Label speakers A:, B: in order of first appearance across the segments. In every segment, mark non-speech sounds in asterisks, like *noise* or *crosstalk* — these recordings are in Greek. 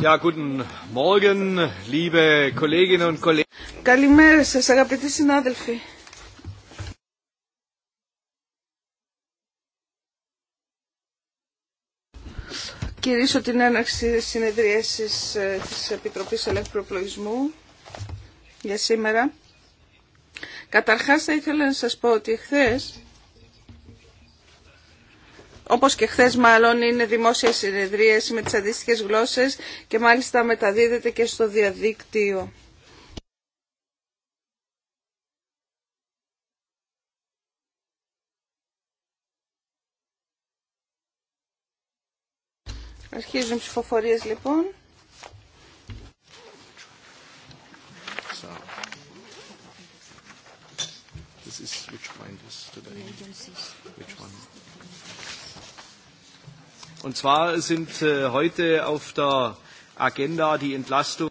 A: Ja, guten Morgen, liebe Kolleginnen und Kollegen.
B: Καλημέρα σας αγαπητοί συνάδελφοι. Κυρίσω την έναρξη συνεδρίασης ε, της Επιτροπής Ελέγχου Προπλογισμού για σήμερα. Καταρχάς θα ήθελα να σας πω ότι χθες όπως και χθες μάλλον είναι δημόσια συνεδρίαση με τις αντίστοιχε γλώσσες και μάλιστα μεταδίδεται και στο διαδίκτυο. Αρχίζουν ψηφοφορίες λοιπόν.
A: which is today? Which one? Und zwar sind äh, heute auf der Agenda die Entlastung.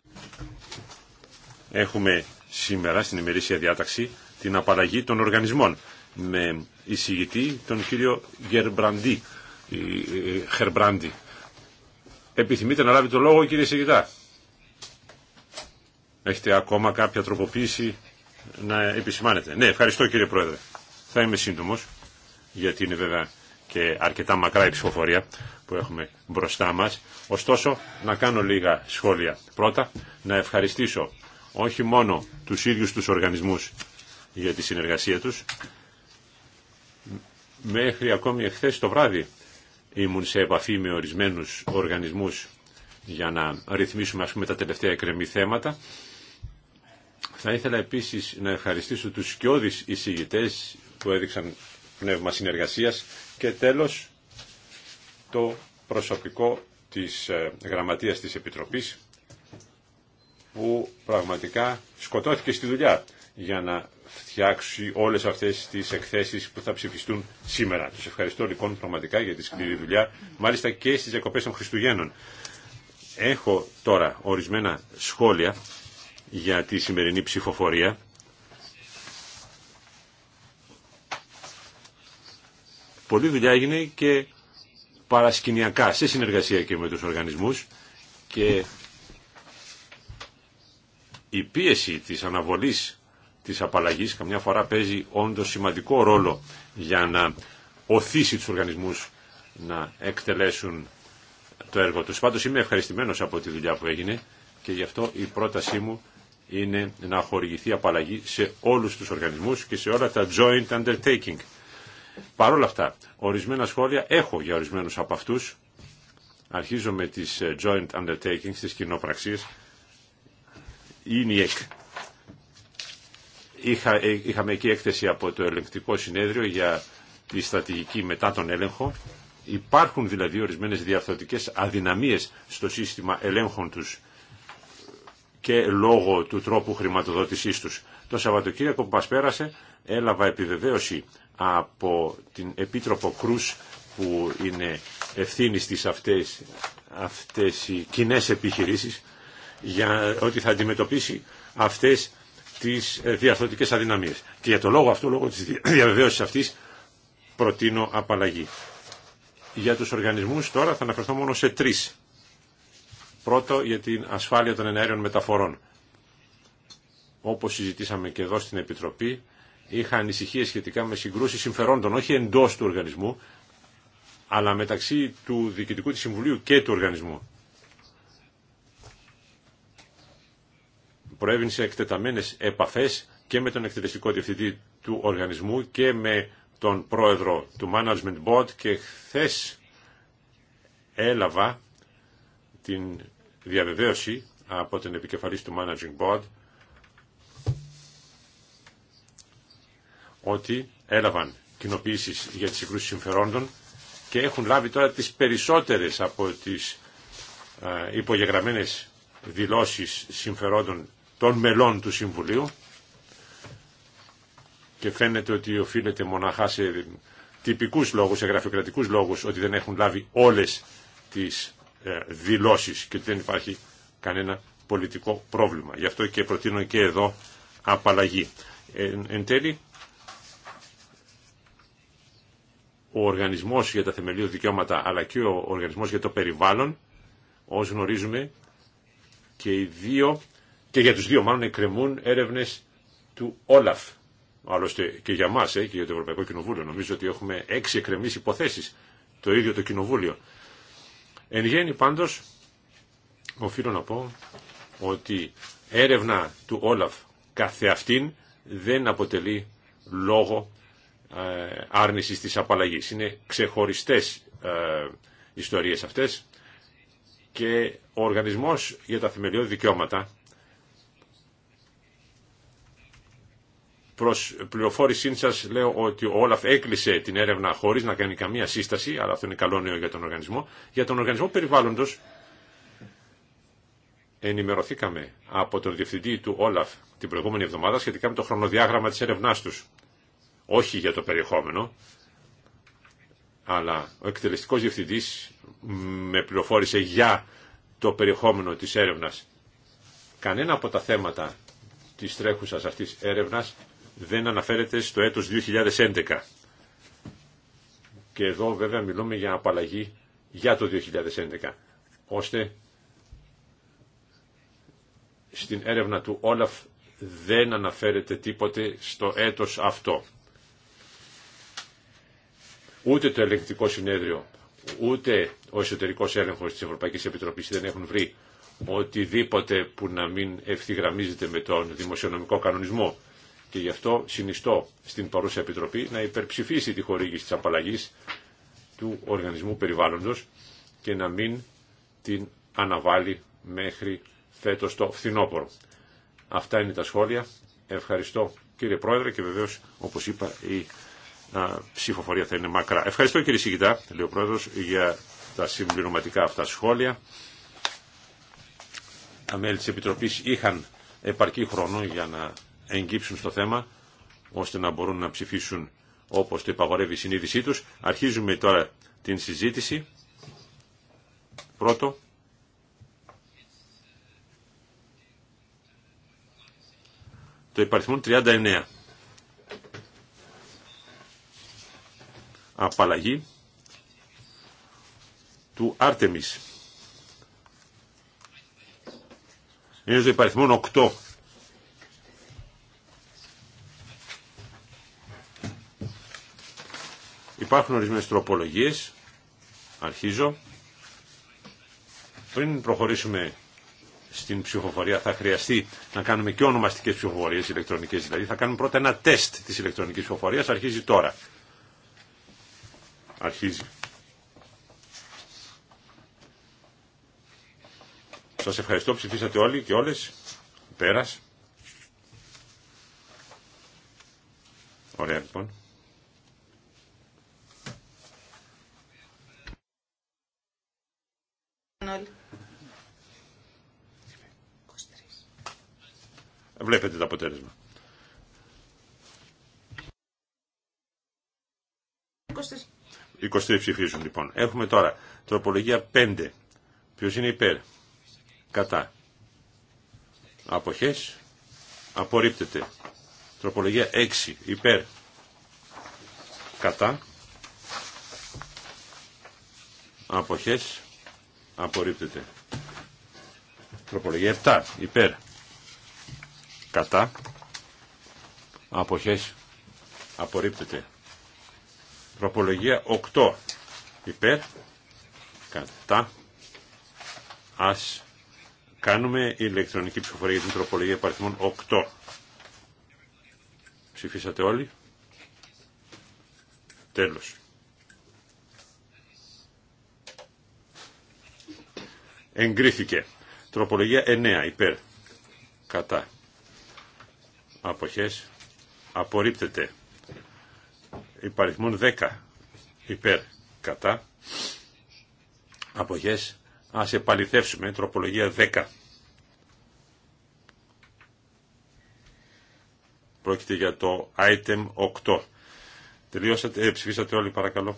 C: Έχουμε σήμερα στην ημερήσια διάταξη την απαλλαγή των οργανισμών με εισηγητή τον κύριο Γερμπραντή. Χερμπράντη. Επιθυμείτε να λάβει το λόγο κύριε εισηγητά. Έχετε ακόμα κάποια τροποποίηση να επισημάνετε. Ναι, ευχαριστώ κύριε Πρόεδρε. Θα είμαι σύντομος, γιατί είναι βέβαια και αρκετά μακρά η ψηφοφορία που έχουμε μπροστά μας. Ωστόσο, να κάνω λίγα σχόλια. Πρώτα, να ευχαριστήσω όχι μόνο τους ίδιους τους οργανισμούς για τη συνεργασία τους. Μέχρι ακόμη εχθές το βράδυ ήμουν σε επαφή με ορισμένους οργανισμούς για να ρυθμίσουμε ας πούμε, τα τελευταία εκκρεμή θέματα. Θα ήθελα επίσης να ευχαριστήσω τους σκιώδεις εισηγητές που έδειξαν πνεύμα συνεργασίας και τέλος, το προσωπικό της ε, γραμματείας της Επιτροπής που πραγματικά σκοτώθηκε στη δουλειά για να φτιάξει όλες αυτές τις εκθέσεις που θα ψηφιστούν σήμερα. Τους ευχαριστώ λοιπόν πραγματικά για τη σκληρή δουλειά, μάλιστα και στις διακοπές των Χριστουγέννων. Έχω τώρα ορισμένα σχόλια για τη σημερινή ψηφοφορία Πολλή δουλειά έγινε και παρασκηνιακά, σε συνεργασία και με τους οργανισμούς και η πίεση της αναβολής της απαλλαγής καμιά φορά παίζει όντως σημαντικό ρόλο για να οθήσει τους οργανισμούς να εκτελέσουν το έργο τους. Πάντως είμαι ευχαριστημένος από τη δουλειά που έγινε και γι' αυτό η πρότασή μου είναι να χορηγηθεί απαλλαγή σε όλους τους οργανισμούς και σε όλα τα joint undertaking. Παρ' όλα αυτά, ορισμένα σχόλια έχω για ορισμένους από αυτούς. Αρχίζω με τις ε, joint undertakings, τις κοινοπραξίες. Είναι η ε, είχαμε εκεί έκθεση από το ελεγκτικό συνέδριο για τη στρατηγική μετά τον έλεγχο. Υπάρχουν δηλαδή ορισμένες διαφθορτικές αδυναμίες στο σύστημα ελέγχων τους και λόγω του τρόπου χρηματοδότησής τους. Το Σαββατοκύριακο που μας πέρασε έλαβα επιβεβαίωση από την Επίτροπο Κρούς που είναι ευθύνη στις αυτές, αυτές οι κοινέ επιχειρήσεις για ότι θα αντιμετωπίσει αυτές τις διαρθρωτικές αδυναμίες. Και για το λόγο αυτό, λόγω της διαβεβαίωσης αυτής, προτείνω απαλλαγή. Για τους οργανισμούς τώρα θα αναφερθώ μόνο σε τρεις. Πρώτο για την ασφάλεια των εναέριων μεταφορών. Όπως συζητήσαμε και εδώ στην Επιτροπή, είχα ανησυχίες σχετικά με συγκρούσεις συμφερόντων, όχι εντός του οργανισμού, αλλά μεταξύ του Διοικητικού της Συμβουλίου και του οργανισμού. σε εκτεταμένες επαφές και με τον εκτελεστικό διευθυντή του οργανισμού και με τον πρόεδρο του Management Board και χθε έλαβα την διαβεβαίωση από την επικεφαλής του Managing Board ότι έλαβαν κοινοποίησει για τις συγκρούσεις συμφερόντων και έχουν λάβει τώρα τις περισσότερες από τις ε, υπογεγραμμένες δηλώσεις συμφερόντων των μελών του Συμβουλίου και φαίνεται ότι οφείλεται μοναχά σε τυπικούς λόγους, σε γραφειοκρατικούς λόγους ότι δεν έχουν λάβει όλες τις ε, δηλώσεις και ότι δεν υπάρχει κανένα πολιτικό πρόβλημα. Γι' αυτό και προτείνω και εδώ απαλλαγή. εν τέλει, ο Οργανισμός για τα Θεμελιώδη Δικαιώματα αλλά και ο Οργανισμός για το Περιβάλλον, ως γνωρίζουμε, και, οι δύο, και για τους δύο μάλλον εκκρεμούν έρευνες του Όλαφ. Άλλωστε και για μας ε, και για το Ευρωπαϊκό Κοινοβούλιο. Νομίζω ότι έχουμε έξι εκκρεμείς υποθέσεις το ίδιο το Κοινοβούλιο. Εν γέννη πάντως, οφείλω να πω ότι έρευνα του Όλαφ καθεαυτήν δεν αποτελεί λόγο ε, άρνησης της απαλλαγής. Είναι ξεχωριστές ε, ιστορίες αυτές και ο Οργανισμός για τα Θεμελιώδη Δικαιώματα προς πληροφόρησή σα λέω ότι ο Όλαφ έκλεισε την έρευνα χωρίς να κάνει καμία σύσταση, αλλά αυτό είναι καλό νέο για τον οργανισμό. Για τον οργανισμό περιβάλλοντος ενημερωθήκαμε από τον διευθυντή του Όλαφ την προηγούμενη εβδομάδα σχετικά με το χρονοδιάγραμμα της έρευνάς τους όχι για το περιεχόμενο, αλλά ο εκτελεστικός διευθυντής με πληροφόρησε για το περιεχόμενο της έρευνας. Κανένα από τα θέματα της τρέχουσας αυτής έρευνας δεν αναφέρεται στο έτος 2011. Και εδώ βέβαια μιλούμε για απαλλαγή για το 2011, ώστε στην έρευνα του Όλαφ δεν αναφέρεται τίποτε στο έτος αυτό. Ούτε το ελεγκτικό συνέδριο, ούτε ο εσωτερικό έλεγχο της Ευρωπαϊκής Επιτροπής δεν έχουν βρει οτιδήποτε που να μην ευθυγραμμίζεται με τον δημοσιονομικό κανονισμό. Και γι' αυτό συνιστώ στην παρούσα Επιτροπή να υπερψηφίσει τη χορήγηση της απαλλαγής του Οργανισμού Περιβάλλοντος και να μην την αναβάλει μέχρι φέτος το φθινόπωρο. Αυτά είναι τα σχόλια. Ευχαριστώ κύριε Πρόεδρε και βεβαίως όπως είπα η ψηφοφορία θα είναι μακρά. Ευχαριστώ κύριε Σιγητά, λέει ο για τα συμπληρωματικά αυτά σχόλια. Τα μέλη της Επιτροπής είχαν επαρκή χρόνο για να εγκύψουν στο θέμα, ώστε να μπορούν να ψηφίσουν όπως το υπαγορεύει η συνείδησή τους. Αρχίζουμε τώρα την συζήτηση. Πρώτο, το υπαριθμό 39. απαλλαγή του Άρτεμις. Είναι στο υπαριθμό 8. Υπάρχουν ορισμένες τροπολογίες. Αρχίζω. Πριν προχωρήσουμε στην ψηφοφορία θα χρειαστεί να κάνουμε και ονομαστικές ψηφοφορίες ηλεκτρονικές δηλαδή. Θα κάνουμε πρώτα ένα τεστ της ηλεκτρονικής ψηφοφορίας. Αρχίζει τώρα. Αρχίζει. Σας ευχαριστώ, ψηφίσατε όλοι και όλες. Πέρας. Ωραία λοιπόν. Βλέπετε το αποτέλεσμα. 23 ψηφίζουν λοιπόν. Έχουμε τώρα τροπολογία 5. Ποιος είναι υπέρ. Κατά. Αποχές. Απορρίπτεται. Τροπολογία 6. Υπέρ. Κατά. Αποχές. Απορρίπτεται. Τροπολογία 7. Υπέρ. Κατά. Αποχές. Απορρίπτεται. Τροπολογία 8 υπέρ, κατά, Α κάνουμε ηλεκτρονική ψηφοφορία για την τροπολογία υπαριθμών 8. Ψηφίσατε όλοι. Τέλος. Εγκρίθηκε. Τροπολογία 9 υπέρ. Κατά. Αποχές. Απορρίπτεται. Υπαριθμούν 10 υπέρ κατά αποχές ας επαληθεύσουμε τροπολογία 10 πρόκειται για το item 8 τελειώσατε, ε, ψηφίσατε όλοι παρακαλώ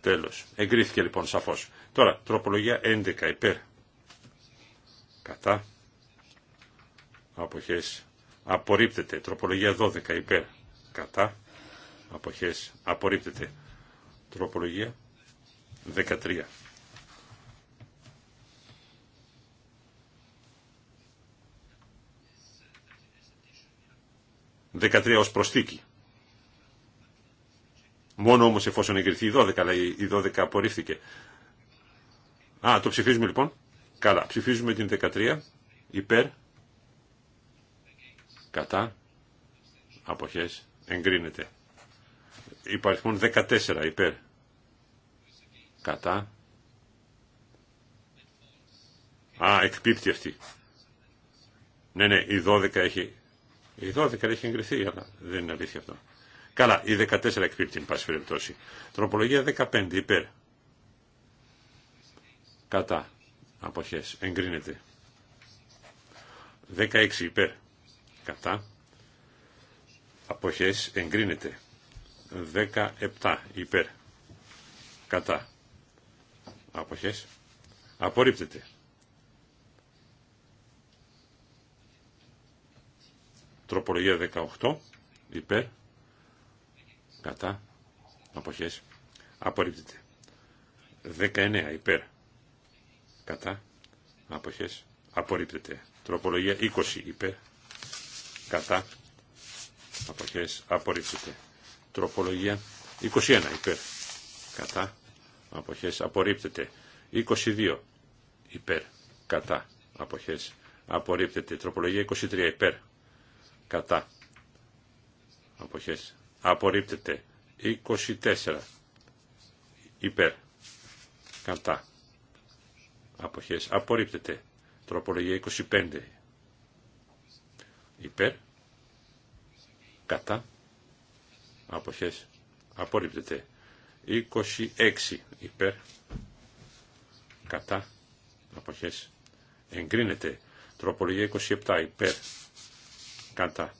C: τέλος, εγκρίθηκε λοιπόν σαφώς τώρα τροπολογία 11 υπέρ κατά αποχές απορρίπτεται τροπολογία 12 υπέρ κατά αποχές απορρίπτεται τροπολογία 13 13 ως προσθήκη Μόνο όμως εφόσον εγκριθεί η 12, αλλά η 12 απορρίφθηκε. Α, το ψηφίζουμε λοιπόν. Καλά, ψηφίζουμε την 13, υπέρ, κατά, αποχές, εγκρίνεται υπαριθμών 14 υπέρ κατά α εκπίπτει αυτή ναι ναι η 12 έχει η 12 έχει εγκριθεί αλλά δεν είναι αλήθεια αυτό καλά η 14 εκπίπτει εν πάση περιπτώσει τροπολογία 15 υπέρ κατά αποχές εγκρίνεται 16 υπέρ κατά αποχές εγκρίνεται 17 υπέρ. Κατά. Αποχές. Απορρίπτεται. Τροπολογία 18 υπέρ. Κατά. Αποχές. Απορρίπτεται. 19 υπέρ. Κατά. Αποχές. Απορρίπτεται. Τροπολογία 20 υπέρ. Κατά. Αποχές. Απορρίπτεται. Τροπολογία 21 υπέρ. Κατά. Αποχές απορρίπτεται. 22 υπέρ. Κατά. Αποχές απορρίπτεται. Τροπολογία 23 υπέρ. Κατά. Αποχές απορρίπτεται. 24 υπέρ. Κατά. Αποχές απορρίπτεται. Τροπολογία 25 υπέρ. Κατά αποχές απορρίπτεται 26 υπέρ κατά αποχές εγκρίνεται τροπολογία 27 υπέρ κατά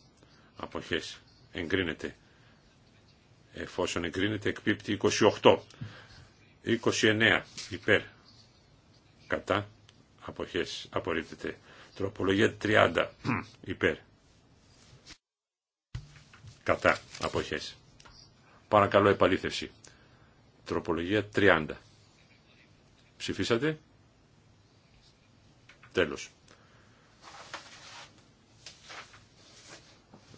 C: αποχές εγκρίνεται εφόσον εγκρίνεται εκπίπτει 28 29 υπέρ κατά αποχές απορρίπτεται τροπολογία 30 υπέρ κατά αποχές. Παρακαλώ επαλήθευση. Τροπολογία 30. Ψηφίσατε. Τέλος.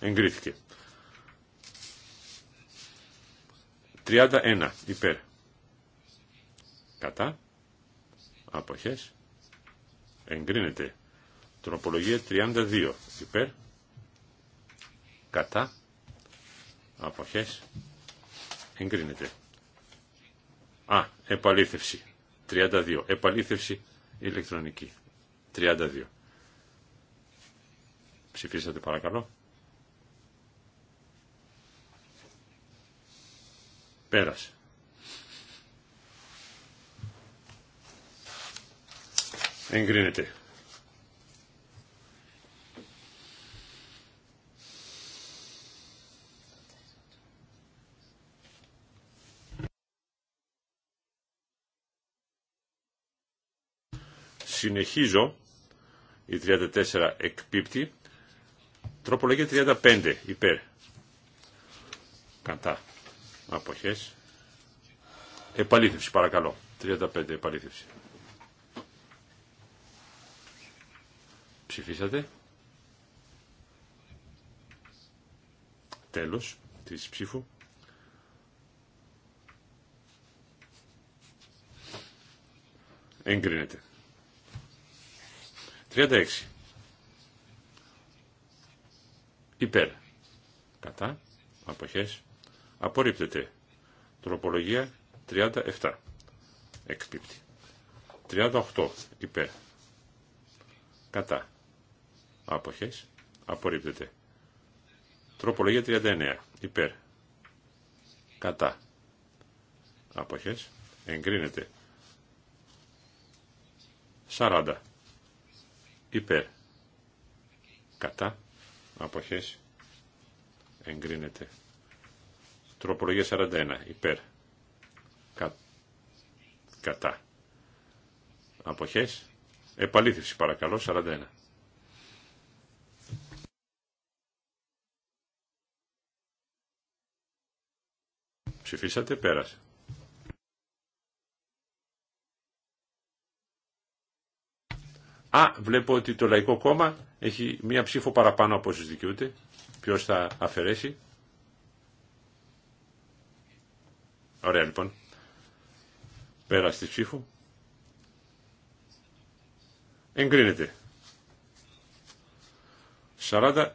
C: Εγκρίθηκε. 31 υπέρ. Κατά. Αποχές. Εγκρίνεται. Τροπολογία 32 υπέρ. Κατά. Αποχές. Εγκρίνεται. Α, επαλήθευση. 32. Επαλήθευση ηλεκτρονική. 32. Ψηφίσατε παρακαλώ. Πέρασε. Εγκρίνεται. Συνεχίζω, η 34 εκπίπτει, τροπολογία 35 υπέρ, κατά, αποχές, επαλήθευση παρακαλώ, 35 επαλήθευση. Ψηφίσατε. Τέλος της ψήφου. εγκρίνεται. 36. Υπέρ. Κατά. Αποχές. Απορρίπτεται. Τροπολογία 37. Εκπίπτει. 38. Υπέρ. Κατά. Αποχές. Απορρίπτεται. Τροπολογία 39. Υπέρ. Κατά. Αποχές. Εγκρίνεται. 40 υπέρ κατά αποχές εγκρίνεται τροπολογία 41 υπέρ κα, κατά αποχές επαλήθευση παρακαλώ 41 ψηφίσατε πέρασε Α, βλέπω ότι το Λαϊκό Κόμμα έχει μία ψήφο παραπάνω από όσους δικαιούται. Ποιος θα αφαιρέσει. Ωραία λοιπόν. Πέρα στη ψήφο. Εγκρίνεται. 42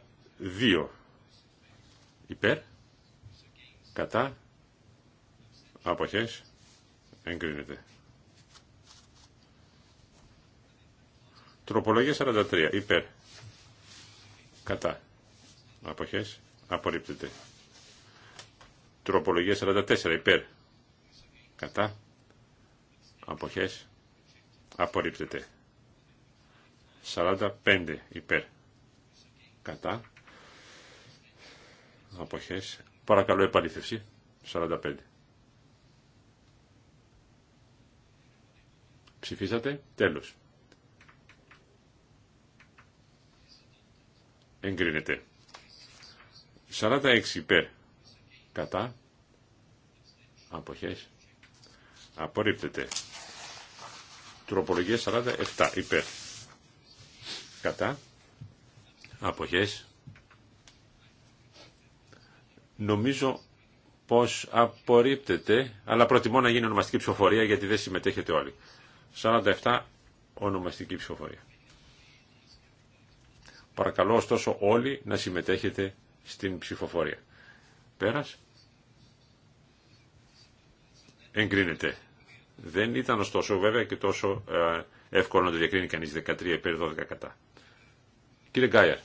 C: υπέρ, κατά, αποχές, εγκρίνεται. Τροπολογία 43. Υπέρ. Κατά. Αποχές. Απορρίπτεται. Τροπολογία 44. Υπέρ. Κατά. Αποχές. Απορρίπτεται. 45. Υπέρ. Κατά. Αποχές. Παρακαλώ επαλήθευση. 45. Ψηφίσατε. Τέλος. εγκρίνεται. 46 υπέρ κατά αποχές απορρίπτεται. Τροπολογία 47 υπέρ κατά αποχές νομίζω πως απορρίπτεται αλλά προτιμώ να γίνει ονομαστική ψηφοφορία γιατί δεν συμμετέχετε όλοι. 47 ονομαστική ψηφοφορία. Παρακαλώ ωστόσο όλοι να συμμετέχετε στην ψηφοφορία. Πέρας. Εγκρίνεται. Δεν ήταν ωστόσο βέβαια και τόσο ε, εύκολο να το διακρίνει κανείς 13 υπέρ 12 κατά. Κύριε Γκάιερ.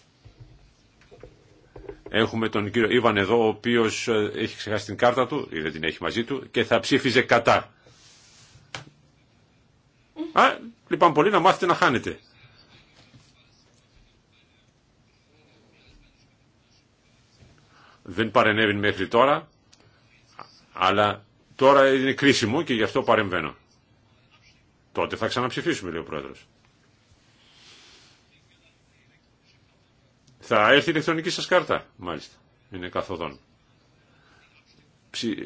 C: Έχουμε τον κύριο Ιβαν εδώ, ο οποίος ε, έχει ξεχάσει την κάρτα του, ή δεν την έχει μαζί του, και θα ψήφιζε κατά. Α, λυπάμαι πολύ να μάθετε να χάνετε. δεν παρενέβη μέχρι τώρα, αλλά τώρα είναι κρίσιμο και γι' αυτό παρεμβαίνω. Τότε θα ξαναψηφίσουμε, λέει ο Πρόεδρος. Θα έρθει η ηλεκτρονική σας κάρτα, μάλιστα. Είναι καθοδόν.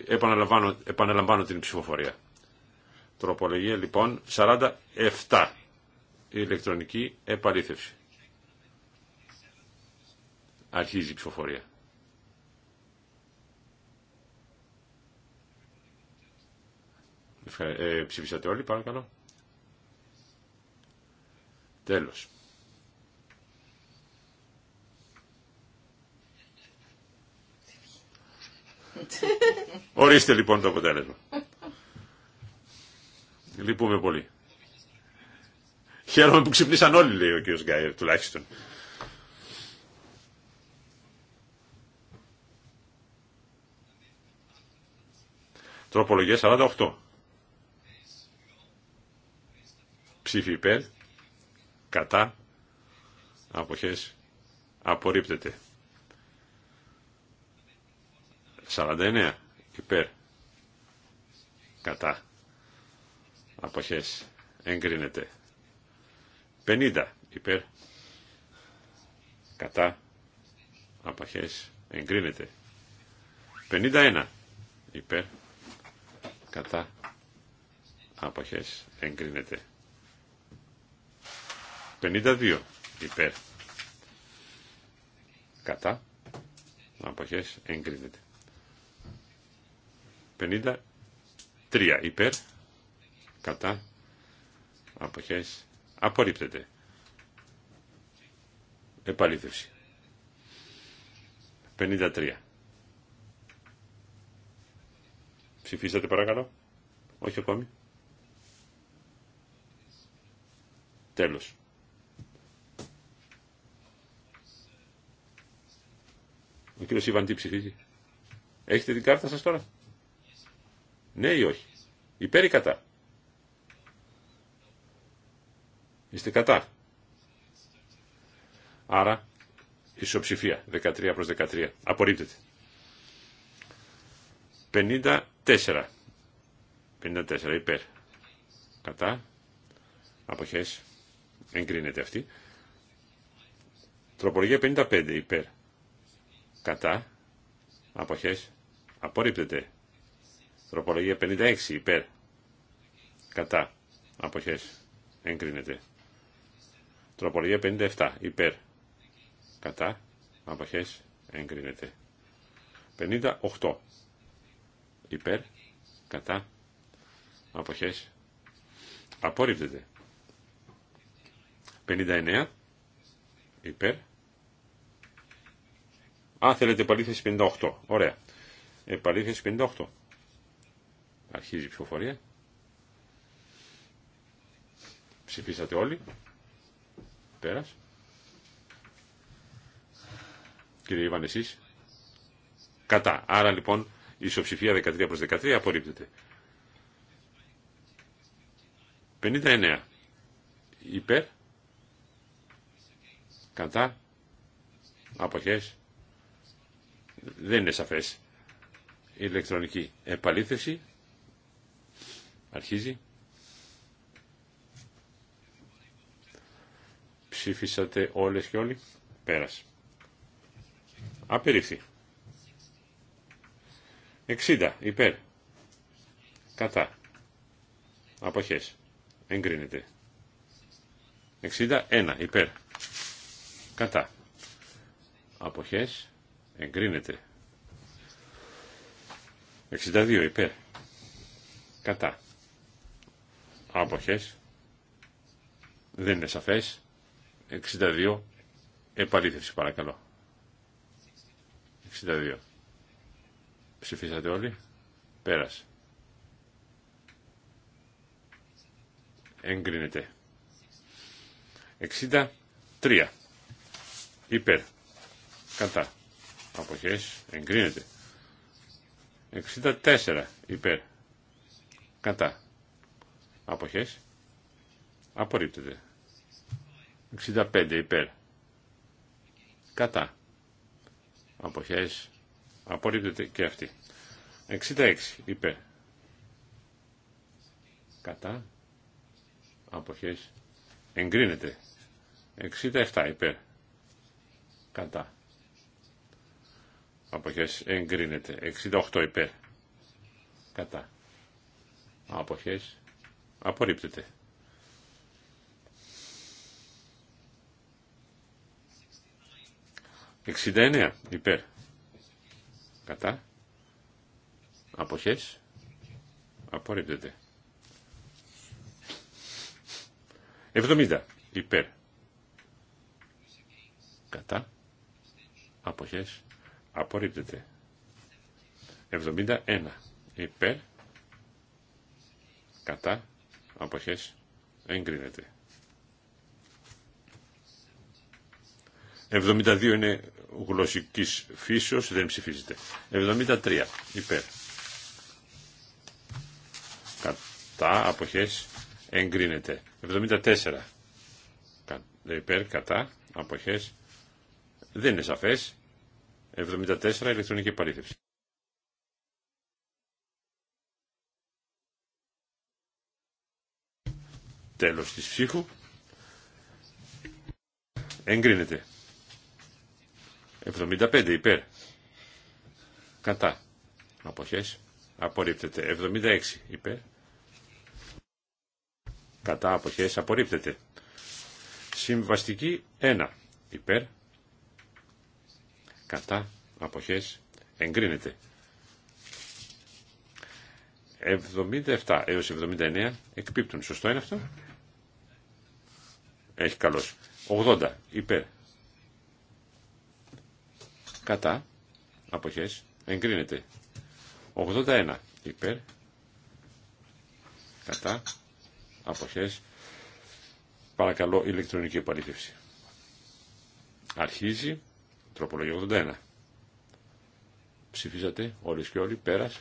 C: Επαναλαμβάνω, επαναλαμβάνω την ψηφοφορία. Τροπολογία λοιπόν 47. Η ηλεκτρονική επαλήθευση. Αρχίζει η ψηφοφορία. Ε, ψηφίσατε όλοι, παρακαλώ. Τέλος. Ορίστε λοιπόν το αποτέλεσμα. Λυπούμε πολύ. Χαίρομαι που ξυπνήσαν όλοι, λέει ο κ. Γκάιερ, τουλάχιστον. Τροπολογία 48. ψήφι υπέρ, κατά, αποχές, απορρίπτεται. 49 υπέρ, κατά, αποχές, εγκρίνεται. 50 υπέρ, κατά, αποχές, εγκρίνεται. 51 υπέρ, κατά, αποχές, εγκρίνεται. 52 υπέρ. Κατά. Αποχές εγκρίνεται. 53 υπέρ. Κατά. Αποχές απορρίπτεται. Επαλήθευση. 53. Ψηφίσατε παρακαλώ. Όχι ακόμη. Τέλος. Ο κύριος Ιβαντή ψηφίζει. Έχετε την κάρτα σας τώρα. Ναι ή όχι. Υπέρ ή κατά. Είστε κατά. Άρα ισοψηφία 13 προς 13. Απορρίπτεται. 54. 54 υπέρ. Κατά. Αποχές. Εγκρίνεται αυτή. Τροπολογία 55 υπέρ κατά, αποχές, απορρίπτεται. Τροπολογία 56 υπέρ, κατά, αποχές, εγκρίνεται. Τροπολογία 57 υπέρ, κατά, αποχές, εγκρίνεται. 58 υπέρ, κατά, αποχές, απορρίπτεται. 59 υπέρ, Α, θέλετε επαλήθευση 58. Ωραία. Επαλήθευση 58. Αρχίζει η ψηφοφορία. Ψηφίσατε όλοι. Πέρας. Κύριε Ιβάν, Κατά. Άρα λοιπόν η ισοψηφία 13 προς 13 απορρίπτεται. 59. Υπέρ. Κατά. Αποχές. Δεν είναι σαφές. Η ηλεκτρονική επαλήθευση αρχίζει. Ψήφισατε όλες και όλοι. Πέρασε. Απερίφθη. 60 υπέρ. Κατά. Αποχές. Εγκρίνεται. 61 υπέρ. Κατά. Αποχές εγκρίνεται 62 υπέρ κατά άποχες δεν είναι σαφές 62 επαλήθευση παρακαλώ 62 ψηφίσατε όλοι πέρασε εγκρίνεται 63 υπέρ κατά αποχές εγκρίνεται 64 υπέρ κατά αποχές απορρίπτεται 65 υπέρ κατά αποχές απορρίπτεται και αυτή 66 υπέρ κατά αποχές εγκρίνεται 67 υπέρ κατά Αποχές εγκρίνεται. 68 υπέρ. Κατά. Αποχές απορρίπτεται. 69 υπέρ. Κατά. Αποχές. Απορρίπτεται. 70 υπέρ. Κατά. Αποχές. Απορρίπτεται. 71 υπέρ κατά αποχές εγκρίνεται. 72 είναι γλωσσικής φύσεως, δεν ψηφίζεται. 73 υπέρ. Κατά αποχές εγκρίνεται. 74 υπέρ κατά αποχές δεν είναι σαφές. 74 ηλεκτρονική επαλήθευση. Τέλος της ψήφου. Εγκρίνεται. 75 υπέρ. Κατά. Αποχές. Απορρίπτεται. 76 υπέρ. Κατά. Αποχές. Απορρίπτεται. Συμβαστική 1 υπέρ κατά αποχές εγκρίνεται. 77 έως 79 εκπίπτουν. Σωστό είναι αυτό. Έχει καλώς. 80 υπέρ. Κατά. Αποχές. Εγκρίνεται. 81 υπέρ. Κατά. Αποχές. Παρακαλώ ηλεκτρονική επαλήθευση. Αρχίζει. Τροπολογία 81. Ψηφίσατε όλες και όλοι. Πέρας.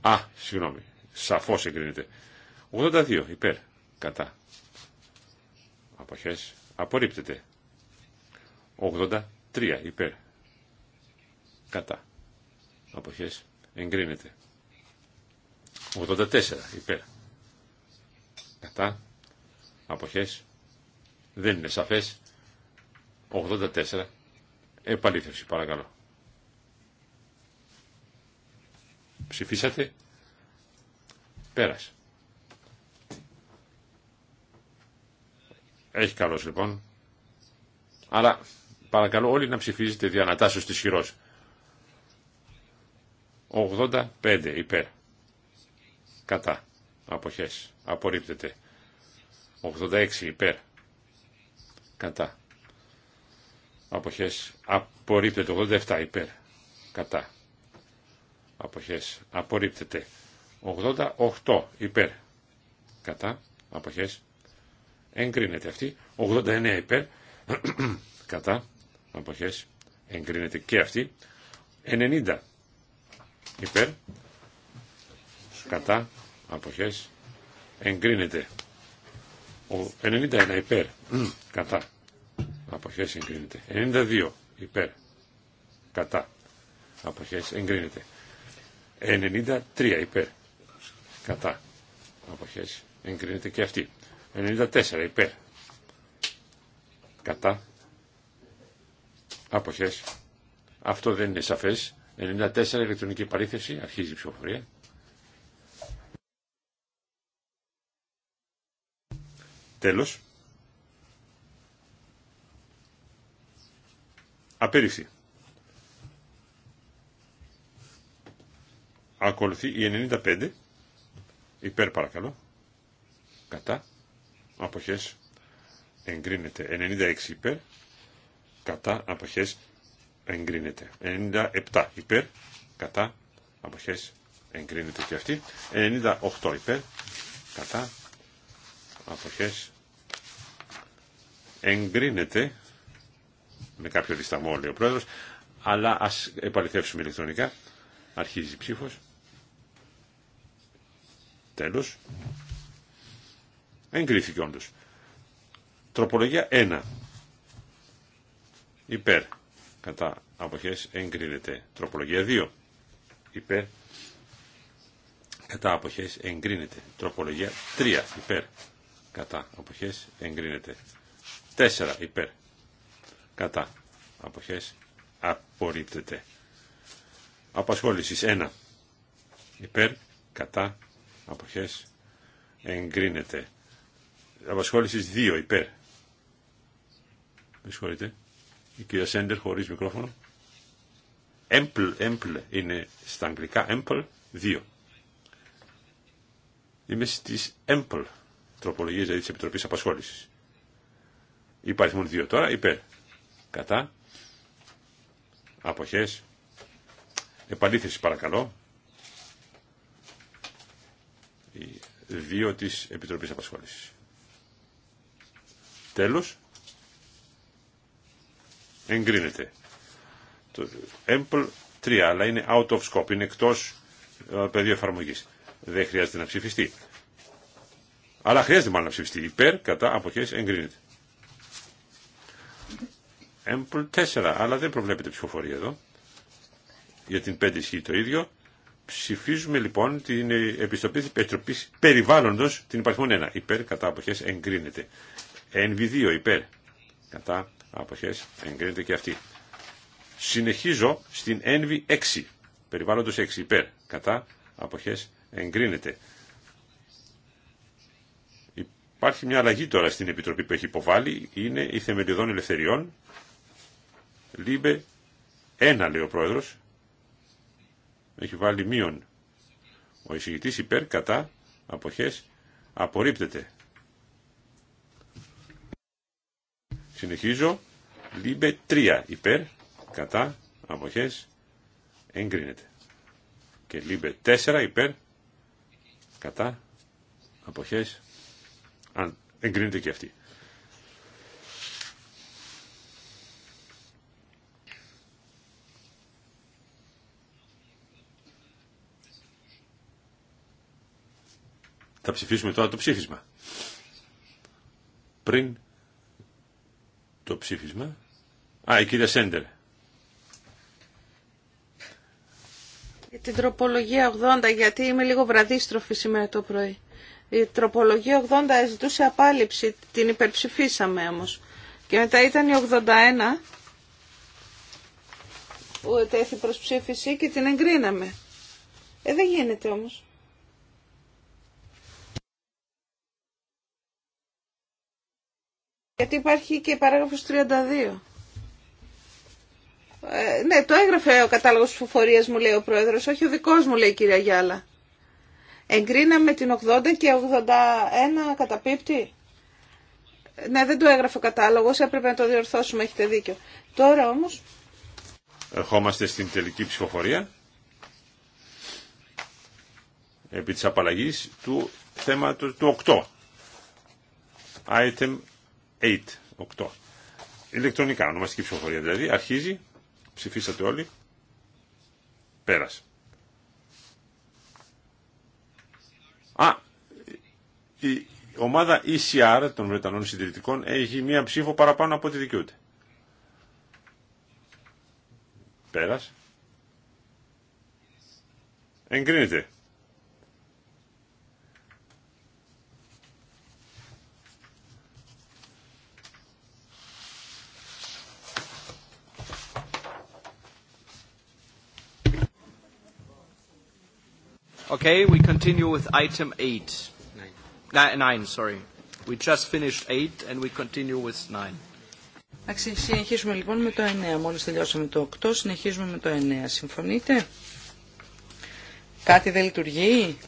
C: Α, συγγνώμη. Σαφώς εγκρίνεται. 82. Υπέρ. Κατά. Αποχές. Απορρίπτεται. 83. Υπέρ. Κατά. Αποχές. Εγκρίνεται. 84. Υπέρ. Κατά. Αποχές. Δεν είναι σαφές. 84. Επαλήθευση παρακαλώ. Ψηφίσατε. Πέρασε. Έχει καλός λοιπόν. Άρα παρακαλώ όλοι να ψηφίζετε τάσω της χειρός. 85 υπέρ. Κατά. Αποχές. Απορρίπτεται. 86 υπέρ κατά. Αποχές απορρίπτεται 87 υπέρ κατά. Αποχές απορρίπτεται 88 υπέρ κατά. Αποχές εγκρίνεται αυτή 89 υπέρ *clears throat* κατά. Αποχές εγκρίνεται και αυτή 90 υπέρ κατά. Αποχές εγκρίνεται ο 91 υπέρ. Κατά. Αποχέ εγκρίνεται. 92 υπέρ. Κατά. Αποχέ εγκρίνεται. 93 υπέρ. Κατά. Αποχέ εγκρίνεται και αυτή. 94 υπέρ. Κατά. Αποχέ. Αυτό δεν είναι σαφέ. 94 ηλεκτρονική παρήθεση. Αρχίζει η ψηφοφορία. Τέλος. Απέριφθη. Ακολουθεί η 95. Υπέρ παρακαλώ. Κατά. Αποχές. Εγκρίνεται. 96 υπέρ. Κατά. Αποχές. Εγκρίνεται. 97 υπέρ. Κατά. Αποχές. Εγκρίνεται και αυτή. 98 υπέρ. Κατά αποχές εγκρίνεται με κάποιο δισταγμό λέει ο πρόεδρος αλλά ας επαληθεύσουμε ηλεκτρονικά αρχίζει η ψήφος τέλος εγκρίθηκε όντως τροπολογία 1 υπέρ κατά αποχές εγκρίνεται τροπολογία 2 υπέρ κατά αποχές εγκρίνεται τροπολογία 3 υπέρ κατά αποχές εγκρίνεται Τέσσερα υπέρ κατά αποχές απορρίπτεται απασχόλησης ένα υπέρ κατά αποχές εγκρίνεται απασχόλησης δύο υπέρ με η κυρία Σέντερ χωρίς μικρόφωνο έμπλ, έμπλ είναι στα αγγλικά έμπλ δύο. είμαι στις έμπλ τροπολογίες δηλαδή Επιτροπής Απασχόλησης. Υπάρχουν δύο τώρα, υπέρ. Κατά. Αποχές. Επαλήθευση παρακαλώ. Οι δύο της Επιτροπής Απασχόλησης. Τέλος. Εγκρίνεται. Το Apple 3, αλλά είναι out of scope, είναι εκτός ε, πεδίου εφαρμογή. Δεν χρειάζεται να ψηφιστεί. Αλλά χρειάζεται μάλλον να ψηφιστεί υπέρ, κατά, αποχές, εγκρίνεται. Εμπολ 4, αλλά δεν προβλέπεται ψηφοφορία εδώ. Για την 5 ισχύει το ίδιο. Ψηφίζουμε λοιπόν την επιστοπή τη Περιβάλλοντος, την υπαρχόν 1. Υπέρ, κατά, αποχές, εγκρίνεται. NV2, υπέρ, κατά, αποχές, εγκρίνεται και αυτή. Συνεχίζω στην NV6, περιβάλλοντος 6, Περιβάλλοντο 6 κατά, αποχές, εγκρίνεται. Υπάρχει μια αλλαγή τώρα στην επιτροπή που έχει υποβάλει, είναι η θεμελιωδών ελευθεριών. Λίμπε ένα λέει ο πρόεδρος. Έχει βάλει μείον. Ο εισηγητής υπέρ κατά αποχές απορρίπτεται. Συνεχίζω. Λίμπε 3 υπέρ κατά αποχές εγκρίνεται. Και λίμπε 4 υπέρ κατά αποχές αν εγκρίνεται και αυτή. Θα ψηφίσουμε τώρα το ψήφισμα. Πριν το ψήφισμα... Α, η κυρία Σέντερ.
B: Την τροπολογία 80, γιατί είμαι λίγο βραδίστροφη σήμερα το πρωί. Η τροπολογία 80 ζητούσε απάλληψη, την υπερψηφίσαμε όμως. Και μετά ήταν η 81 που ετέθη προς ψήφιση και την εγκρίναμε. Ε, δεν γίνεται όμως. Γιατί υπάρχει και η παράγραφος 32. Ε, ναι, το έγραφε ο κατάλογος φοφορίας μου λέει ο πρόεδρος, όχι ο δικός μου λέει η κυρία Γιάλα. Εγκρίναμε την 80 και 81 καταπίπτει. Ναι, δεν το έγραφε ο κατάλογος, έπρεπε να το διορθώσουμε, έχετε δίκιο. Τώρα όμως...
C: Ερχόμαστε στην τελική ψηφοφορία επί της απαλλαγής του θέματος του 8. Item 8. 8. Ηλεκτρονικά, ονομαστική ψηφοφορία δηλαδή. Αρχίζει, ψηφίσατε όλοι. Πέρασε. η ομάδα ECR των Βρετανών Συντηρητικών έχει μία ψήφο παραπάνω από τη δικαιούται. Πέρας. Εγκρίνεται.
A: Okay, we continue with item 8. Nine, sorry. We just finished eight and
D: we continue with nine. Συνεχίζουμε λοιπόν με το 9. Μόλις τελειώσαμε το 8, συνεχίζουμε με το 9. Συμφωνείτε? Κάτι δεν λειτουργεί?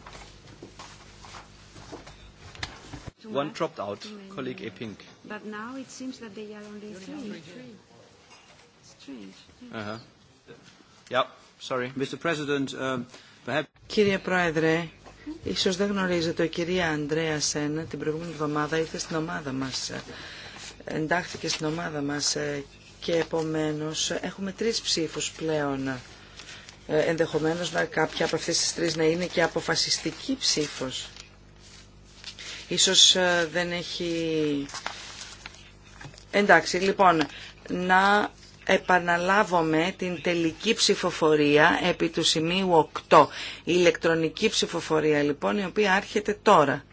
A: One dropped out, colleague A. Pink.
B: But now it seems that they are only three. Strange.
A: Uh-huh.
D: Yeah, sorry. Mr. President, uh, perhaps... Κύριε Πρόεδρε, Ίσως δεν γνωρίζετε, η κυρία Αντρέα Σένα την προηγούμενη εβδομάδα ήρθε στην ομάδα μας, ε, εντάχθηκε στην ομάδα μας ε, και επομένως έχουμε τρεις ψήφους πλέον. Ε, ενδεχομένως να κάποια από αυτές τις τρεις να είναι και αποφασιστική ψήφος. Ίσως δεν έχει... Εντάξει, λοιπόν, να επαναλάβουμε την τελική ψηφοφορία επί του σημείου 8. Η ηλεκτρονική ψηφοφορία λοιπόν η οποία άρχεται τώρα.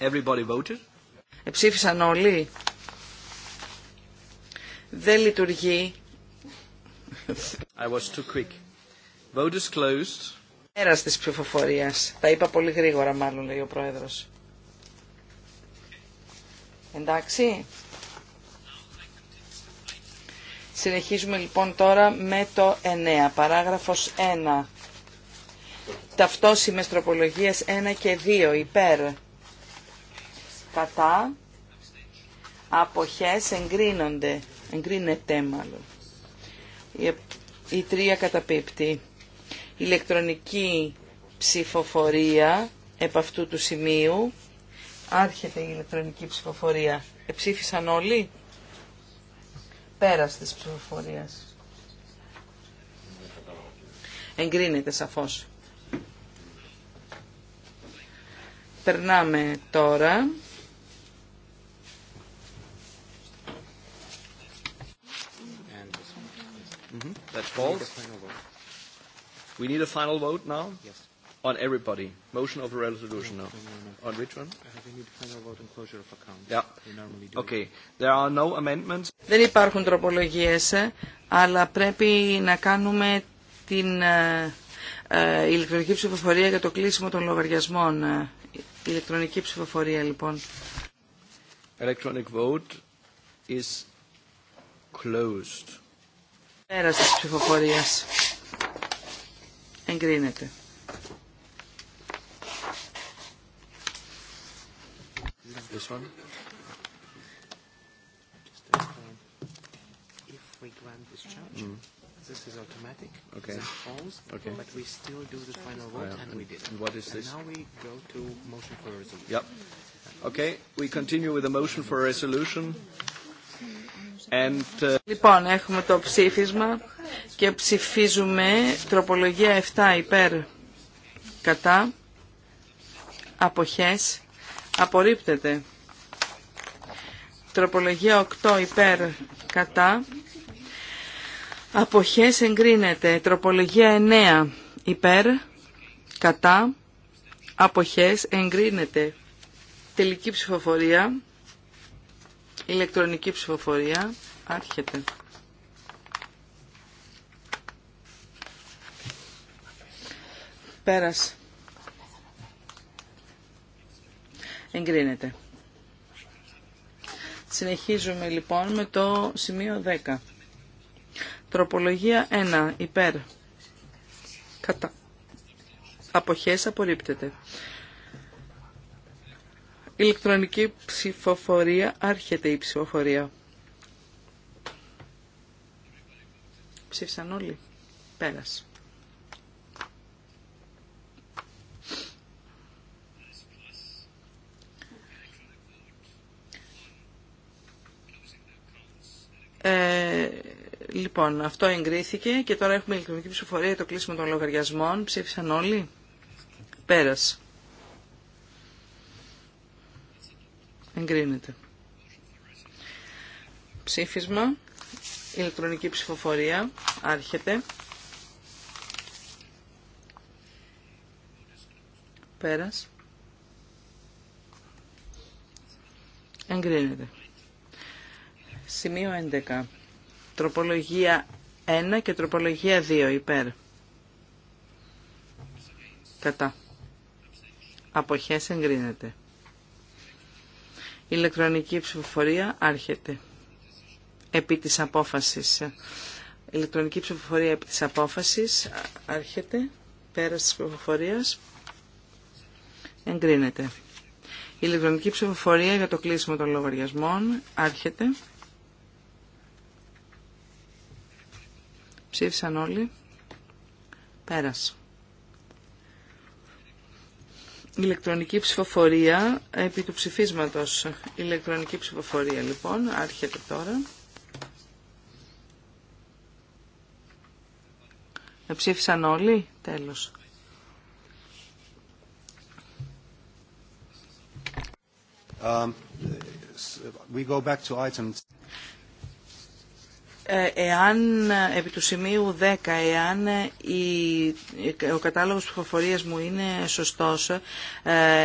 A: Everybody voted.
D: Εψήφισαν όλοι. Δεν λειτουργεί.
A: I was too quick. Vote closed.
D: Τα είπα πολύ γρήγορα μάλλον λέει ο Πρόεδρος. Εντάξει. Συνεχίζουμε λοιπόν τώρα με το 9, παράγραφος 1. Ταυτόσιμες τροπολογίες 1 και 2, υπέρ. Κατά. Αποχές εγκρίνονται. Εγκρίνεται μάλλον. Η τρία καταπίπτει. Ηλεκτρονική ψηφοφορία επ' αυτού του σημείου. Άρχεται η ηλεκτρονική ψηφοφορία. Εψήφισαν όλοι. Πέρας της ψηφοφορίας. Εγκρίνεται σαφώς. Περνάμε τώρα.
A: We need a final vote now. Yes. On everybody. Motion of a resolution now. On which one? of Yeah. Okay. There are no amendments.
D: Δεν υπάρχουν τροπολογίες, ε, αλλά πρέπει να κάνουμε την ε, ε, ηλεκτρονική ψηφοφορία για το κλείσιμο των λογαριασμών. Ηλεκτρονική ψηφοφορία, λοιπόν.
A: Electronic vote is closed.
D: Πέρας της ψηφοφορίας. Εγκρίνεται.
A: This one?
B: Just this If we grant this charge,
A: this is automatic. Okay. That falls. Okay. But we still do the final vote, and we did. And what is this? now we go to motion for a resolution. Yep. Okay. We continue with the motion
D: for a resolution. And, uh... Λοιπόν, έχουμε το ψήφισμα και ψηφίζουμε τροπολογία 7 υπέρ κατά αποχές απορρίπτεται. Τροπολογία 8 υπέρ κατά. Αποχές εγκρίνεται. Τροπολογία 9 υπέρ κατά. Αποχές εγκρίνεται. Τελική ψηφοφορία. Ηλεκτρονική ψηφοφορία. Άρχεται. Πέρασε. Εγκρίνεται. Συνεχίζουμε λοιπόν με το σημείο 10. Τροπολογία 1. Υπέρ. Κατά. Αποχές απορρίπτεται. Ηλεκτρονική ψηφοφορία. Άρχεται η ψηφοφορία. Ψήφισαν όλοι. Πέρασε. Ε, λοιπόν, αυτό εγκρίθηκε και τώρα έχουμε ηλεκτρονική ψηφοφορία για το κλείσιμο των λογαριασμών. Ψήφισαν όλοι. Πέρας. Εγκρίνεται. Ψήφισμα. Ηλεκτρονική ψηφοφορία. Άρχεται. Πέρας. Εγκρίνεται. Σημείο 11. Τροπολογία 1 και τροπολογία 2 υπέρ. Κατά. Αποχές εγκρίνεται. Ηλεκτρονική ψηφοφορία άρχεται. Επί της απόφασης. Ηλεκτρονική ψηφοφορία επί της απόφασης άρχεται. Πέρας της ψηφοφορίας εγκρίνεται. Ηλεκτρονική ψηφοφορία για το κλείσιμο των λογαριασμών άρχεται. Ψήφισαν όλοι. Πέρας. Ηλεκτρονική ψηφοφορία επί του ψηφίσματος. Ηλεκτρονική ψηφοφορία λοιπόν, άρχεται τώρα. Ψήφισαν όλοι, τέλος. Um, we go back to εάν επί του σημείου 10, εάν η, ο κατάλογος ψηφοφορίας μου είναι σωστός, ε,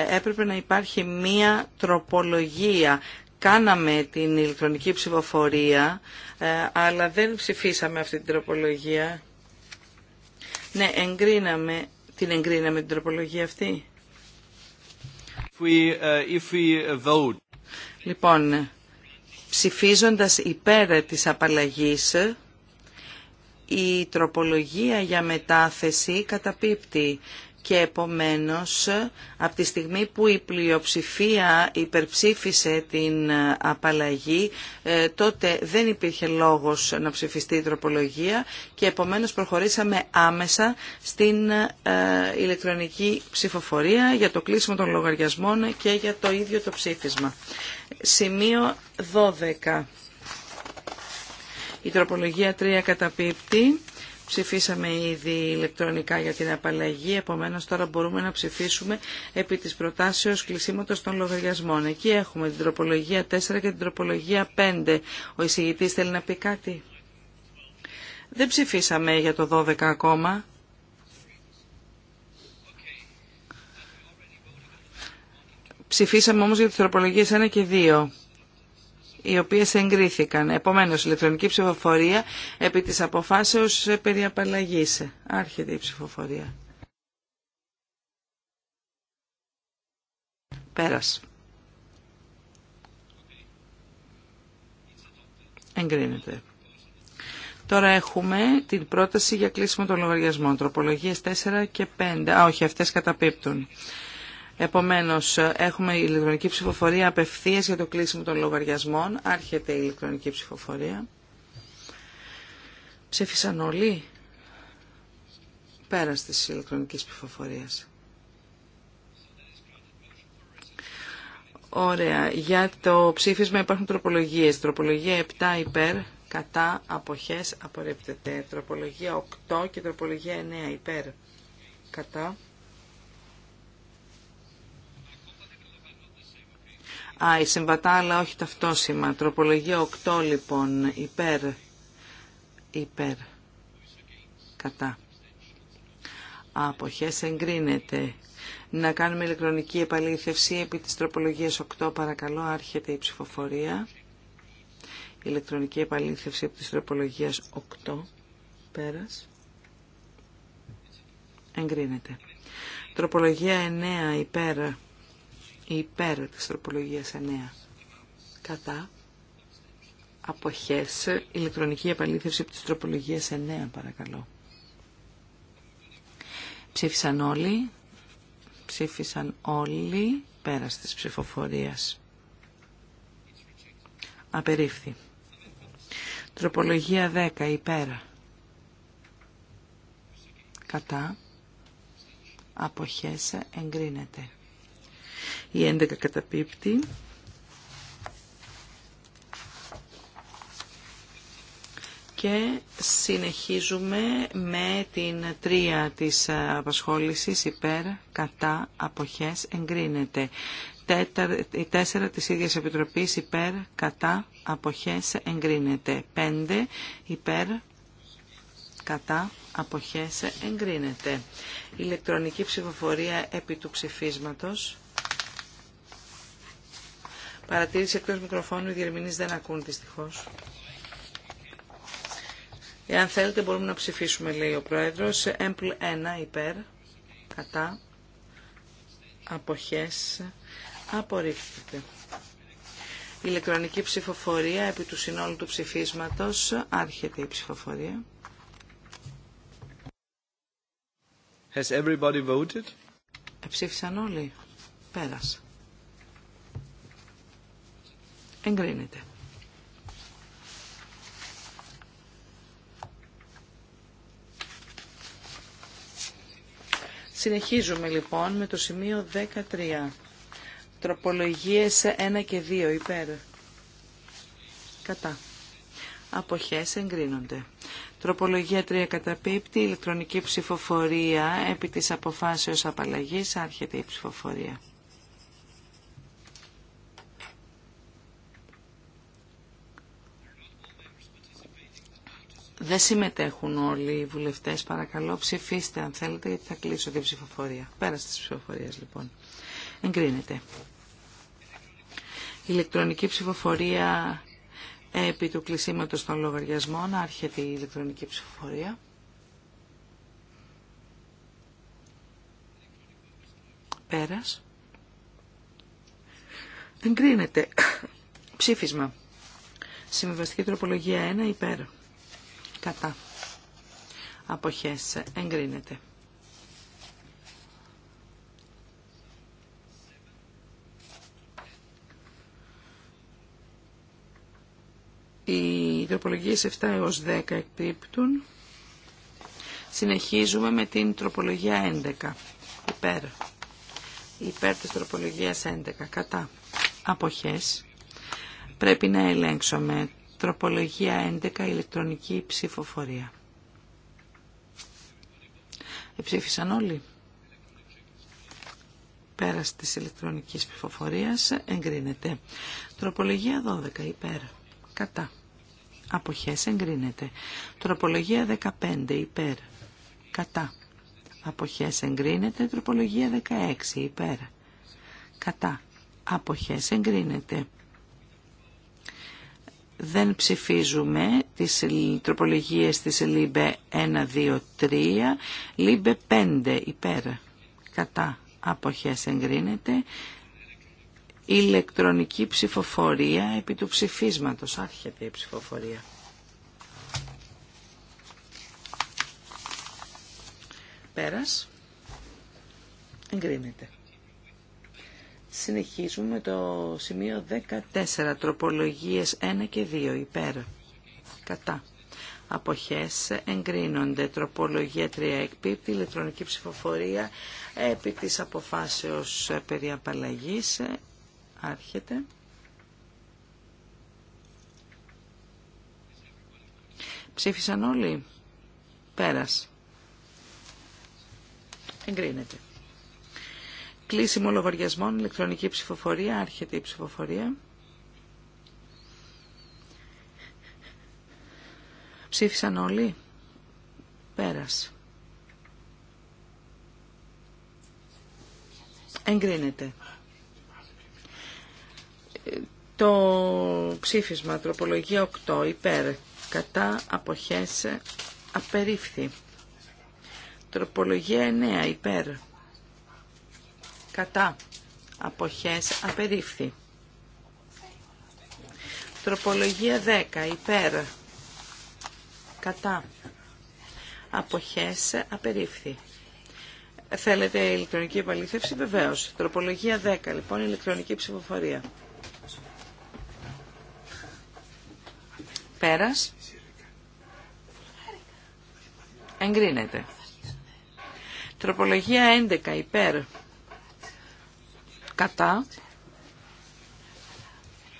D: έπρεπε να υπάρχει μία τροπολογία. Κάναμε την ηλεκτρονική ψηφοφορία, ε, αλλά δεν ψηφίσαμε αυτή την τροπολογία. Ναι, εγκρίναμε, την εγκρίναμε την τροπολογία αυτή.
A: Ε, λοιπόν,
D: ψηφίζοντας υπέρ της απαλλαγής, η τροπολογία για μετάθεση καταπίπτει και επομένως από τη στιγμή που η πλειοψηφία υπερψήφισε την ε, απαλλαγή ε, τότε δεν υπήρχε λόγος να ψηφιστεί η τροπολογία και επομένως προχωρήσαμε άμεσα στην ε, ηλεκτρονική ψηφοφορία για το κλείσιμο των λογαριασμών και για το ίδιο το ψήφισμα. Σημείο 12. Η τροπολογία 3 καταπίπτει. Ψηφίσαμε ήδη ηλεκτρονικά για την απαλλαγή, επομένως τώρα μπορούμε να ψηφίσουμε επί της προτάσεως κλεισίματος των λογαριασμών. Εκεί έχουμε την τροπολογία 4 και την τροπολογία 5. Ο εισηγητής θέλει να πει κάτι. Δεν ψηφίσαμε για το 12 ακόμα. Ψηφίσαμε όμως για τις τροπολογίες 1 και 2 οι οποίες εγκρίθηκαν. Επομένως, ηλεκτρονική ψηφοφορία επί της αποφάσεως ε, περί απαλλαγής. Άρχεται η ψηφοφορία. Πέρας. Εγκρίνεται. Τώρα έχουμε την πρόταση για κλείσιμο των λογαριασμών. Τροπολογίες 4 και 5. Α, όχι, αυτές καταπίπτουν. Επομένως, έχουμε ηλεκτρονική ψηφοφορία απευθείας για το κλείσιμο των λογαριασμών. Άρχεται η ηλεκτρονική ψηφοφορία. Ψήφισαν όλοι πέρα της ηλεκτρονικής ψηφοφορίας. Ωραία. Για το ψήφισμα υπάρχουν τροπολογίες. Τροπολογία 7 υπέρ, κατά, αποχές, απορρίπτεται. Τροπολογία 8 και τροπολογία 9 υπέρ, κατά, Α, η συμβατά αλλά όχι ταυτόσημα. Τροπολογία 8 λοιπόν. Υπέρ. Υπέρ. Κατά. Αποχές εγκρίνεται. Να κάνουμε ηλεκτρονική επαλήθευση επί της τροπολογίας 8 παρακαλώ. Άρχεται η ψηφοφορία. Ηλεκτρονική επαλήθευση επί της τροπολογίας 8. Πέρας. Εγκρίνεται. Τροπολογία 9 υπέρ υπέρ της τροπολογίας 9. Κατά αποχές ηλεκτρονική επαλήθευση της τροπολογίας 9 παρακαλώ. Ψήφισαν όλοι. Ψήφισαν όλοι πέρας της ψηφοφορίας. Απερίφθη. Τροπολογία 10 υπέρ. Κατά. Αποχές εγκρίνεται. Η 11 καταπίπτει. Και συνεχίζουμε με την τρία της απασχόλησης υπέρ, κατά, αποχές, εγκρίνεται. Η τέσσερα της ίδιας επιτροπής υπέρ, κατά, αποχές, εγκρίνεται. 5 υπέρ, κατά, αποχές, εγκρίνεται. Ηλεκτρονική ψηφοφορία επί του ψηφίσματος. Παρατήρηση εκτός μικροφώνου, οι διερμηνείς δεν ακούν δυστυχώς. Εάν θέλετε μπορούμε να ψηφίσουμε, λέει ο Πρόεδρος. Έμπλ 1 υπέρ, κατά, αποχές, απορρίφθηκε. Ηλεκτρονική ψηφοφορία επί του συνόλου του ψηφίσματος. Άρχεται η ψηφοφορία.
A: Has everybody voted?
D: Ψήφισαν όλοι. Πέρασε. Εγκρίνεται. Συνεχίζουμε λοιπόν με το σημείο 13. Τροπολογίες 1 και 2 υπέρ. Κατά. Αποχές εγκρίνονται. Τροπολογία 3 καταπίπτει, ηλεκτρονική ψηφοφορία επί της αποφάσεως απαλλαγής, άρχεται η ψηφοφορία. Δεν συμμετέχουν όλοι οι βουλευτές. Παρακαλώ ψηφίστε αν θέλετε γιατί θα κλείσω την ψηφοφορία. Πέρασε της ψηφοφορίας λοιπόν. Εγκρίνεται. Ηλεκτρονική ψηφοφορία επί του κλεισίματος των λογαριασμών. Άρχεται η ηλεκτρονική ψηφοφορία. Πέρας. Εγκρίνεται. *coughs* Ψήφισμα. Συμβεβαστική τροπολογία 1 υπέρ κατά αποχές εγκρίνεται. Οι τροπολογίες 7 έως 10 εκπίπτουν. Συνεχίζουμε με την τροπολογία 11. Υπέρ. Υπέρ της τροπολογίας 11. Κατά. Αποχές. Πρέπει να ελέγξουμε Τροπολογία 11. Ηλεκτρονική ψηφοφορία. Εψήφισαν όλοι. Πέρας της ηλεκτρονικής ψηφοφορίας εγκρίνεται. Τροπολογία 12. Υπέρ. Κατά. Αποχές εγκρίνεται. Τροπολογία 15. Υπέρ. Κατά. Αποχές εγκρίνεται. Τροπολογία 16. Υπέρ. Κατά. Αποχές εγκρίνεται δεν ψηφίζουμε τις τροπολογίες της ΛΥΜΠΕ 1, 2, 3, ΛΥΜΠΕ 5 υπέρ, κατά αποχές εγκρίνεται, ηλεκτρονική ψηφοφορία επί του ψηφίσματος, άρχεται η ψηφοφορία. Πέρας, εγκρίνεται. Συνεχίζουμε το σημείο 14, τροπολογίες 1 και 2, υπέρ, κατά. Αποχές εγκρίνονται τροπολογία 3 εκπίπτει ηλεκτρονική ψηφοφορία επί της αποφάσεως ε, περί απαλλαγής. Ε, άρχεται. Ψήφισαν όλοι. Πέρας. Εγκρίνεται κλείσιμο λογαριασμών, ηλεκτρονική ψηφοφορία, άρχεται η ψηφοφορία. Ψήφισαν όλοι. Πέρας. Εγκρίνεται. Το ψήφισμα τροπολογία 8 υπέρ κατά αποχές απερίφθη. Τροπολογία 9 υπέρ κατά αποχές απερίφθη. Τροπολογία 10 υπέρ κατά αποχές απερίφθη. Θέλετε ηλεκτρονική επαλήθευση, βεβαίως. Τροπολογία 10, λοιπόν, ηλεκτρονική ψηφοφορία. Πέρας. Εγκρίνεται. Τροπολογία 11, υπέρ κατά.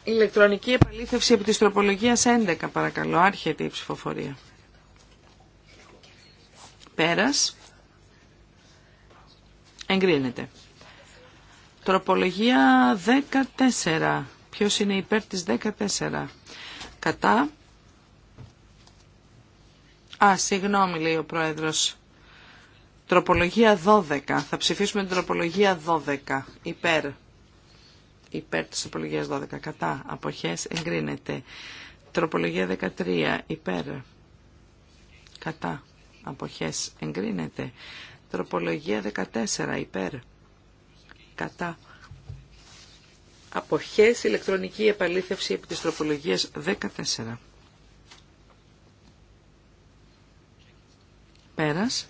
D: Ηλεκτρονική επαλήθευση από της τροπολογίας 11, παρακαλώ. Άρχεται η ψηφοφορία. Πέρας. Εγκρίνεται. Τροπολογία 14. Ποιος είναι υπέρ της 14. Κατά. Α, συγγνώμη λέει ο Πρόεδρος. Τροπολογία 12. Θα ψηφίσουμε την τροπολογία 12. Υπέρ. Υπέρ της τροπολογίας 12. Κατά. Αποχές. Εγκρίνεται. Τροπολογία 13. Υπέρ. Κατά. Αποχές. Εγκρίνεται. Τροπολογία 14. Υπέρ. Κατά. Αποχές. Ηλεκτρονική επαλήθευση επί της τροπολογίας 14. Πέρας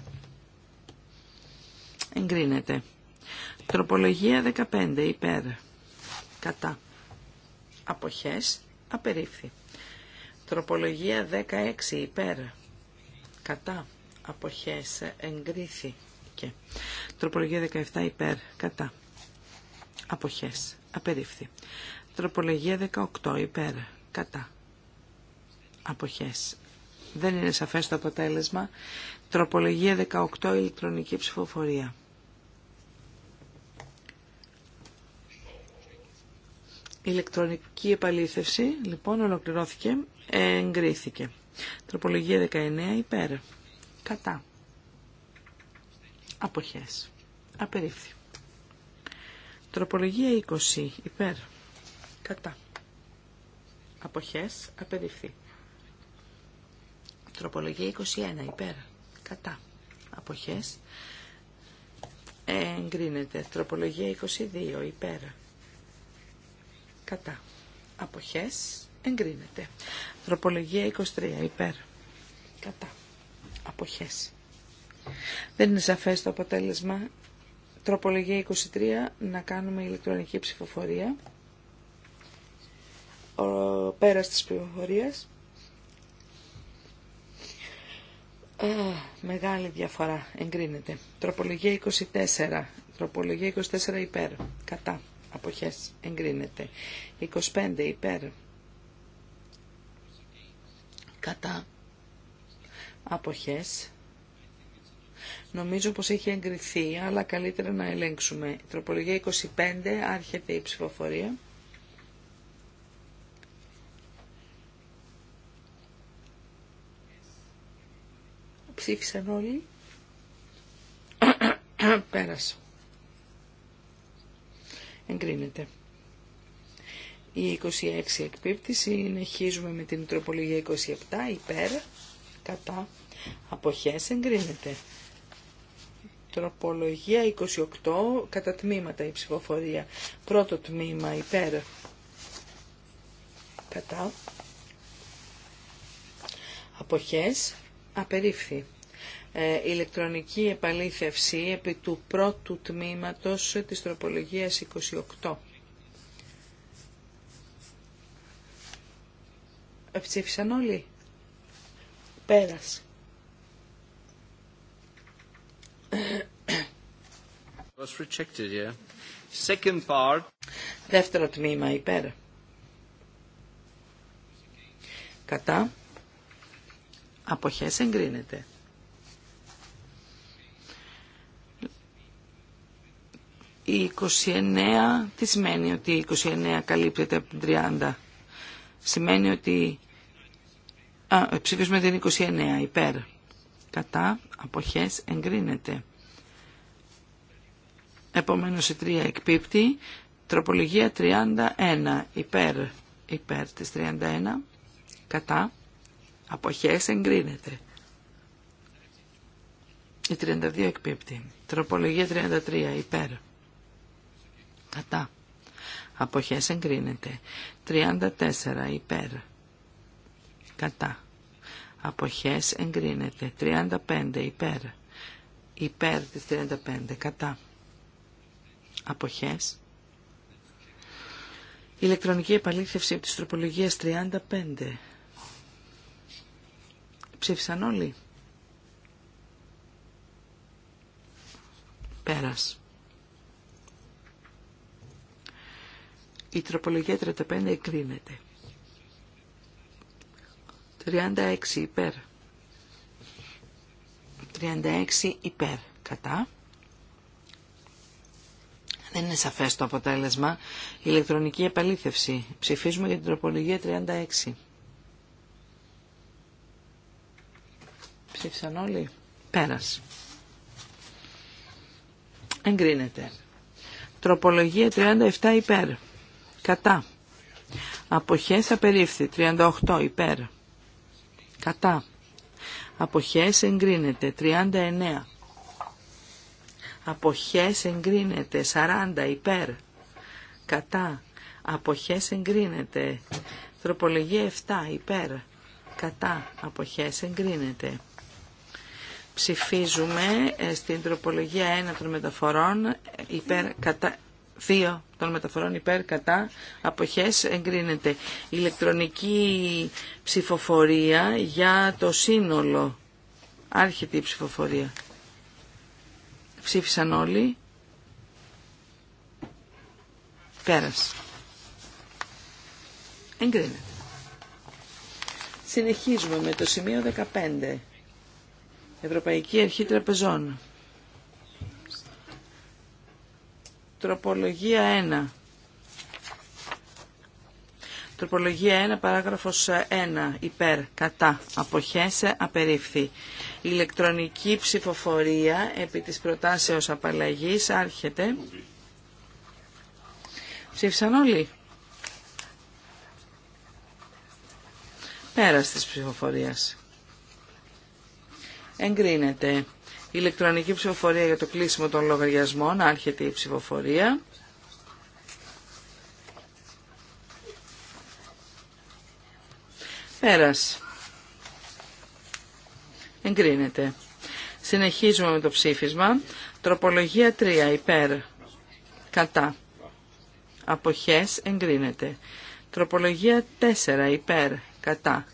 D: εγκρίνεται. Τροπολογία 15 υπέρ κατά αποχές απερίφθη. Τροπολογία 16 υπέρ κατά αποχές και. Τροπολογία 17 υπέρ κατά αποχές απερίφθη. Τροπολογία 18 υπέρ κατά αποχές. Δεν είναι σαφές το αποτέλεσμα. Τροπολογία 18 ηλεκτρονική ψηφοφορία. ηλεκτρονική επαλήθευση, λοιπόν, ολοκληρώθηκε, εγκρίθηκε. Τροπολογία 19 υπέρ. Κατά. Αποχές. Απερίφθη. Τροπολογία 20 υπέρ. Κατά. Αποχές. Απερίφθη. Τροπολογία 21 υπέρ. Κατά. Αποχές. Εγκρίνεται. Τροπολογία 22 υπέρ κατά. Αποχές εγκρίνεται. Τροπολογία 23 υπέρ. Κατά. Αποχές. Δεν είναι σαφές το αποτέλεσμα. Τροπολογία 23 να κάνουμε ηλεκτρονική ψηφοφορία. Ο, πέρας της ψηφοφορίας. μεγάλη διαφορά εγκρίνεται. Τροπολογία 24. Τροπολογία 24 υπέρ. Κατά αποχές εγκρίνεται. 25 υπέρ κατά αποχές. Νομίζω πως έχει εγκριθεί, αλλά καλύτερα να ελέγξουμε. Η τροπολογία 25, άρχεται η ψηφοφορία. Ψήφισαν όλοι. *coughs* Πέρασε εγκρίνεται. Η 26 εκπίπτει, συνεχίζουμε με την τροπολογία 27, υπέρ, κατά, αποχές, εγκρίνεται. Τροπολογία 28, κατά τμήματα η ψηφοφορία. Πρώτο τμήμα, υπέρ, κατά, αποχές, απερίφθη. Ε, ηλεκτρονική επαλήθευση επί του πρώτου τμήματος της τροπολογίας 28. Ψήφισαν όλοι. Πέρασε.
A: Was rejected,
D: Second part. Δεύτερο τμήμα υπέρ. Κατά. Αποχές εγκρίνεται. Η 29, τι σημαίνει ότι η 29 καλύπτεται από την 30. Σημαίνει ότι Α, ε, με την 29 υπέρ. Κατά αποχές εγκρίνεται. Επομένως η 3 εκπίπτει. Τροπολογία 31 υπέρ. Υπέρ της 31. Κατά αποχές εγκρίνεται. Η 32 εκπίπτει. Τροπολογία 33 υπέρ Κατά. Αποχές εγκρίνεται. 34 υπέρ. Κατά. Αποχές εγκρίνεται. 35 υπέρ. Υπέρ της 35. Κατά. Αποχές. Ηλεκτρονική επαλήθευση από τις τροπολογίες 35. Ψήφισαν όλοι. Πέρας. Η τροπολογία 35 εγκρίνεται. 36 υπέρ. 36 υπέρ. Κατά. Δεν είναι σαφές το αποτέλεσμα. Ηλεκτρονική επαλήθευση. Ψηφίζουμε για την τροπολογία 36. Ψήφισαν όλοι. Πέρας. Εγκρίνεται. Τροπολογία 37 υπέρ κατά. Αποχές απερίφθη 38 υπέρ. Κατά. Αποχές εγκρίνεται 39. Αποχές εγκρίνεται 40 υπέρ. Κατά. Αποχές εγκρίνεται. Τροπολογία 7 υπέρ. Κατά. Αποχές εγκρίνεται. Ψηφίζουμε ε, στην τροπολογία 1 των μεταφορών υπέρ κατά θείο των μεταφορών υπέρ κατά αποχές εγκρίνεται. Ηλεκτρονική ψηφοφορία για το σύνολο. Άρχεται η ψηφοφορία. Ψήφισαν όλοι. Πέρασε. Εγκρίνεται. Συνεχίζουμε με το σημείο 15. Ευρωπαϊκή Αρχή Τραπεζών. Τροπολογία 1. Τροπολογία 1, παράγραφος 1, υπέρ, κατά, αποχέσε, απερίφθη. Ηλεκτρονική ψηφοφορία επί της προτάσεως απαλλαγής άρχεται. Ψήφισαν όλοι. Πέρας της ψηφοφορίας. Εγκρίνεται ηλεκτρονική ψηφοφορία για το κλείσιμο των λογαριασμών. Άρχεται η ψηφοφορία. Πέρας. Εγκρίνεται. Συνεχίζουμε με το ψήφισμα. Τροπολογία 3. Υπέρ. Κατά. Αποχές. Εγκρίνεται. Τροπολογία 4. Υπέρ. Κατά.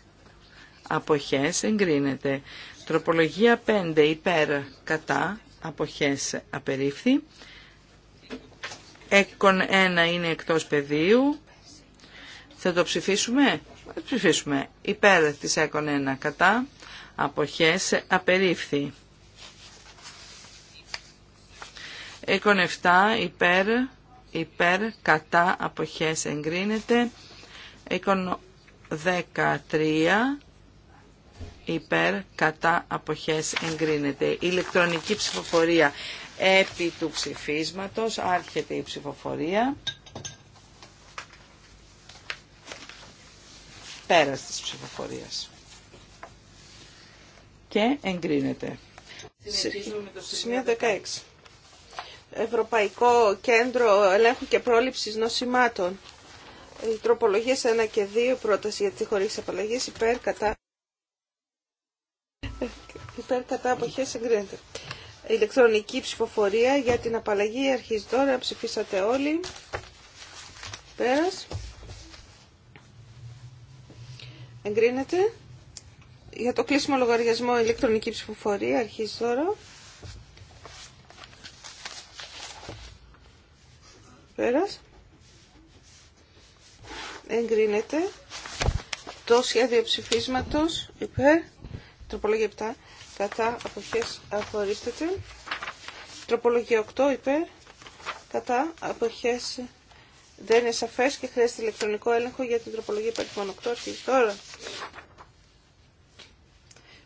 D: Αποχές. Εγκρίνεται. Τροπολογία 5 υπέρ κατά αποχές απερίφθη. Έκον 1 είναι εκτός πεδίου. Θα το ψηφίσουμε. Θα το ψηφίσουμε. Υπέρ της έκον 1 κατά αποχές απερίφθη. Έκον 7 υπέρ, υπέρ κατά αποχές εγκρίνεται. Έκον 13 υπέρ κατά αποχές εγκρίνεται. Ηλεκτρονική ψηφοφορία επί του ψηφίσματος. Άρχεται η ψηφοφορία. Πέρας της ψηφοφορίας. Και εγκρίνεται.
B: Σημείο 16. Ευρωπαϊκό Κέντρο Ελέγχου και Πρόληψης Νοσημάτων. τροπολογίες 1 και 2, πρόταση για τη χωρίς απαλλαγής υπέρ κατά υπέρ κατά αποχές Ηλεκτρονική ψηφοφορία για την απαλλαγή αρχίζει τώρα. Ψηφίσατε όλοι. Πέρας. Εγκρίνεται. Για το κλείσιμο λογαριασμό ηλεκτρονική ψηφοφορία αρχίζει τώρα. Πέρας. Εγκρίνεται. Το σχέδιο ψηφίσματο. υπέρ. Τροπολογία 7 κατά αποχές απορρίπτεται. Τροπολογία 8 υπέρ κατά αποχές δεν είναι σαφές και χρειάζεται ηλεκτρονικό έλεγχο για την τροπολογία 8 και τώρα.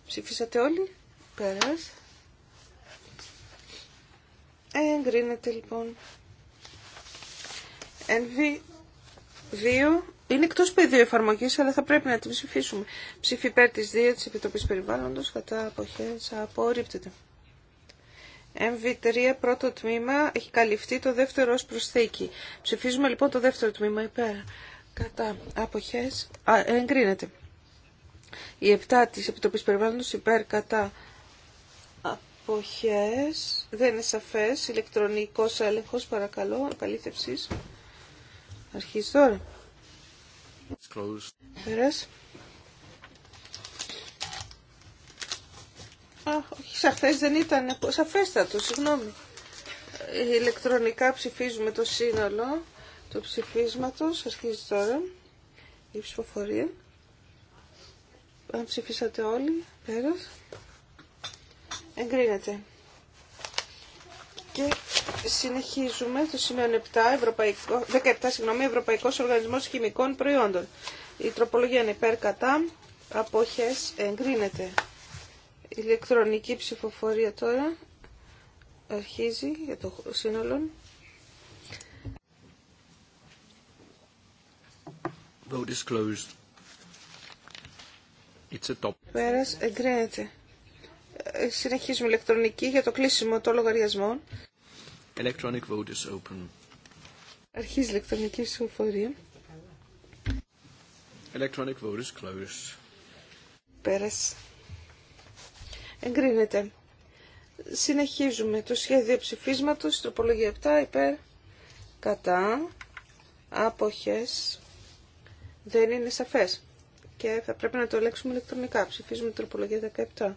B: Ψηφίσατε όλοι. Πέρας. Εγκρίνεται λοιπόν. NV2 είναι εκτό πεδίου εφαρμογή, αλλά θα πρέπει να την ψηφίσουμε. Ψήφι υπέρ τη 2 τη επιτροπή περιβάλλοντο Περιβάλλοντος, κατά αποχές, απορρίπτεται. MV3 πρώτο τμήμα έχει καλυφθεί το δεύτερο ως προσθήκη. Ψηφίζουμε λοιπόν το δεύτερο τμήμα υπέρ. Κατά απόχε. εγκρίνεται. Η 7 τη επιτροπή περιβάλλοντο υπέρ κατά αποχές, δεν είναι σαφέ. ηλεκτρονικός έλεγχος παρακαλώ, επαλήθευσης. Αρχίζει τώρα. Πέρας. Α, όχι, σαν δεν ήταν σαφέστατο, συγγνώμη. Ηλεκτρονικά ψηφίζουμε το σύνολο του ψηφίσματο. Αρχίζει τώρα η ψηφοφορία. Αν ψηφίσατε όλοι, πέρας. Εγκρίνεται. Και συνεχίζουμε το σημείο 7, Ευρωπαϊκό, 17, συγγνώμη, Ευρωπαϊκός Οργανισμός Χημικών Προϊόντων. Η τροπολογία είναι υπέρ κατά, απόχες εγκρίνεται. Ηλεκτρονική ψηφοφορία τώρα αρχίζει για το σύνολο.
A: Vote It's a top.
B: Πέρας εγκρίνεται. Συνεχίζουμε ηλεκτρονική για το κλείσιμο των λογαριασμών.
A: Electronic vote
B: Αρχίζει ηλεκτρονική ψηφοφορία.
A: Electronic vote is closed.
B: Πέρασε. Εγκρίνεται. Συνεχίζουμε το σχέδιο ψηφίσματος, τροπολογία 7, υπέρ, κατά, άποχες, δεν είναι σαφές. Και θα πρέπει να το ελέγξουμε ηλεκτρονικά. Ψηφίζουμε τροπολογία 17.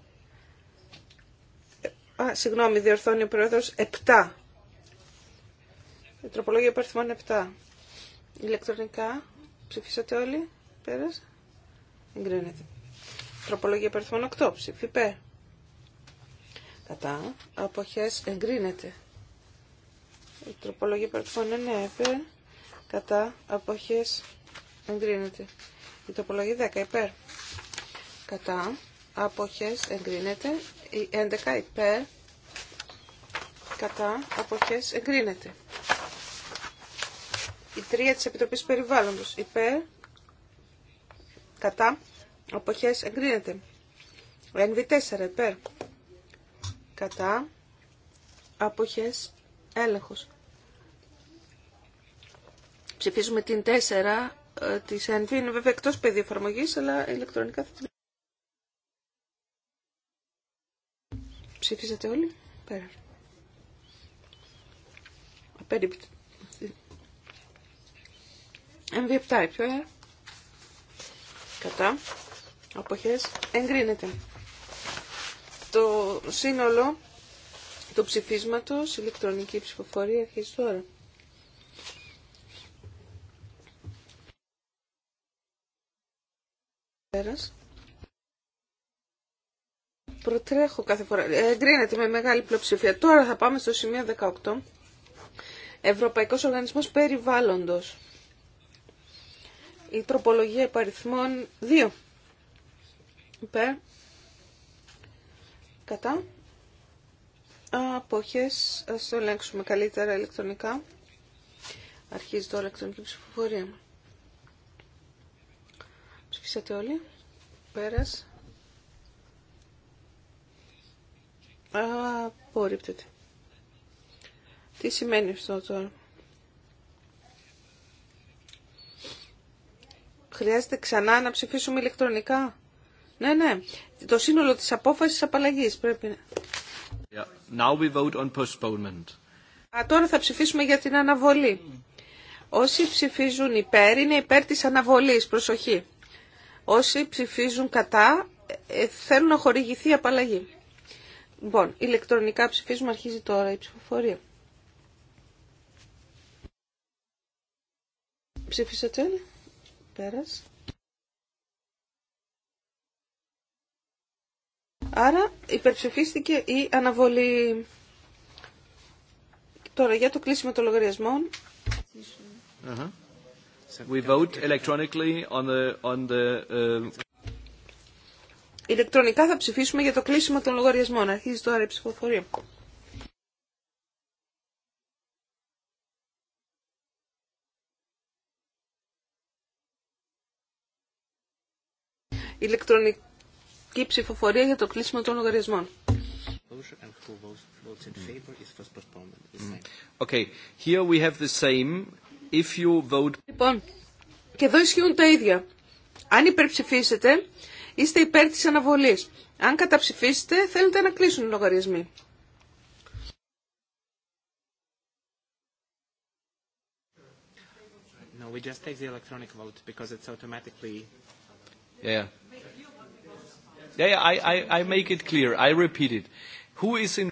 B: Α, συγγνώμη, διορθώνει ο πρόεδρο. 7. Η τροπολογία υπαριθμών 7. Ηλεκτρονικά. Ψηφίσατε όλοι. πέρα. Εγκρίνεται. Τροπολογία υπαριθμών 8. Ψήφι Κατά. απόχέ Εγκρίνεται. Η τροπολογία υπαριθμών 9. Υπέρ. Κατά. απόχέ. Εγκρίνεται. Η τροπολογία 10. Υπέρ. Κατά. απόχέ Εγκρίνεται. Η 11 υπέρ κατά αποχές εγκρίνεται. Η 3 της Επιτροπής Περιβάλλοντος υπέρ κατά αποχές εγκρίνεται. Ο NV4 υπέρ κατά αποχές έλεγχος. Ψηφίζουμε την 4 ε, της NV, είναι βέβαια εκτός πεδίου εφαρμογής, αλλά ηλεκτρονικά θα την Ψήφισατε όλοι. Πέρα. Απέριπτ. MV7 Κατά. Αποχές. Εγκρίνεται. Το σύνολο του ψηφίσματος, ηλεκτρονική ψηφοφορία, αρχίζει τώρα. Πέρας προτρέχω κάθε φορά. Ε, εγκρίνεται με μεγάλη πλειοψηφία. Τώρα θα πάμε στο σημείο 18. Ευρωπαϊκός Οργανισμός Περιβάλλοντος. Η τροπολογία υπαριθμών 2. Υπέρ. Κατά. Απόχες. Ας το ελέγξουμε καλύτερα ηλεκτρονικά. Αρχίζει τώρα ηλεκτρονική ψηφοφορία. Ψηφίσατε όλοι. Πέρας. Απορρίπτεται. Τι σημαίνει αυτό τώρα. Χρειάζεται ξανά να ψηφίσουμε ηλεκτρονικά. Ναι, ναι. Το σύνολο της απόφασης απαλλαγής πρέπει να...
A: Now we vote on postponement.
B: Α, τώρα θα ψηφίσουμε για την αναβολή. Όσοι ψηφίζουν υπέρ είναι υπέρ της αναβολής, προσοχή. Όσοι ψηφίζουν κατά ε, θέλουν να χορηγηθεί η απαλλαγή. Λοιπόν, ηλεκτρονικά ψηφίζουμε, αρχίζει τώρα η ψηφοφορία. Ψήφισατε όλοι. Πέρας. Άρα υπερψηφίστηκε η αναβολή. Τώρα για το κλείσιμο των λογαριασμών.
A: Uh-huh. We vote electronically on the, on the, uh,
B: Ηλεκτρονικά θα ψηφίσουμε για το κλείσιμο των λογαριασμών. Αρχίζει τώρα η ψηφοφορία. Ηλεκτρονική ψηφοφορία για το κλείσιμο των λογαριασμών.
A: Mm. Mm. Okay. Here we have the same. If you vote... Λοιπόν,
B: και εδώ ισχύουν τα ίδια. Αν υπερψηφίσετε, είστε υπέρ της αναβολής. Αν καταψηφίσετε, θέλετε να κλείσουν οι λογαριασμοί.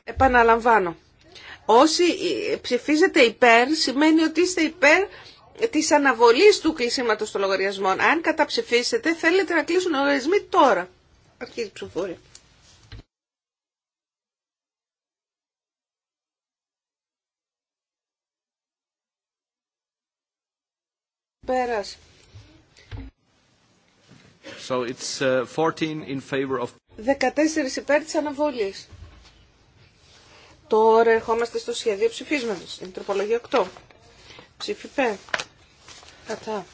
B: Επαναλαμβάνω. Όσοι ψηφίζετε υπέρ, σημαίνει ότι είστε υπέρ Τη αναβολή του κλεισίματο των λογαριασμών. Αν καταψηφίσετε, θέλετε να κλείσουν οι λογαριασμοί τώρα. Αρχίζει η ψηφοφορία.
A: So it's 14 uh, in favor of...
B: 14 υπέρ της αναβολής. Τώρα ερχόμαστε στο σχέδιο ψηφίσματος, στην τροπολογία 8. Ψήφι κατά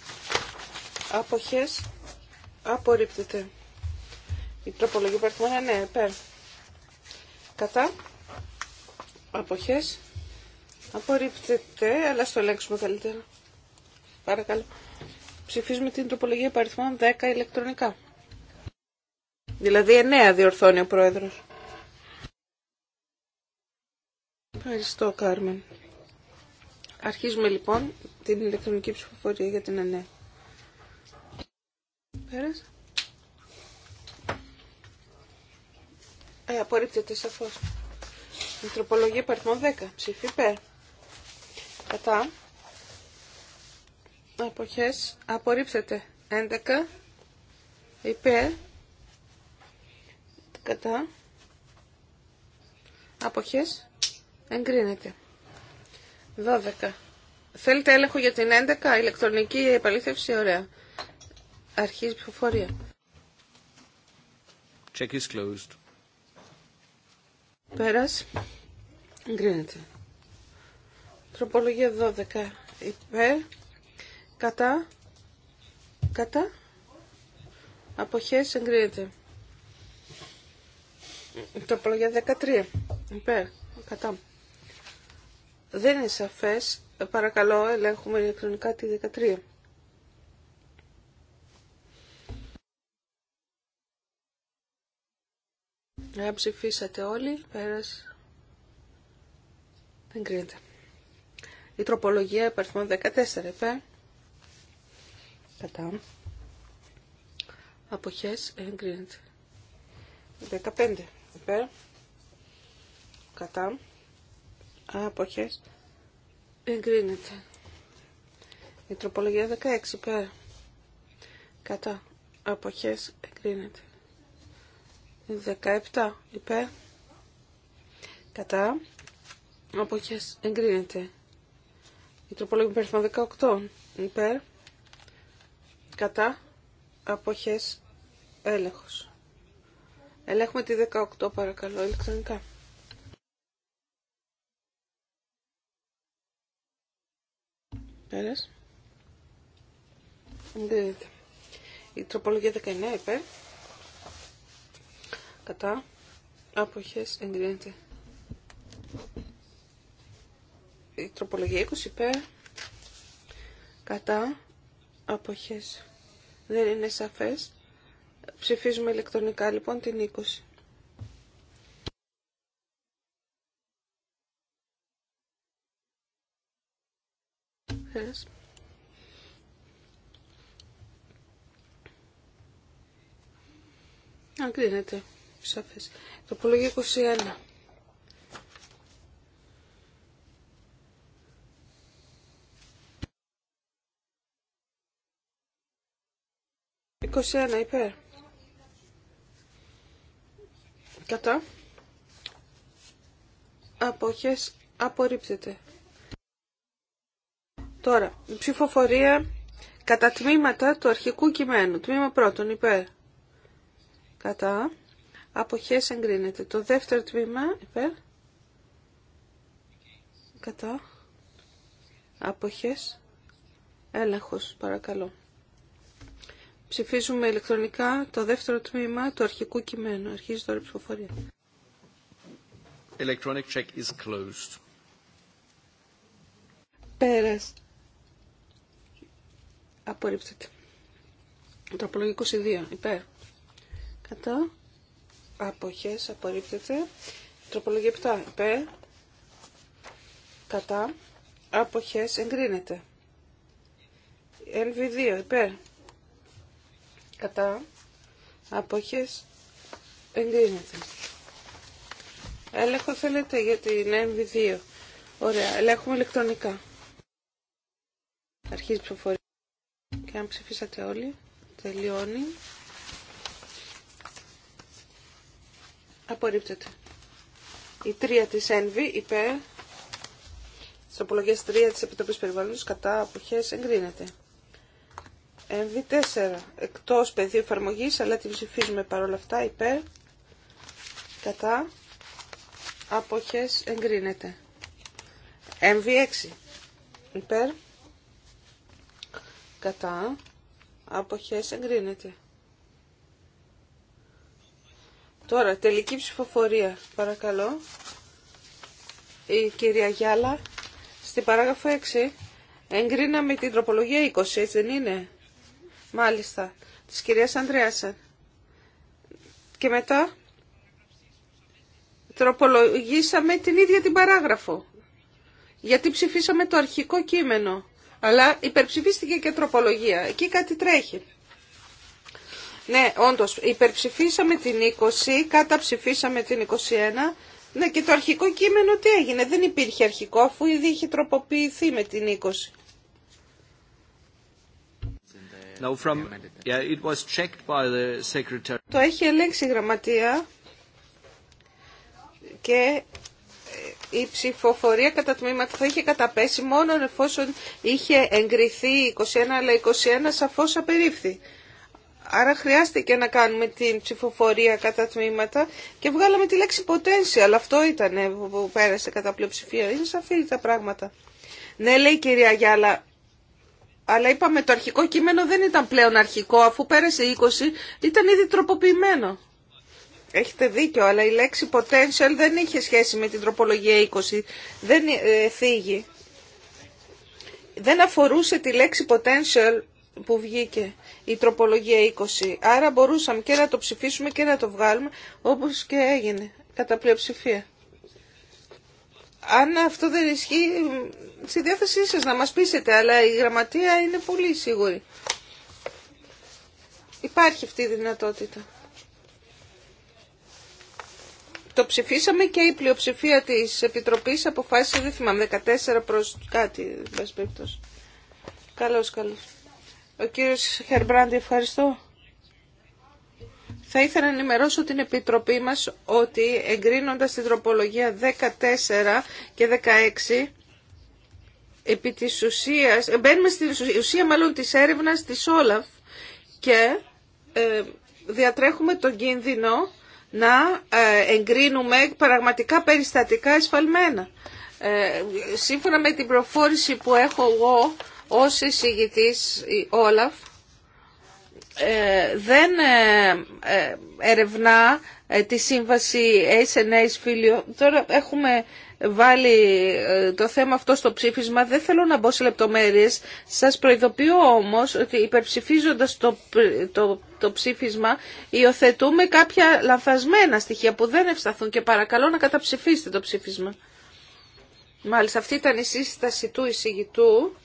B: άποχες απορρίπτεται. Η τροπολογία υπερθμόνα ναι, Κατά αποχές απορρίπτεται, αλλά στο ελέγξουμε καλύτερα. Παρακαλώ. Ψηφίζουμε την τροπολογία υπαριθμών 10 ηλεκτρονικά. Δηλαδή 9 διορθώνει ο πρόεδρος. Ευχαριστώ, Κάρμεν. Αρχίζουμε λοιπόν την ηλεκτρονική ψηφοφορία για την ΕΝΕ. Πέρασε. Ε, απορρίπτεται σαφώς. τροπολογία 10. Ψήφι Κατά. Αποχές. Απορρίπτεται. 11. Υπέρ. Κατά. Αποχές. Εγκρίνεται. 12. Θέλετε έλεγχο για την 11, ηλεκτρονική επαλήθευση, ωραία. Αρχίζει η ψηφοφορία.
A: Check is closed.
B: Πέρας. Εγκρίνεται. Τροπολογία 12. Υπέρ. Κατά. Κατά. Αποχές εγκρίνεται. Τροπολογία 13. Υπέρ. Κατά. Δεν είναι σαφές. Παρακαλώ, ελέγχουμε ηλεκτρονικά τη 13. Αν ψηφίσατε όλοι, πέρας δεν κρίνεται. Η τροπολογία υπαριθμών 14 Επέ. Κατά. Αποχές εγκρίνεται. 15 Επέ. Κατά. Αποχές. Εγκρίνεται. Η τροπολογία 16 πέρα. Κατά. Αποχές εγκρίνεται. 17 υπέρ. Κατά. Αποχές εγκρίνεται. Η τροπολογία 18 υπέρ. Κατά. Αποχές έλεγχος. Ελέγχουμε τη 18 παρακαλώ ηλεκτρονικά. Η τροπολογία 19 υπέρ. Κατά. Αποχές εγκρίνεται. Η τροπολογία 20 υπέρ. Κατά. Αποχές. Δεν είναι σαφές. Ψηφίζουμε ηλεκτρονικά λοιπόν την 20. αποχές. Αν κρίνεται, σαφές. το απολογή 21. Είκοσι υπέρ. Κατά. Αποχές απορρίπτεται. Τώρα, ψηφοφορία κατά τμήματα του αρχικού κειμένου. Τμήμα πρώτον, υπέρ. Κατά. Αποχές εγκρίνεται. Το δεύτερο τμήμα, υπέρ. Κατά. Αποχές. Έλεγχος, παρακαλώ. Ψηφίζουμε ηλεκτρονικά το δεύτερο τμήμα του αρχικού κειμένου. Αρχίζει τώρα η ψηφοφορία.
A: Electronic check is closed.
B: Πέρας. Απορρίπτεται. Τροπολογικό 22. Υπέρ. Κατά. Αποχές. Απορρίπτεται. Τροπολογία 7. Υπέρ. Κατά. Αποχές. Εγκρίνεται. LV2. Υπέρ. Κατά. Αποχές. Εγκρίνεται. Έλεγχο θέλετε για την MV2. Ωραία. Ελέγχουμε ηλεκτρονικά. Αρχίζει η ψηφοφορία και αν ψηφίσατε όλοι, τελειώνει. Απορρίπτεται. Η τρία της ΕΝΒΗ υπέρ Τροπολογίες τρία της Επιτροπής Περιβάλλοντος κατά αποχές εγκρίνεται. ΕΝΒΗ τέσσερα εκτός πεδίου εφαρμογή, αλλά την ψηφίζουμε παρόλα αυτά υπέρ κατά αποχές εγκρίνεται. ΕΝΒΗ 6 υπέρ κατά αποχές εγκρίνεται. Τώρα, τελική ψηφοφορία, παρακαλώ. Η κυρία Γιάλα, στην παράγραφο 6, εγκρίναμε την τροπολογία 20, έτσι δεν είναι. Μάλιστα, της κυρίας Ανδρέασεν. Και μετά, τροπολογήσαμε την ίδια την παράγραφο. Γιατί ψηφίσαμε το αρχικό κείμενο αλλά υπερψηφίστηκε και τροπολογία. Εκεί κάτι τρέχει. Ναι, όντως, υπερψηφίσαμε την 20, καταψηφίσαμε την 21. Ναι, και το αρχικό κείμενο τι έγινε, δεν υπήρχε αρχικό, αφού ήδη είχε τροποποιηθεί με την 20. Το έχει ελέγξει η γραμματεία και η ψηφοφορία κατά τμήματα θα είχε καταπέσει μόνο εφόσον είχε εγκριθεί 21, αλλά 21 σαφώς απερίφθη. Άρα χρειάστηκε να κάνουμε την ψηφοφορία κατά τμήματα και βγάλαμε τη λέξη Αλλά Αυτό ήταν που πέρασε κατά πλειοψηφία. Είναι σαφή τα πράγματα. Ναι, λέει η κυρία Γιάλα, αλλά είπαμε το αρχικό κείμενο δεν ήταν πλέον αρχικό, αφού πέρασε 20 ήταν ήδη τροποποιημένο. Έχετε δίκιο, αλλά η λέξη potential δεν είχε σχέση με την τροπολογία 20. Δεν ε, θίγει. Δεν αφορούσε τη λέξη potential που βγήκε η τροπολογία 20. Άρα μπορούσαμε και να το ψηφίσουμε και να το βγάλουμε όπως και έγινε κατά πλειοψηφία. Αν αυτό δεν ισχύει, στη διάθεσή σας να μας πείσετε, αλλά η γραμματεία είναι πολύ σίγουρη. Υπάρχει αυτή η δυνατότητα το ψηφίσαμε και η πλειοψηφία της Επιτροπής αποφάσισε, δεν θυμάμαι, 14 προς κάτι, εν Καλώ Καλώς, καλώς. Ο κύριος Χερμπράντη, ευχαριστώ. Θα ήθελα να ενημερώσω την Επιτροπή μας ότι εγκρίνοντας την τροπολογία 14 και 16 επί της ε, μπαίνουμε στην ουσία μάλλον της έρευνας της Όλαφ και ε, διατρέχουμε τον κίνδυνο να ε, εγκρίνουμε πραγματικά περιστατικά εσφαλμένα. Ε, σύμφωνα με την προφόρηση που έχω εγώ ως εισηγητής Όλαφ, ε, δεν ερευνά τη σύμβαση SNA Φίλιο. Τώρα έχουμε βάλει ε, το θέμα αυτό στο ψήφισμα. Δεν θέλω να μπω σε λεπτομέρειες. Σας προειδοποιώ όμως ότι υπερψηφίζοντας το, το, το ψήφισμα υιοθετούμε κάποια λανθασμένα στοιχεία που δεν ευσταθούν και παρακαλώ να καταψηφίσετε το ψήφισμα. Μάλιστα, αυτή ήταν η σύσταση του εισηγητού.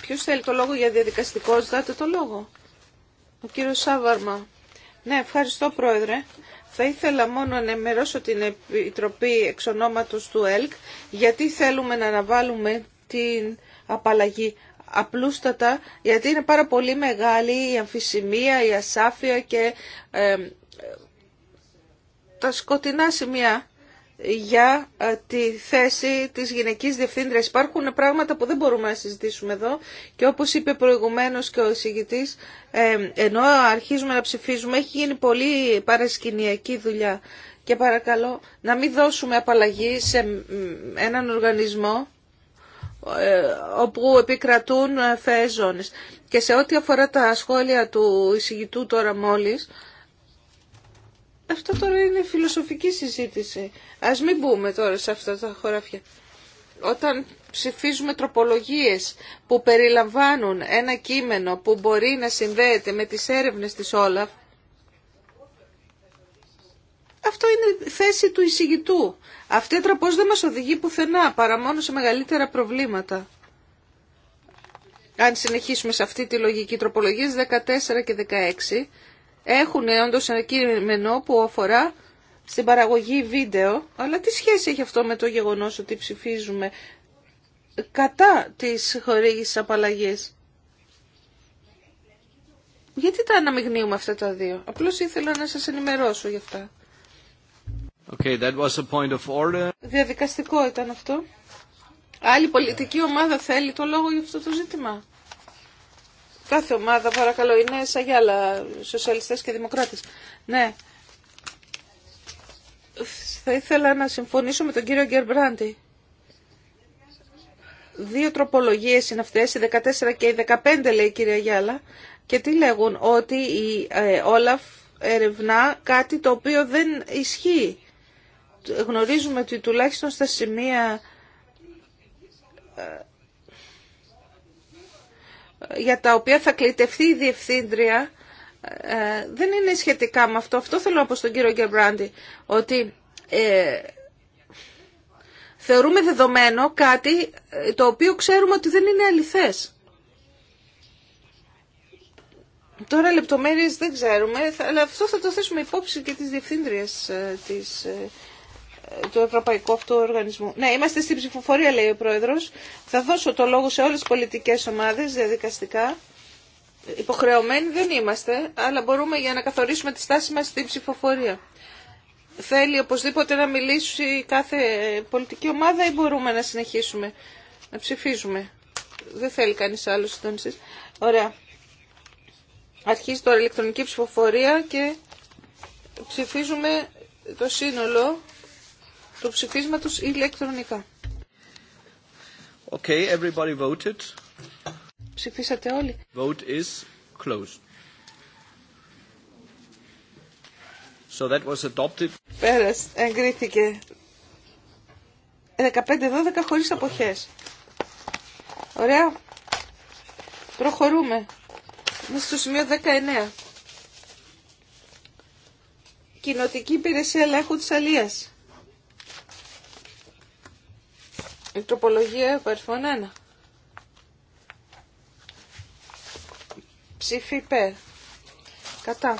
B: Ποιο θέλει το λόγο για διαδικαστικό, ζητάτε το λόγο. Ο κύριος Σάβαρμα. Ναι, ευχαριστώ πρόεδρε. Θα ήθελα μόνο να ενημερώσω την Επιτροπή εξ του ΕΛΚ γιατί θέλουμε να αναβάλουμε την απαλλαγή απλούστατα γιατί είναι πάρα πολύ μεγάλη η αμφισημία, η ασάφεια και ε, ε, τα σκοτεινά σημεία για ε, τη θέση της γυναικής διευθύντριας. Υπάρχουν πράγματα που δεν μπορούμε να συζητήσουμε εδώ και όπως είπε προηγουμένως και ο εισηγητής, ε, ενώ αρχίζουμε να ψηφίζουμε, έχει γίνει πολύ παρασκηνιακή δουλειά. Και παρακαλώ να μην δώσουμε απαλλαγή σε έναν οργανισμό ε, όπου επικρατούν ζώνες. Και σε ό,τι αφορά τα σχόλια του εισηγητού τώρα μόλις, αυτό τώρα είναι φιλοσοφική συζήτηση. Ας μην μπούμε τώρα σε αυτά τα χωράφια. Όταν ψηφίζουμε τροπολογίες που περιλαμβάνουν ένα κείμενο που μπορεί να συνδέεται με τις έρευνες της Όλαφ, αυτό είναι θέση του εισηγητού. Αυτή η τραπός δεν μας οδηγεί πουθενά, παρά μόνο σε μεγαλύτερα προβλήματα. Αν συνεχίσουμε σε αυτή τη λογική τροπολογίες 14 και 16, έχουν όντω ένα κείμενο που αφορά στην παραγωγή βίντεο, αλλά τι σχέση έχει αυτό με το γεγονός ότι ψηφίζουμε κατά της χορήγησης απαλλαγής. Γιατί τα αναμειγνύουμε αυτά τα δύο. Απλώς ήθελα να σας ενημερώσω γι' αυτά.
A: Okay, that was a point of order.
B: Διαδικαστικό ήταν αυτό. Άλλη πολιτική ομάδα θέλει το λόγο για αυτό το ζήτημα. Κάθε ομάδα, παρακαλώ, είναι σαν για άλλα σοσιαλιστές και δημοκράτες. Ναι. Θα ήθελα να συμφωνήσω με τον κύριο Γκερμπράντι. Δύο τροπολογίες είναι αυτές, η 14 και η 15 λέει η κυρία Γιάλα. Και τι λέγουν, ότι η ε, Όλαφ ερευνά κάτι το οποίο δεν ισχύει. Γνωρίζουμε ότι τουλάχιστον στα σημεία ε, για τα οποία θα κλητευτεί η Διευθύντρια ε, δεν είναι σχετικά με αυτό. Αυτό θέλω από πω στον κύριο Γκέμπραντι, ότι ε, θεωρούμε δεδομένο κάτι ε, το οποίο ξέρουμε ότι δεν είναι αληθές. Τώρα λεπτομέρειες δεν ξέρουμε, αλλά αυτό θα το θέσουμε υπόψη και τις διευθύντριες της του Ευρωπαϊκού Αυτού Οργανισμού. Ναι, είμαστε στην ψηφοφορία, λέει ο Πρόεδρο. Θα δώσω το λόγο σε όλε τι πολιτικέ ομάδε διαδικαστικά. Υποχρεωμένοι δεν είμαστε, αλλά μπορούμε για να καθορίσουμε τη στάση μα στην ψηφοφορία. Θέλει οπωσδήποτε να μιλήσει κάθε πολιτική ομάδα ή μπορούμε να συνεχίσουμε να ψηφίζουμε. Δεν θέλει κανείς άλλος συντονιστη Ωραία. Αρχίζει τώρα η ηλεκτρονική ψηφοφορία και ψηφίζουμε το σύνολο του ψηφίσματος ηλεκτρονικά.
A: Okay, everybody voted.
B: Ψηφίσατε όλοι.
A: Vote is closed. So that was adopted.
B: Πέρας, εγκρίθηκε. 15-12 χωρίς αποχές. Ωραία. Προχωρούμε. Είμαστε στο σημείο 19. Κοινοτική υπηρεσία ελέγχου της αλίας. Η τροπολογία ψηφίπερ Ψήφι υπέρ. Κατά.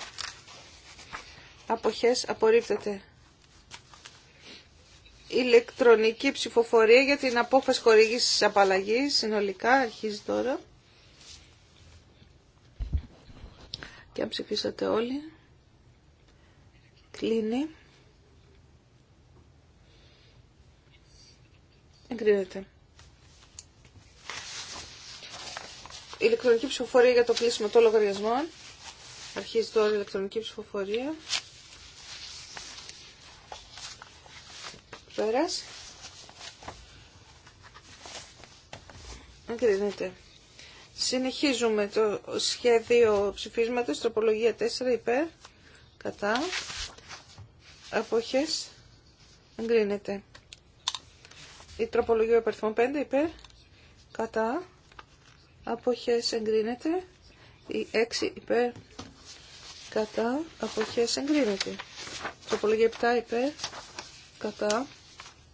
B: Αποχές απορρίπτεται. Ηλεκτρονική ψηφοφορία για την απόφαση χορήγησης απαλλαγής. Συνολικά αρχίζει τώρα. Και αν ψηφίσατε όλοι. Κλείνει. Εγκρίνεται. Ηλεκτρονική ψηφοφορία για το κλείσιμο των λογαριασμών. Αρχίζει τώρα η ηλεκτρονική ψηφοφορία. Πέρας. Εγκρίνεται. Συνεχίζουμε το σχέδιο ψηφίσματος, τροπολογία 4 υπέρ, κατά, αποχές, εγκρίνεται. Η τροπολογία 5 υπέρ κατά αποχές εγκρίνεται. Η 6 υπέρ κατά αποχές εγκρίνεται. Τροπολογία 7 υπέρ κατά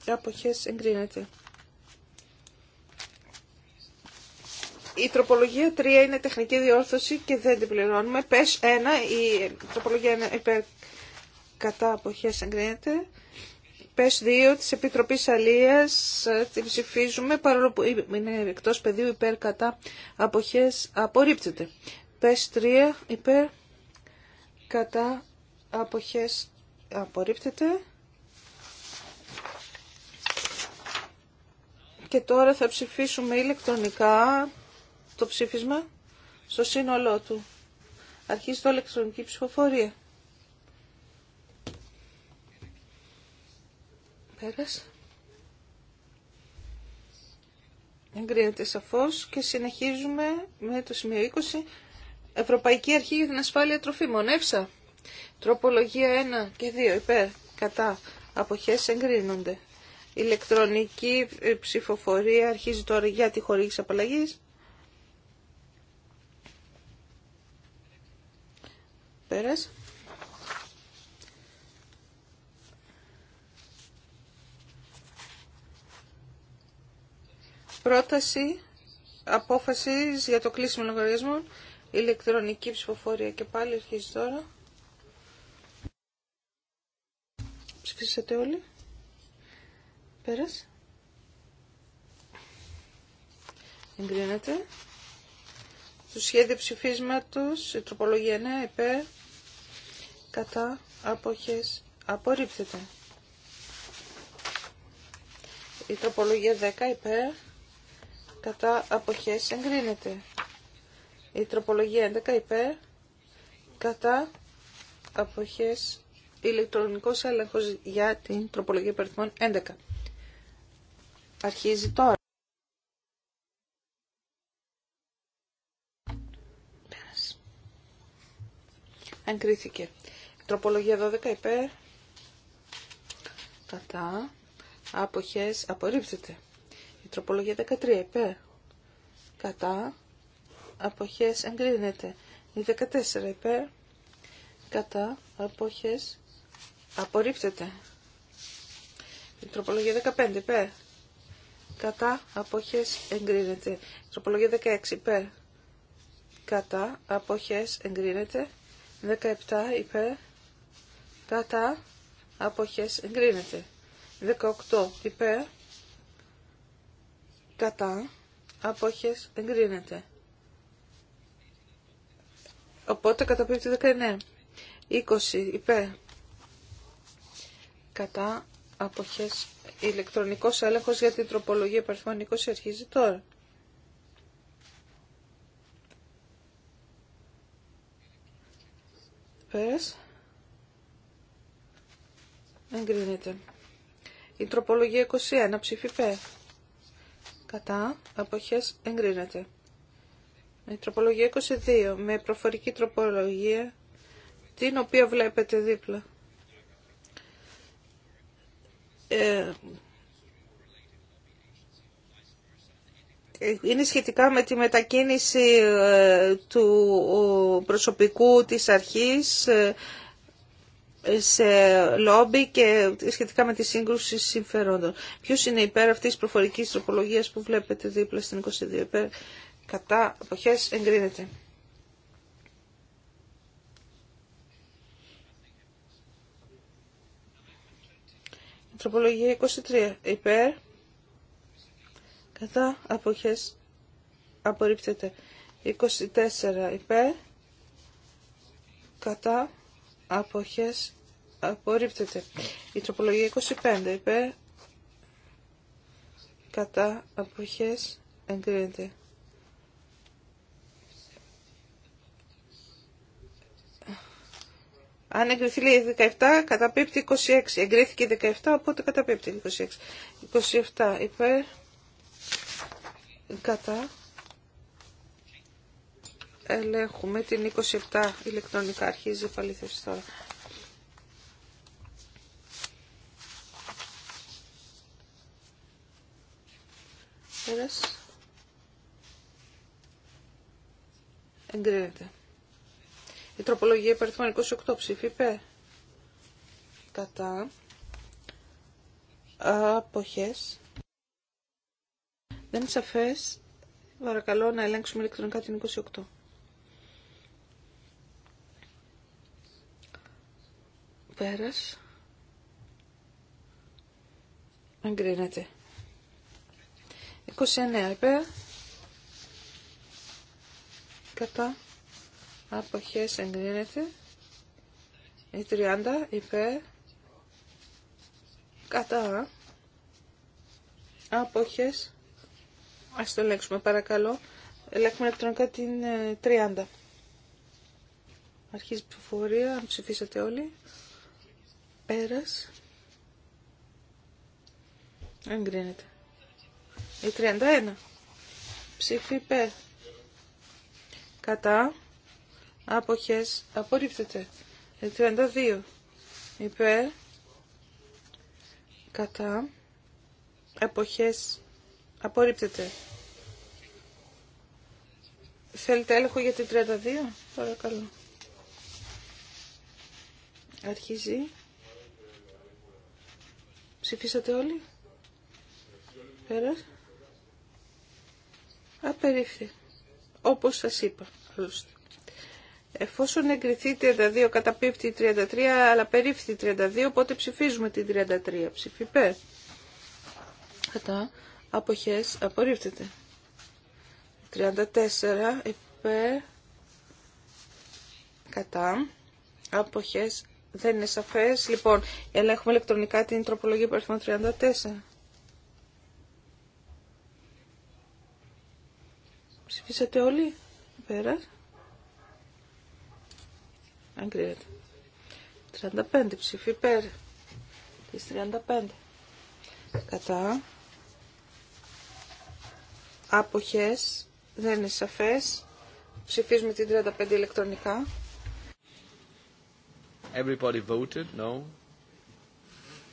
B: αποχές εγκρίνεται. Η τροπολογία 3 είναι τεχνική διόρθωση και δεν την πληρώνουμε. Πες 1, η τροπολογία 1 υπέρ κατά αποχές εγκρίνεται. ΠΕΣ 2 της Επιτροπής Αλίας ε, τη ψηφίζουμε παρόλο που είναι εκτός πεδίου υπέρ κατά αποχές απορρίπτεται. ΠΕΣ 3 υπέρ κατά αποχές απορρίπτεται. Και τώρα θα ψηφίσουμε ηλεκτρονικά το ψήφισμα στο σύνολό του. Αρχίζει το ηλεκτρονική ψηφοφορία. Εγκρίνεται σαφώς και συνεχίζουμε με το σημείο 20. Ευρωπαϊκή Αρχή για την Ασφάλεια Τροφίμων. Εύσα. Τροπολογία 1 και 2 υπέρ κατά αποχές εγκρίνονται. Ηλεκτρονική ψηφοφορία αρχίζει τώρα για τη χορήγηση απαλλαγής. Πέρας. πρόταση απόφασης για το κλείσιμο λογαριασμών, ηλεκτρονική ψηφοφορία και πάλι αρχίζει τώρα. Ψηφίσατε όλοι. Πέρασε. Εγκρίνεται. Το σχέδιο ψηφίσματος, η τροπολογία 9, υπέρ, κατά, αποχές, απορρίπτεται. Η τροπολογία 10, υπέρ, κατά αποχές εγκρίνεται. Η τροπολογία 11 υπέρ κατά αποχές ηλεκτρονικός έλεγχος για την τροπολογία περιθμών 11. Αρχίζει τώρα. Εγκρίθηκε. Τροπολογία 12 υπέρ. Κατά. Αποχές απορρίπτεται. Τροπολογία 13 επέ. Κατά. Αποχές εγκρίνεται. Η 14 επέ. Κατά. Αποχές απορρίπτεται. Η τροπολογία 15 επέ. Κατά. Αποχές εγκρίνεται. Η τροπολογία 16 επέ. Κατά. Αποχές εγκρίνεται. 17 είπε. Κατά. Αποχές εγκρίνεται. 18 υπέρ κατά απόχες εγκρίνεται. Οπότε καταπίπτει 19. 20 υπέ. κατά αποχές ηλεκτρονικός έλεγχος για την τροπολογία παρθμών 20 αρχίζει τώρα. Πες. Εγκρίνεται. Η τροπολογία 21 ψήφι πέ κατά αποχές εγκρίνεται. Η τροπολογία 22 με προφορική τροπολογία την οποία βλέπετε δίπλα. Ε, είναι σχετικά με τη μετακίνηση ε, του προσωπικού της αρχής ε, σε λόμπι και σχετικά με τη σύγκρουση συμφερόντων. Ποιος είναι υπέρ αυτής της προφορικής τροπολογίας που βλέπετε δίπλα στην 22 υπέρ κατά εποχές εγκρίνεται. Τροπολογία 23 υπέρ κατά αποχές απορρίπτεται. 24 υπέρ κατά αποχές απορρίπτεται. Η τροπολογία 25 υπέρ κατά αποχές εγκρίνεται. Αν εγκριθεί λέει 17, καταπίπτει 26. Εγκρίθηκε 17, οπότε καταπίπτει 26. 27 υπέρ κατά ελέγχουμε την 27 ηλεκτρονικά. Αρχίζει η επαλήθευση τώρα. Πέρας. Εγκρίνεται. Η τροπολογία υπαριθμών 28 ψηφίπε. Κατά. Αποχές. Δεν είναι σαφές. Παρακαλώ να ελέγξουμε ηλεκτρονικά την 28. Πέρας. Εγκρίνεται. 29 υπέρ. Κατά. Αποχές εγκρίνεται. Η 30 υπέρ. Κατά. Αποχές. Ας το ελέγξουμε παρακαλώ. Ελέγχουμε ηλεκτρονικά την 30. Ε, Αρχίζει η ψηφοφορία, ψηφίσατε όλοι. Πέρας. Εγκρίνεται. Η 31. Ψήφι υπέρ. Κατά. Άποχες. Απορρίπτεται. Η 32. Υπέρ. Κατά. Εποχές. Απορρίπτεται. Θέλετε έλεγχο για την 32. Παρακαλώ. Αρχίζει. Ψηφίσατε όλοι. Πέρας. Απερίφθη. Όπως σας είπα. Άλλωστε. Εφόσον εγκριθεί 32 καταπίφθη 33 αλλά περίφθη 32 οπότε ψηφίζουμε την 33. Ψηφί πέ. Κατά. Αποχές. Απορρίφθεται. 34 υπέρ. Κατά. Αποχές. Δεν είναι σαφές. Λοιπόν, ελέγχουμε ηλεκτρονικά την τροπολογία υπαριθμών 34. Ψηφίσατε όλοι. Πέρα. Αγκρίνεται. 35 ψήφι υπέρ. Τις 35. Κατά. Άποχες. Δεν είναι σαφές. Ψηφίζουμε την 35 ηλεκτρονικά.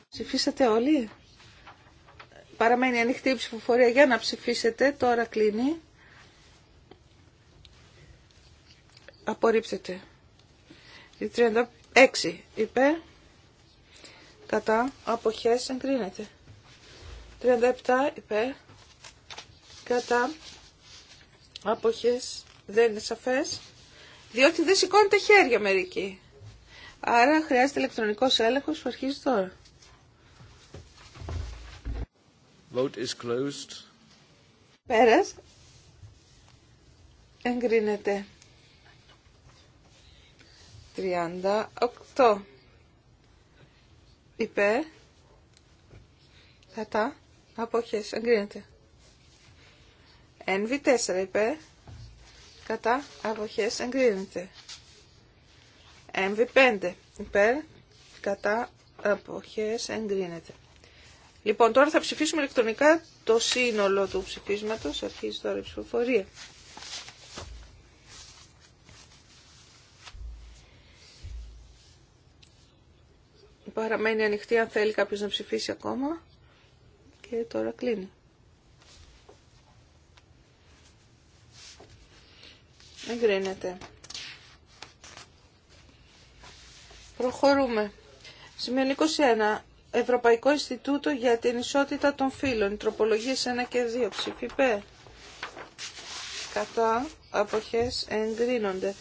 B: Ψηφίσατε όλοι. Παραμένει ανοιχτή η ψηφοφορία για να ψηφίσετε. Τώρα κλείνει. Απορρίπτεται. Η 36 είπε. Κατά. Αποχές εγκρίνεται. 37 είπε. Κατά. Αποχές δεν είναι σαφές. Διότι δεν σηκώνετε χέρια μερικοί. Άρα χρειάζεται ηλεκτρονικός έλεγχος που αρχίζει τώρα.
A: Vote is closed.
B: Πέρας. Εγκρίνεται. 38. Υπέρ. Κατά. Αποχές. Εγκρίνεται. NV4 Υπέ. Κατά. Αποχές. Εγκρίνεται. MV5 υπέρ κατά αποχές εγκρίνεται. Λοιπόν, τώρα θα ψηφίσουμε ηλεκτρονικά το σύνολο του ψηφίσματος. Αρχίζει τώρα η ψηφοφορία. Παραμένει ανοιχτή αν θέλει κάποιος να ψηφίσει ακόμα. Και τώρα κλείνει. Εγκρίνεται. Προχωρούμε. Σημείο 21. Ευρωπαϊκό Ινστιτούτο για την Ισότητα των Φύλων. Τροπολογίε 1 και 2. Ψηφιπέ. Κατά. απόχέ εγκρίνονται.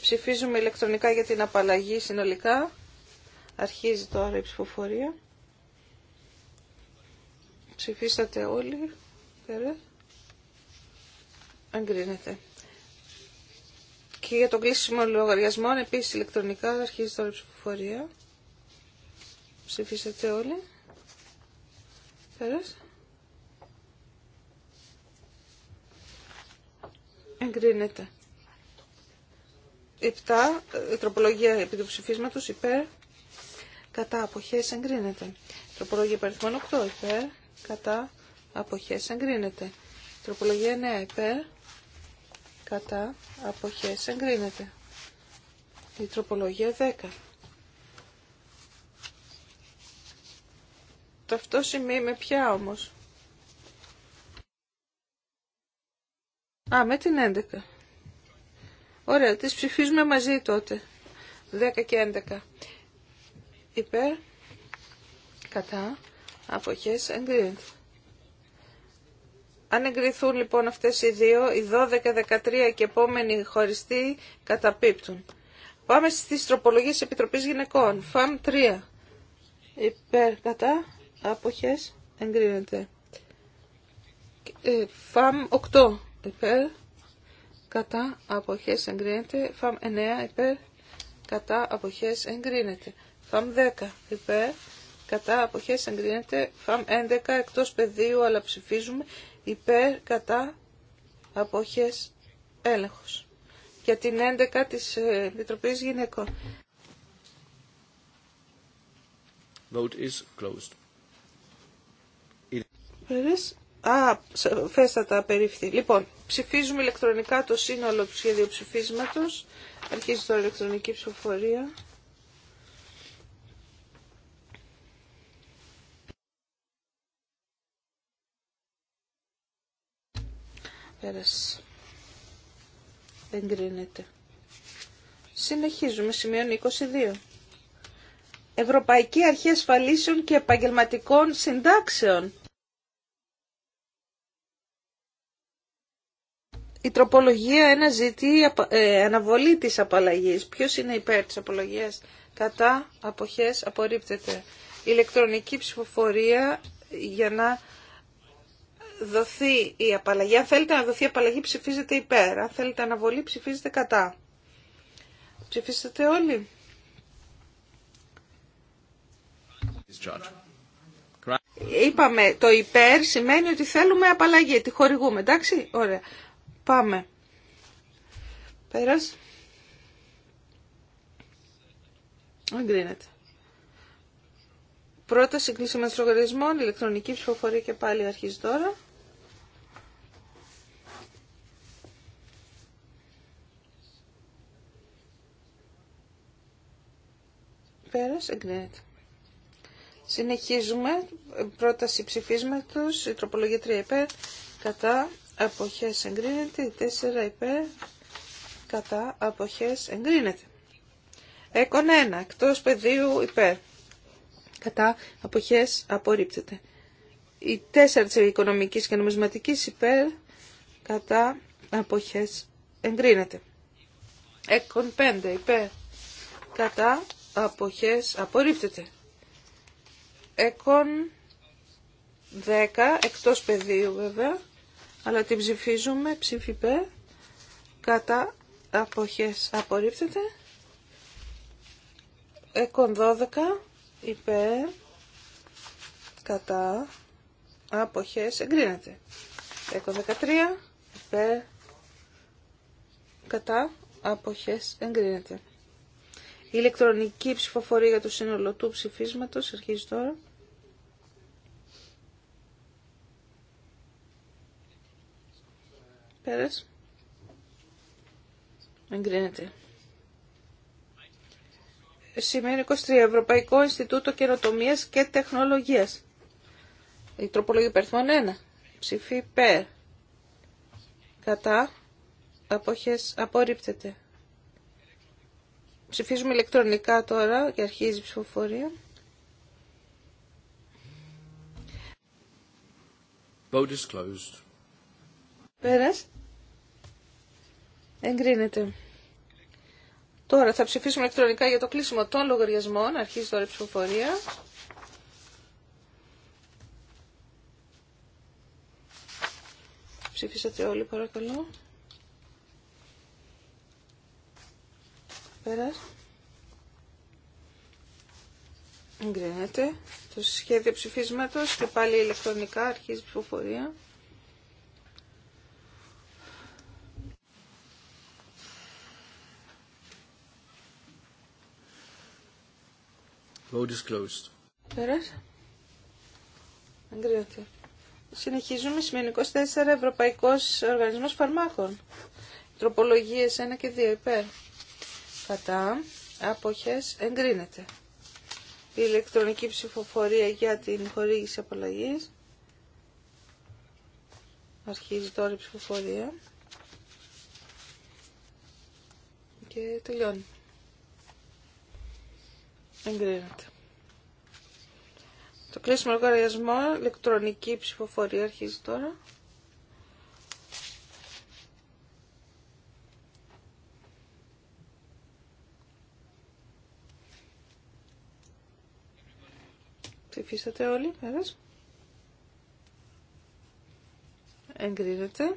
B: Ψηφίζουμε ηλεκτρονικά για την απαλλαγή συνολικά. Αρχίζει τώρα η ψηφοφορία. Ψηφίσατε όλοι. Εγκρίνεται. Και για τον κλείσιμο λογαριασμών επίσης ηλεκτρονικά αρχίζει τώρα η ψηφοφορία. Ψηφίσατε όλοι. Πέρασε. Εγκρίνεται. 7. Ε, τροπολογία επί του ψηφίσματος υπέρ. Κατά αποχές εγκρίνεται. Τροπολογία υπαριθμών 8 υπέρ. Κατά αποχές εγκρίνεται. Τροπολογία 9 υπέρ κατά αποχές εγκρίνεται. Η τροπολογία 10. Ταυτόσημη με ποια όμως. Α, με την 11. Ωραία, τις ψηφίζουμε μαζί τότε. 10 και 11. Υπέρ, κατά, αποχές, εγκρίνεται. Αν εγκριθούν λοιπόν αυτές οι δύο, οι 12, 13 και επόμενοι χωριστοί καταπίπτουν. Πάμε στις τροπολογίες Επιτροπής Γυναικών. ΦΑΜ 3. Υπέρ, κατά, άποχες, ε, εγκρίνεται. ΦΑΜ 8. Υπέρ, κατά, άποχες, εγκρίνεται. ΦΑΜ 9. Υπέρ, κατά, άποχες, εγκρίνεται. ΦΑΜ 10. Υπέρ, κατά, άποχες, εγκρίνεται. ΦΑΜ 11. Εκτός πεδίου, αλλά ψηφίζουμε υπέρ κατά αποχές έλεγχος. Για την 11 της ε, Επιτροπής Γυναικών.
A: Vote is closed.
B: φέστατα απερίφθη. Λοιπόν, ψηφίζουμε ηλεκτρονικά το σύνολο του σχέδιου ψηφίσματος. Αρχίζει τώρα η ηλεκτρονική ψηφοφορία. Πέρας. κρίνεται. Συνεχίζουμε. σημείο 22. Ευρωπαϊκή Αρχή Ασφαλίσεων και Επαγγελματικών Συντάξεων. Η τροπολογία ένα ζητή ε, αναβολή της απαλλαγής. Ποιος είναι υπέρ της απολογίας κατά αποχές απορρίπτεται. Ηλεκτρονική ψηφοφορία για να δοθεί η απαλλαγή, αν θέλετε να δοθεί η απαλλαγή ψηφίζετε υπέρ, αν θέλετε αναβολή ψηφίζετε κατά. Ψηφίσατε όλοι. Είπαμε το υπέρ σημαίνει ότι θέλουμε απαλλαγή, τη χορηγούμε, εντάξει, ωραία. Πάμε. Πέρας. Εγκρίνεται. Πρώτα κλείσιμα με λογαριασμών, ηλεκτρονική ψηφοφορία και πάλι αρχίζει τώρα. Συνεχίζουμε. Πρόταση ψηφίσματος. Η τροπολογία 3 υπέρ. Κατά αποχές εγκρίνεται. Η 4 υπέρ. Κατά αποχές εγκρίνεται. Έκον 1. Εκτός πεδίου υπέρ. Κατά αποχές απορρίπτεται. Η 4 της οικονομικής και νομισματικής υπέρ. Κατά αποχές εγκρίνεται. Έκον 5 υπέρ. Κατά αποχές απορρίπτεται. Εκόν 10, εκτός πεδίου βέβαια, αλλά την ψηφίζουμε, ψήφι κατά αποχές απορρίπτεται. Εκόν 12, υπέ κατά αποχές εγκρίνεται. Εκόν 13, υπέ κατά αποχές εγκρίνεται. Η ηλεκτρονική ψηφοφορία για το σύνολο του ψηφίσματος αρχίζει τώρα. Πέρας. Εγκρίνεται. Σημαίνει 23. Ευρωπαϊκό Ινστιτούτο Καινοτομία και Τεχνολογία. Η τροπολογία υπερθμών 1. Ψηφί υπέρ. Κατά. Αποχές. Απορρίπτεται. Ψηφίζουμε ηλεκτρονικά τώρα και αρχίζει η ψηφοφορία.
A: Vote is closed.
B: Πέρας. Εγκρίνεται. Τώρα θα ψηφίσουμε ηλεκτρονικά για το κλείσιμο των λογαριασμών. Αρχίζει τώρα η ψηφοφορία. Ψηφίσατε όλοι παρακαλώ. Πέρας. Εγκρίνεται το σχέδιο ψηφίσματος και πάλι ηλεκτρονικά αρχίζει η ψηφοφορία.
A: Vote is closed.
B: Πέρας. Εγκρίνεται. Συνεχίζουμε σημείο 4 Ευρωπαϊκός Οργανισμός Φαρμάκων. Τροπολογίες 1 και 2 υπέρ κατά αποχές εγκρίνεται. Η ηλεκτρονική ψηφοφορία για την χορήγηση απαλλαγής. Αρχίζει τώρα η ψηφοφορία. Και τελειώνει. Εγκρίνεται. Το κλείσιμο λογαριασμό, ηλεκτρονική ψηφοφορία αρχίζει τώρα. Ψηφίσατε όλοι, πέρας. Εγκρίνεται.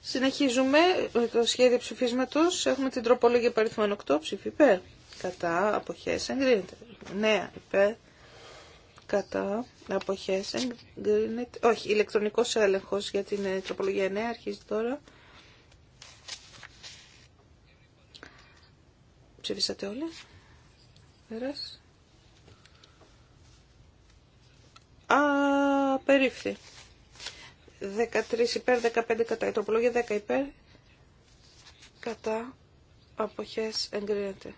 B: Συνεχίζουμε με το σχέδιο ψηφίσματος. Έχουμε την τροπολογία παριθμών 8, ψήφι υπέρ. Κατά, αποχές, εγκρίνεται. Νέα, υπέρ. Κατά, αποχές, εγκρίνεται. Όχι, ηλεκτρονικός έλεγχος για την ε, τροπολογία 9, αρχίζει τώρα. Ψηφίσατε όλοι. Πέρας. Απερίφθη. 13 υπέρ, 15 κατά. Η τροπολογία 10 υπέρ, κατά αποχές εγκρίνεται.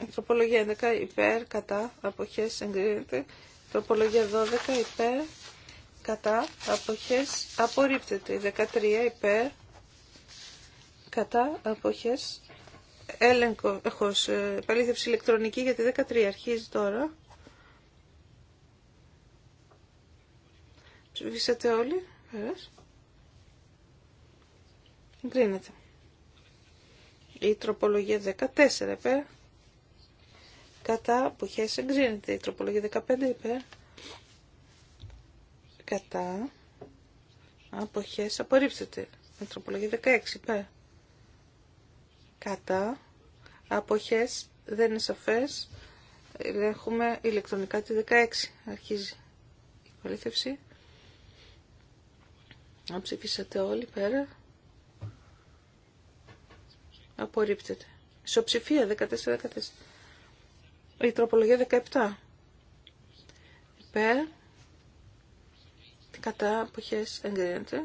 B: Η τροπολογία 11 υπέρ, κατά αποχές εγκρίνεται. Η τροπολογία 12 υπέρ, κατά αποχές απορρίπτεται. 13 υπέρ, κατά αποχές έλεγχο, έχω ε, επαλήθευση ηλεκτρονική για τη 13 αρχίζει τώρα. Ψηφίσατε όλοι. Βεβαίως. Εγκρίνεται. Η τροπολογία 14 υπέρ. Κατά αποχές εγκρίνεται. Η τροπολογία 15 υπέρ. Κατά αποχές απορρίψετε. Η τροπολογία 16 υπέρ. Κατά αποχές δεν είναι σαφές. Έχουμε ηλεκτρονικά τη 16. Αρχίζει η πολίτευση. Αν ψηφίσατε όλοι πέρα. Απορρίπτεται. Ισοψηφία 14-14. Η τροπολογία 17. Υπέρ. Κατά αποχές εγκρίνεται.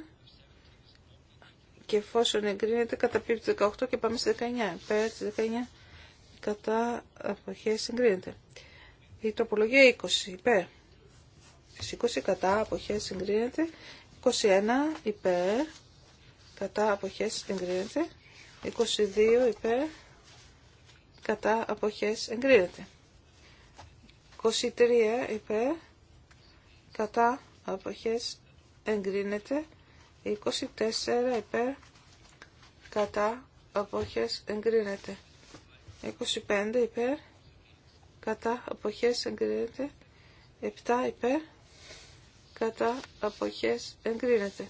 B: Και εφόσον εγκρίνεται καταπίπτει 18 και πάμε στη 19. Υπέρ τη 19. Κατά αποχές εγκρίνεται. Η τροπολογία 20. Υπέρ. Στις 20 κατά αποχές εγκρίνεται. 21 υπέρ κατά αποχές εγκρίνεται 22 υπέρ κατά αποχές εγκρίνεται 23 υπέρ κατά αποχές εγκρίνεται 24 υπέρ κατά αποχές εγκρίνεται 25 υπέρ κατά αποχές εγκρίνεται 7 υπέρ κατά αποχές εγκρίνεται.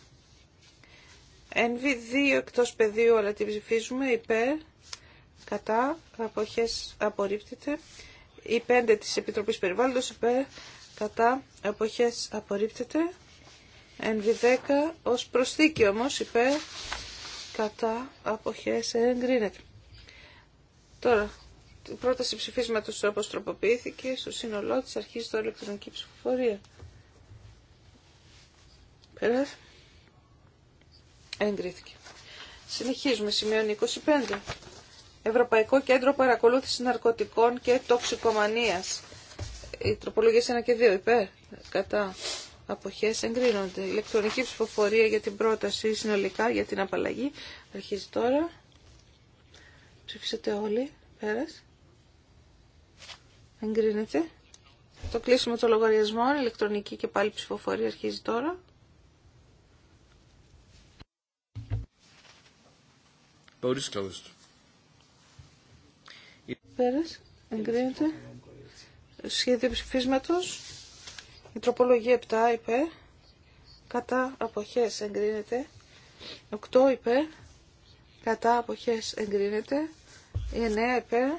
B: NV2 εκτός πεδίου αλλά την ψηφίζουμε υπέρ κατά αποχές απορρίπτεται. Η 5 της Επιτροπής Περιβάλλοντος υπέρ κατά αποχές απορρίπτεται. NV10 ως προσθήκη όμως υπέρ κατά αποχές εγκρίνεται. Τώρα, η πρόταση ψηφίσματος όπως τροποποιήθηκε στο σύνολό της αρχίζει του ηλεκτρονική ψηφοφορία. Πέρας. Εγκρίθηκε. Συνεχίζουμε. Σημείο 25. Ευρωπαϊκό Κέντρο Παρακολούθησης Ναρκωτικών και Τοξικομανίας. Οι τροπολογίες 1 και 2 υπέρ. Κατά. Αποχές εγκρίνονται. Ηλεκτρονική ψηφοφορία για την πρόταση συνολικά για την απαλλαγή. Αρχίζει τώρα. Ψήφισετε όλοι. Πέρας. Εγκρίνεται. Το κλείσιμο των λογαριασμών, ηλεκτρονική και πάλι ψηφοφορία αρχίζει τώρα.
A: Vote closed.
B: Πέρας, εγκρίνεται. Σχέδιο ψηφίσματο. Η τροπολογία 7 υπέρ. Κατά αποχές εγκρίνεται. 8 υπέρ. Κατά αποχές εγκρίνεται. 9 υπέρ.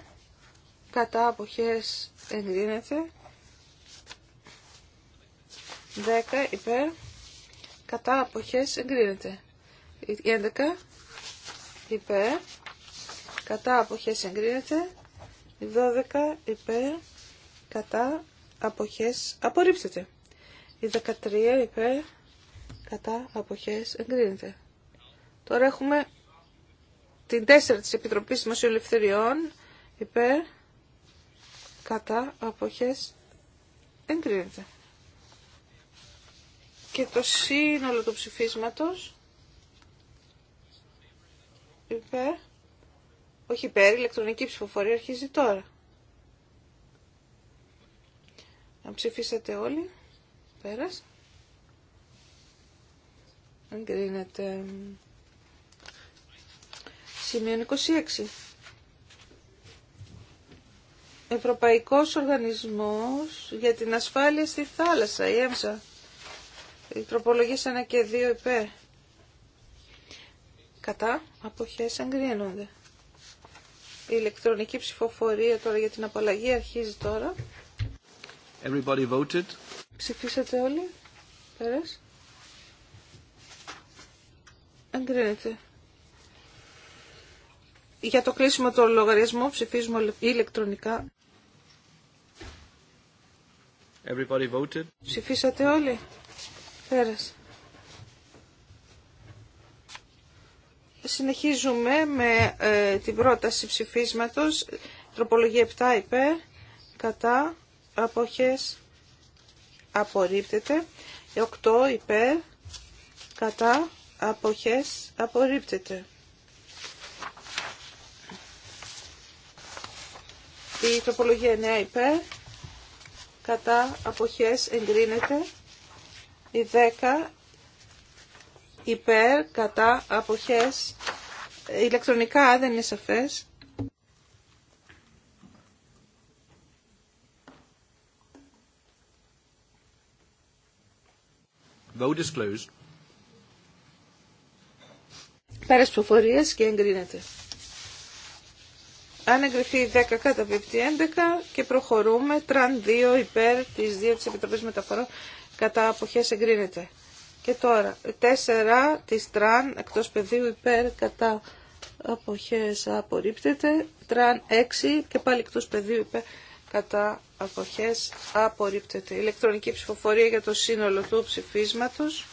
B: Κατά αποχές εγκρίνεται. 10 υπέρ. Κατά αποχές εγκρίνεται. 11 υπέρ, κατά αποχές εγκρίνεται, 12 υπέρ, κατά αποχές απορρίπτεται, 13 υπέρ, κατά αποχές εγκρίνεται. Τώρα έχουμε την 4 της Επιτροπής Δημοσιολευθεριών υπέρ, κατά αποχές εγκρίνεται. Και το σύνολο του ψηφίσματος υπέρ, όχι υπέρ, ηλεκτρονική ψηφοφορία αρχίζει τώρα. Αν ψηφίσατε όλοι, πέρας. κρίνετε. Σημείο 26. Ευρωπαϊκός Οργανισμός για την Ασφάλεια στη Θάλασσα, η ΕΜΣΑ. Οι 1 και 2 υπέρ. Κατά αποχές εγκρίνονται. Η ηλεκτρονική ψηφοφορία τώρα για την απαλλαγή αρχίζει τώρα.
A: Everybody voted.
B: Ψηφίσατε όλοι. Πέρας. Εγκρίνεται. Για το κλείσιμο του λογαριασμού ψηφίζουμε ηλεκτρονικά.
A: Everybody voted.
B: Ψηφίσατε όλοι. Πέρας. Συνεχίζουμε με ε, την πρόταση ψηφίσματος. Τροπολογία 7 υπέρ, κατά, αποχές, απορρίπτεται. 8 υπέρ, κατά, αποχές, απορρίπτεται. Η τροπολογία 9 υπέρ, κατά, αποχές, εγκρίνεται. Η 10 υπέρ, κατά, αποχές, ηλεκτρονικά δεν είναι σαφές.
A: Vote is
B: Πέρας προφορίες και εγκρίνεται. Αν εγκριθεί 10 κατά 11 και προχωρούμε, τραν 2 υπέρ της 2 της Επιτροπής Μεταφορών κατά αποχές εγκρίνεται. Και τώρα, 4 τη τραν εκτός πεδίου υπέρ κατά αποχές απορρίπτεται. Τραν 6 και πάλι εκτό πεδίου υπέρ κατά αποχές απορρίπτεται. Ηλεκτρονική ψηφοφορία για το σύνολο του ψηφίσματος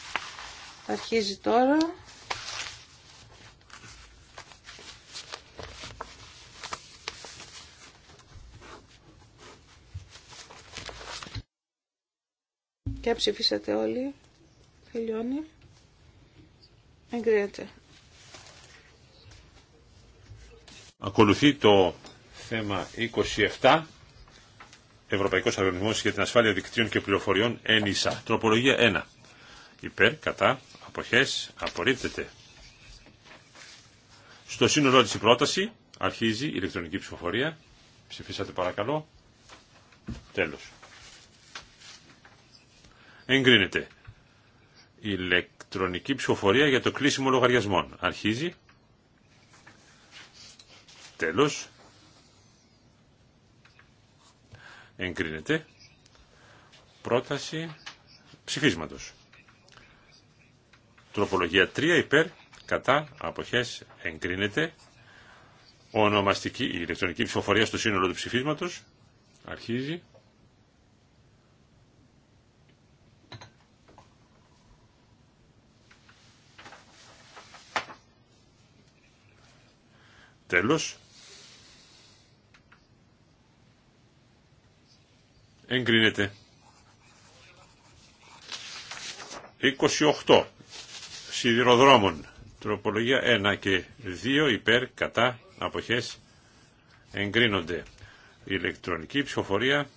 B: αρχίζει τώρα. Και ψηφίσατε όλοι. Τελειώνει. Εγκρίνεται.
C: Ακολουθεί το θέμα 27. Ευρωπαϊκός Αγωνισμός για την Ασφάλεια Δικτύων και Πληροφοριών, ΕΝΙΣΑ. Τροπολογία 1. Υπέρ, κατά, αποχές, απορρίπτεται. Στο σύνολό της η πρόταση αρχίζει η ηλεκτρονική ψηφοφορία. Ψηφίσατε παρακαλώ. Τέλος. Εγκρίνεται ηλεκτρονική ψηφοφορία για το κλείσιμο λογαριασμών. Αρχίζει. Τέλος. Εγκρίνεται. Πρόταση ψηφίσματος. Τροπολογία 3 υπέρ, κατά, αποχές, εγκρίνεται. Ονομαστική, η ηλεκτρονική ψηφοφορία στο σύνολο του ψηφίσματος. Αρχίζει. Τέλος. Εγκρίνεται. 28. Σιδηροδρόμων. Τροπολογία 1 και 2 υπέρ, κατά, αποχές. Εγκρίνονται. Ηλεκτρονική ψηφοφορία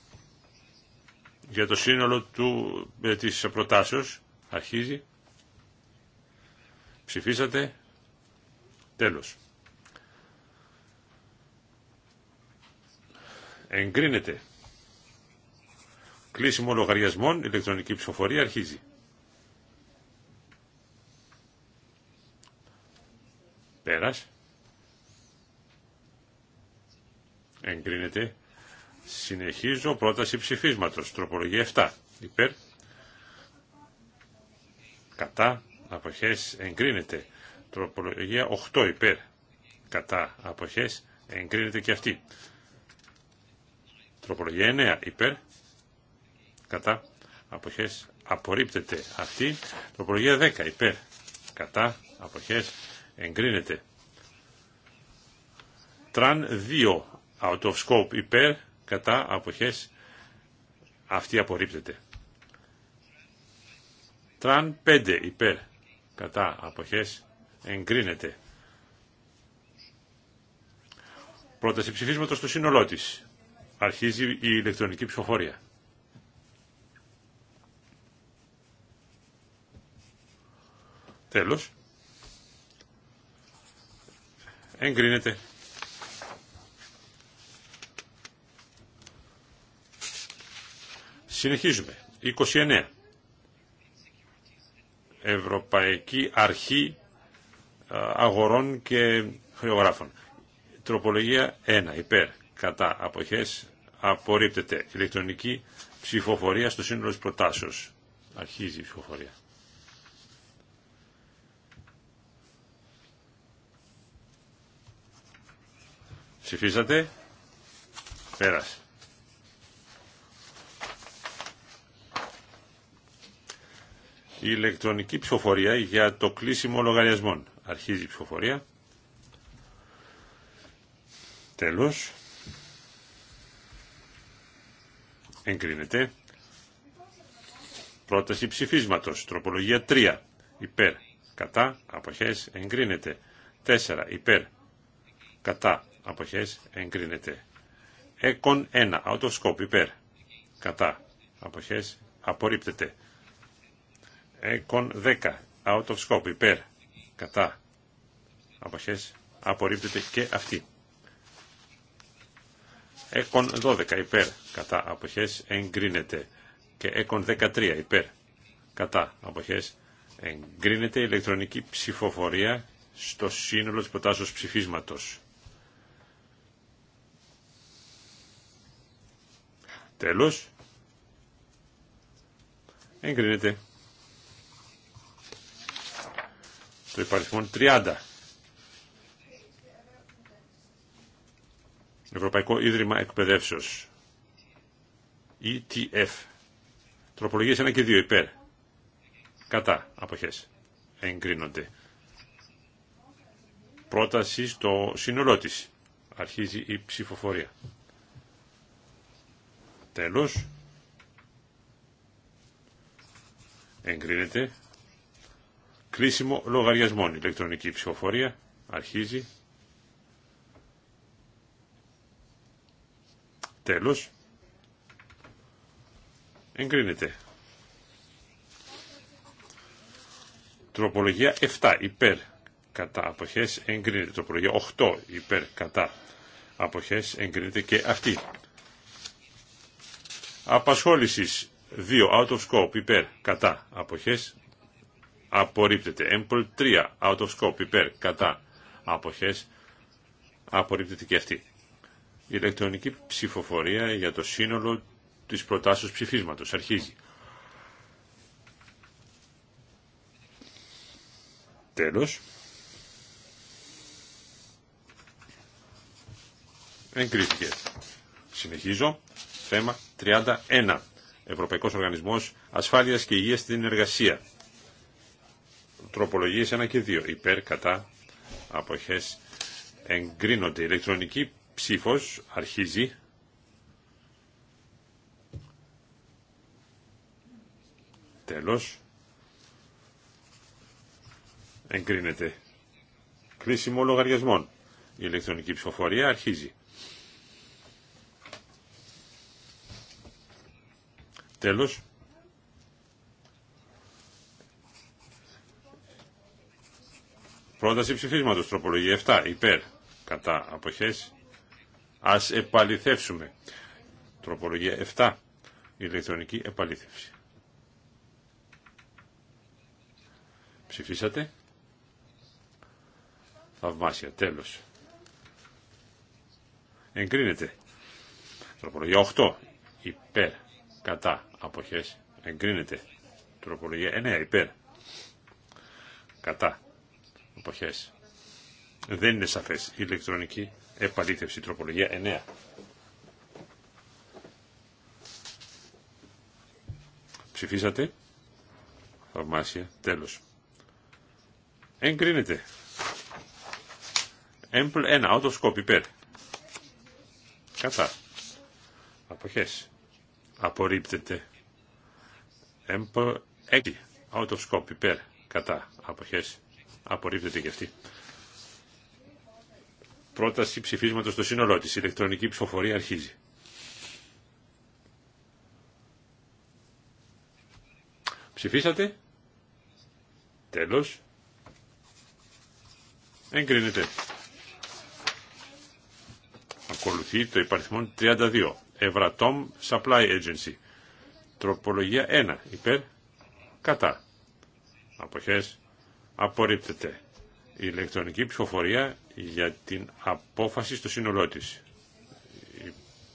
C: για το σύνολο του, ε, της προτάσεως. Αρχίζει. Ψηφίσατε. Τέλος. Εγκρίνεται. Κλείσιμο λογαριασμών, ηλεκτρονική ψηφοφορία αρχίζει. Πέρας. Εγκρίνεται. Συνεχίζω πρόταση ψηφίσματος. Τροπολογία 7. Υπέρ. Κατά. Αποχές. Εγκρίνεται. Τροπολογία 8. Υπέρ. Κατά. Αποχές. Εγκρίνεται και αυτή. Τροπολογία 9 υπέρ. Κατά. Αποχές απορρίπτεται αυτή. Τροπολογία 10 υπέρ. Κατά. Αποχές εγκρίνεται. Τραν 2 out of scope υπέρ. Κατά. Αποχές αυτή απορρίπτεται. Τραν 5 υπέρ. Κατά. Αποχές εγκρίνεται. Πρόταση ψηφίσματος στο σύνολό της. Αρχίζει η ηλεκτρονική ψηφοφορία. Τέλος. Εγκρίνεται. Συνεχίζουμε. 29. Ευρωπαϊκή Αρχή ε, Αγορών και Χρεογράφων. Τροπολογία 1. Υπέρ κατά αποχές απορρίπτεται. Ηλεκτρονική ψηφοφορία στο σύνολο της προτάσεως. Αρχίζει η ψηφοφορία. Ψηφίσατε. Πέρασε. Η ηλεκτρονική ψηφοφορία για το κλείσιμο λογαριασμών. Αρχίζει η ψηφοφορία. Τέλος. εγκρίνεται. Πρόταση ψηφίσματος, τροπολογία 3, υπέρ, κατά, αποχές, εγκρίνεται. 4, υπέρ, κατά, αποχές, εγκρίνεται. Έκον 1, out of scope, υπέρ, κατά, αποχές, απορρίπτεται. Έκον 10, out of scope, υπέρ, κατά, αποχές, απορρίπτεται και αυτή. Έκον 12 υπέρ κατά αποχές εγκρίνεται και έκον 13 υπέρ κατά αποχές εγκρίνεται η ηλεκτρονική ψηφοφορία στο σύνολο της προτάσεως ψηφίσματος. Τέλος. Εγκρίνεται. Το υπαριθμόν 30. Ευρωπαϊκό Ίδρυμα Εκπαιδεύσεως. ETF. Τροπολογίες 1 και 2 υπέρ. Κατά αποχές. Εγκρίνονται. Πρόταση στο σύνολό τη. Αρχίζει η ψηφοφορία. Τέλος. Εγκρίνεται. Κλείσιμο λογαριασμών. Ηλεκτρονική ψηφοφορία. Αρχίζει. Τέλος. Εγκρίνεται. Τροπολογία 7 υπέρ κατά αποχές εγκρίνεται. Τροπολογία 8 υπέρ κατά αποχές εγκρίνεται και αυτή. Απασχόλησης 2 out of scope υπέρ κατά αποχές απορρίπτεται. 3 out of scope υπέρ κατά αποχές απορρίπτεται και αυτή η ηλεκτρονική ψηφοφορία για το σύνολο της προτάσεως ψηφίσματος. Αρχίζει. Τέλος. Εγκρίθηκε. Συνεχίζω. Θέμα 31. Ευρωπαϊκός Οργανισμός Ασφάλειας και Υγείας στην Εργασία. Τροπολογίες 1 και 2. Υπέρ, κατά, αποχές εγκρίνονται. Ηλεκτρονική ψήφος αρχίζει. Τέλος. Εγκρίνεται. Κρίσιμο λογαριασμών. Η ηλεκτρονική ψηφοφορία αρχίζει. Τέλος. Πρόταση ψηφίσματος, τροπολογία 7, υπέρ, κατά αποχές, Ας επαληθεύσουμε. Τροπολογία 7. Ηλεκτρονική επαλήθευση. Ψηφίσατε. Θαυμάσια. Τέλος. Εγκρίνεται. Τροπολογία 8. Υπέρ. Κατά. Αποχές. Εγκρίνεται. Τροπολογία 9. Υπέρ. Κατά. Αποχές. Δεν είναι σαφές. Ηλεκτρονική επαλήθευση τροπολογία 9. Ψηφίσατε. Θαυμάσια. τέλο. Εγκρίνεται. Έμπλ 1. Οτοσκόπ υπέρ. Κατά. Αποχέ. Απορρίπτεται. Έμπλ 6. Οτοσκόπ υπέρ. Κατά. Αποχές. Απορρίπτεται και αυτή πρόταση ψηφίσματος στο σύνολό της. Η ηλεκτρονική ψηφοφορία αρχίζει. Ψηφίσατε. Τέλος. Εγκρίνεται. Ακολουθεί το υπαριθμό 32. Ευρατόμ Supply Agency. Τροπολογία 1. Υπέρ. Κατά. Αποχές. Απορρίπτεται. Η ηλεκτρονική ψηφοφορία για την απόφαση στο σύνολό της.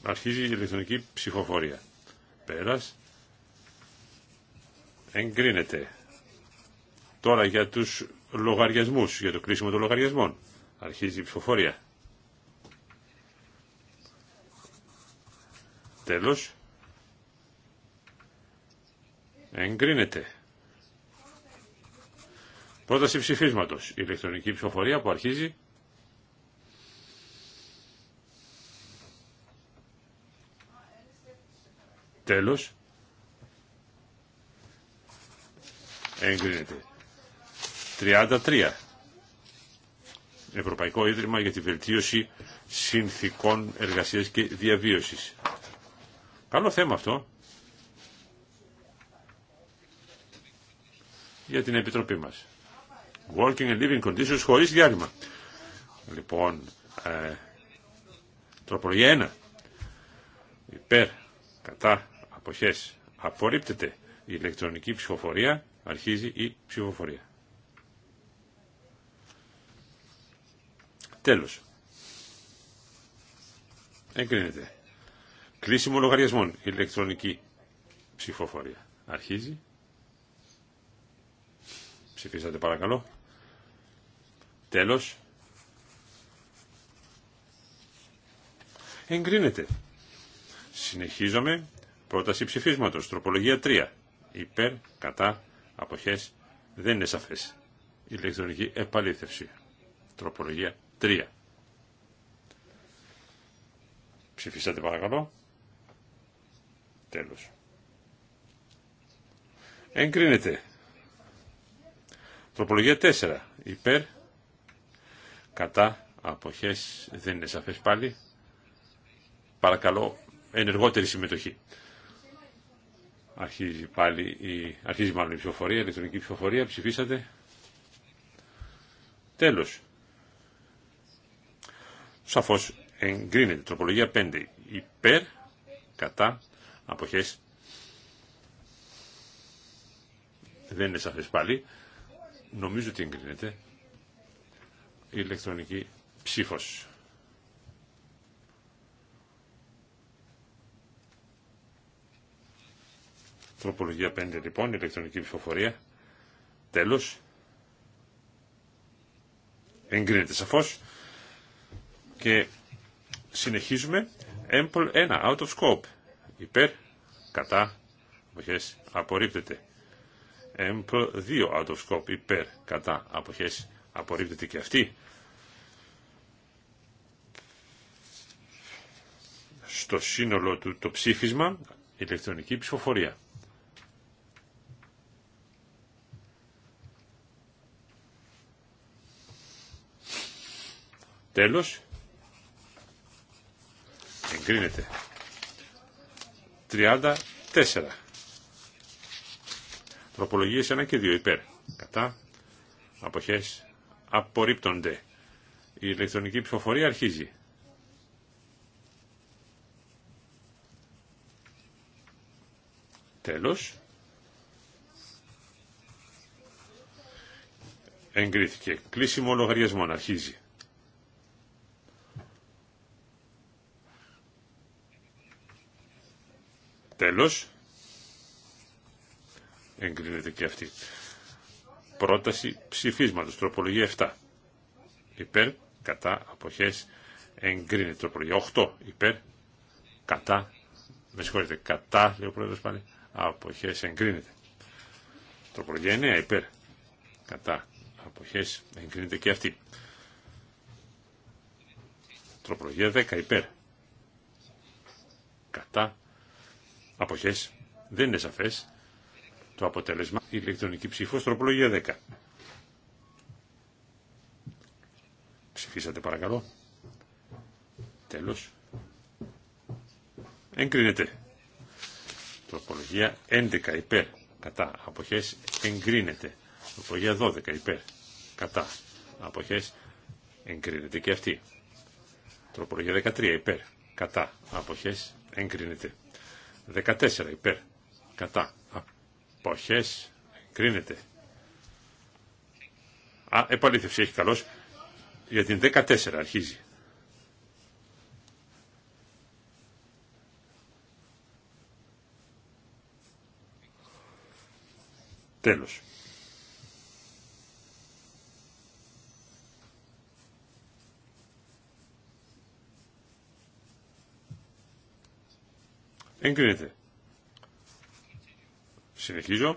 C: Αρχίζει η ηλεκτρονική ψηφοφορία. Πέρας. Εγκρίνεται. Τώρα για τους λογαριασμούς, για το κρίσιμο των λογαριασμών. Αρχίζει η ψηφοφορία. Τέλος. Εγκρίνεται. Πρόταση ψηφίσματος. Ηλεκτρονική ψηφοφορία που αρχίζει. Τέλος. Εγκρίνεται. 33. Ευρωπαϊκό Ίδρυμα για τη Βελτίωση Συνθηκών Εργασίας και Διαβίωσης. Καλό θέμα αυτό. για την Επιτροπή μας working and living conditions χωρίς διάλειμμα. Λοιπόν, ε, τροπολογία 1. Υπέρ, κατά, αποχές. Απορρίπτεται η ηλεκτρονική ψηφοφορία. Αρχίζει η ψηφοφορία. Τέλος. Εγκρίνεται. Κλείσιμο λογαριασμών. Ηλεκτρονική ψηφοφορία. Αρχίζει. Ψηφίσατε παρακαλώ. Τέλος. Εγκρίνεται. Συνεχίζομαι. Πρόταση ψηφίσματος. Τροπολογία 3. Υπέρ, κατά, αποχές. Δεν είναι σαφές. Ηλεκτρονική επαλήθευση. Τροπολογία 3. Ψηφίσατε παρακαλώ. Τέλος. Εγκρίνεται. Τροπολογία 4. Υπέρ, κατά, αποχές, δεν είναι σαφές πάλι. Παρακαλώ, ενεργότερη συμμετοχή. Αρχίζει πάλι η, αρχίζει μάλλον η ψηφοφορία, η ηλεκτρονική ψηφοφορία, ψηφίσατε. Τέλος. Σαφώς εγκρίνεται τροπολογία 5 υπέρ, κατά, αποχές. Δεν είναι σαφές πάλι. Νομίζω ότι εγκρίνεται ηλεκτρονική ψήφος. Τροπολογία 5 λοιπόν, ηλεκτρονική ψηφοφορία. Τέλος. Εγκρίνεται σαφώς. Και συνεχίζουμε. Ample 1, out of scope. Υπέρ, κατά, αποχές, απορρίπτεται. Ample 2, out of scope. Υπέρ, κατά, αποχές, Απορρίπτεται και αυτή. Στο σύνολο του το ψήφισμα, ηλεκτρονική ψηφοφορία. Τέλος, εγκρίνεται. 34. Τροπολογίες 1 και 2 υπέρ. Κατά. Αποχές απορρίπτονται. Η ηλεκτρονική ψηφοφορία αρχίζει. Τέλος. Εγκρίθηκε. Κλείσιμο λογαριασμών αρχίζει. Τέλος. Εγκρίνεται και αυτή πρόταση ψηφίσματος, τροπολογία 7. Υπέρ, κατά, αποχές, εγκρίνεται. Τροπολογία 8. Υπέρ, κατά, με συγχωρείτε, κατά, λέει ο πρόεδρος πάλι, αποχές, εγκρίνεται. Τροπολογία 9. Υπέρ, κατά, αποχές, εγκρίνεται και αυτή. Τροπολογία 10. Υπέρ, κατά, αποχές, δεν είναι σαφέ. Το αποτέλεσμα ηλεκτρονική ψήφος τροπολογία 10. Ψηφίσατε παρακαλώ. Τέλος. Εγκρίνεται. Τροπολογία 11 υπέρ. Κατά. Αποχές εγκρίνεται. Τροπολογία 12 υπέρ. Κατά. Αποχές εγκρίνεται και αυτή. Τροπολογία 13 υπέρ. Κατά. Αποχές εγκρίνεται. 14 υπέρ. Κατά εποχές Κρίνεται. Α, επαλήθευση έχει καλώς. Για την 14 αρχίζει. Τέλος. Εγκρίνεται. Συνεχίζω.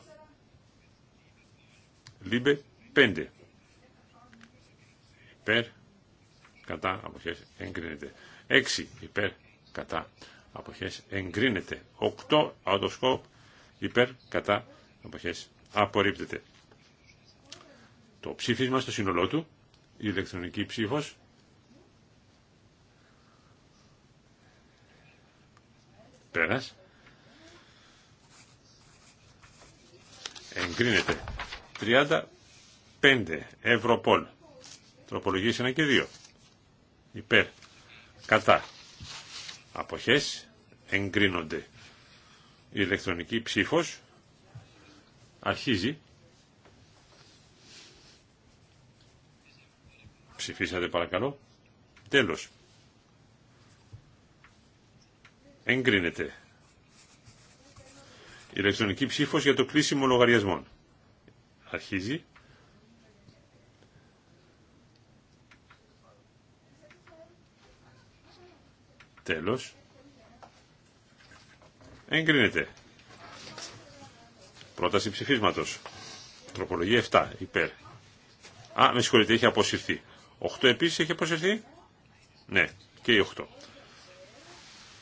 C: Λίμπε 5. Υπέρ, κατά, αποχές, εγκρίνεται. 6. Υπέρ, κατά, αποχές, εγκρίνεται. 8. Αοντοσκόπ, υπέρ, κατά, αποχές, απορρίπτεται. Το ψήφισμα στο σύνολό του, η ηλεκτρονική ψήφος, πέρας, εγκρίνεται. 35 Ευρωπόλ. Τροπολογίες 1 και 2. Υπέρ. Κατά. Αποχές εγκρίνονται. Η ηλεκτρονική ψήφος αρχίζει. Ψηφίσατε παρακαλώ. Τέλος. Εγκρίνεται ηλεκτρονική ψήφος για το κλείσιμο λογαριασμών. Αρχίζει. Τέλος. Εγκρίνεται. Πρόταση ψηφίσματος. Τροπολογία 7. Υπέρ. Α, με συγχωρείτε, έχει αποσυρθεί. 8 επίση έχει αποσυρθεί. Ναι, και η 8.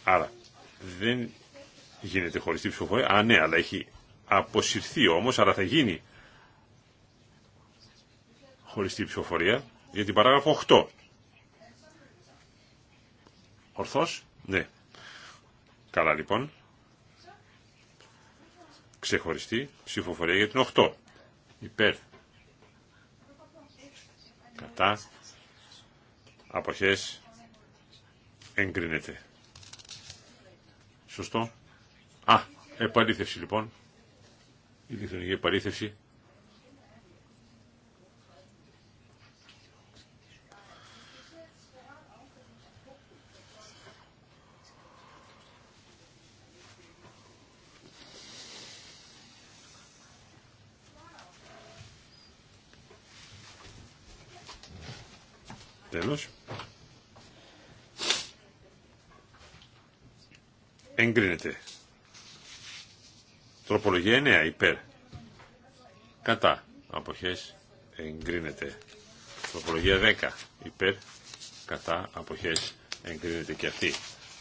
C: Άρα, δεν Γίνεται τη ψηφοφορία. Α, ναι, αλλά έχει αποσυρθεί όμως, αλλά θα γίνει χωριστή ψηφοφορία για την παράγραφο 8. Ορθώς, ναι. Καλά λοιπόν. Ξεχωριστή ψηφοφορία για την 8. Υπέρ. Κατά. Αποχές. Εγκρίνεται. Σωστό. Α, επαλήθευση λοιπόν. Ηλεκτρονική επαλήθευση. Τέλος. Εγκρίνεται. Τροπολογία 9 υπέρ. Κατά. Αποχές εγκρίνεται. Τροπολογία 10 υπέρ. Κατά. Αποχές εγκρίνεται και αυτή.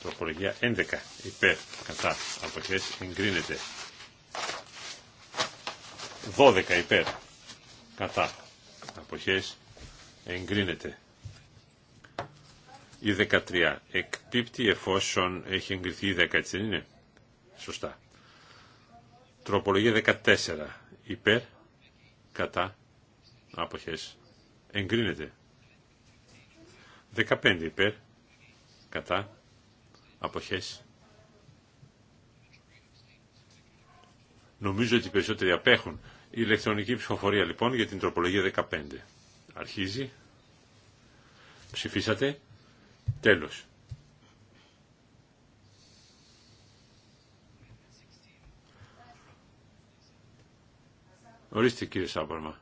C: Τροπολογία 11 υπέρ. Κατά. Αποχές εγκρίνεται. 12 υπέρ. Κατά. Αποχές εγκρίνεται. Η 13 εκπίπτει εφόσον έχει εγκριθεί η 10, έτσι δεν είναι. Σωστά. Τροπολογία 14. Υπέρ, κατά, άποχες, εγκρίνεται. 15 υπέρ, κατά, αποχές. Νομίζω ότι οι περισσότεροι απέχουν. Η ηλεκτρονική ψηφοφορία λοιπόν για την τροπολογία 15. Αρχίζει. Ψηφίσατε. Τέλος. Ορίστε κύριε Σάπαρμα.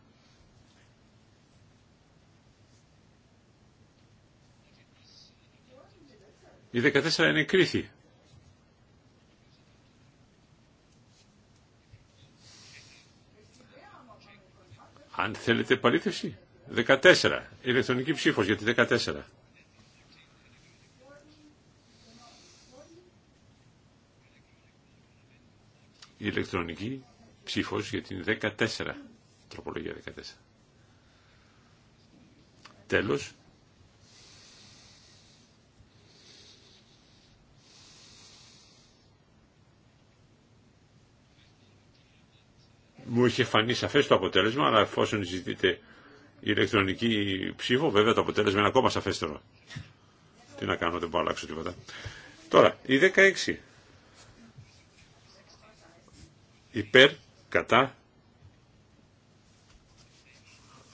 C: Η 14 είναι κρίθη. Αν θέλετε παρήθευση. 14. Ηλεκτρονική ψήφος για τη 14. Η ηλεκτρονική Ψήφό για την 14, τροπολογία 14. Τέλος. Μου είχε φανεί σαφές το αποτέλεσμα, αλλά εφόσον ζητείτε ηλεκτρονική ψήφο, βέβαια το αποτέλεσμα είναι ακόμα σαφέστερο. Τι να κάνω, δεν μπορώ να αλλάξω τίποτα. Τώρα, η 16. Υπέρ κατά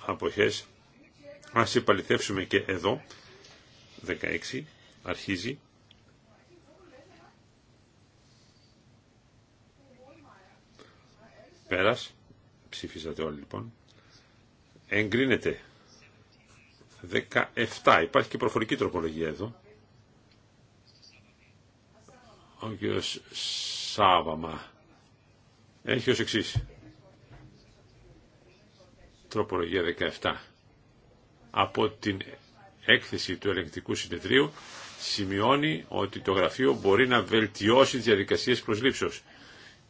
C: αποχές ας επαληθεύσουμε και εδώ 16 αρχίζει πέρας ψήφισατε όλοι λοιπόν εγκρίνεται 17 υπάρχει και προφορική τροπολογία εδώ ο κύριος Σάβαμα έχει ως εξή. Τροπολογία 17. Από την έκθεση του ελεγκτικού συνεδρίου σημειώνει ότι το γραφείο μπορεί να βελτιώσει τις διαδικασίες προσλήψεως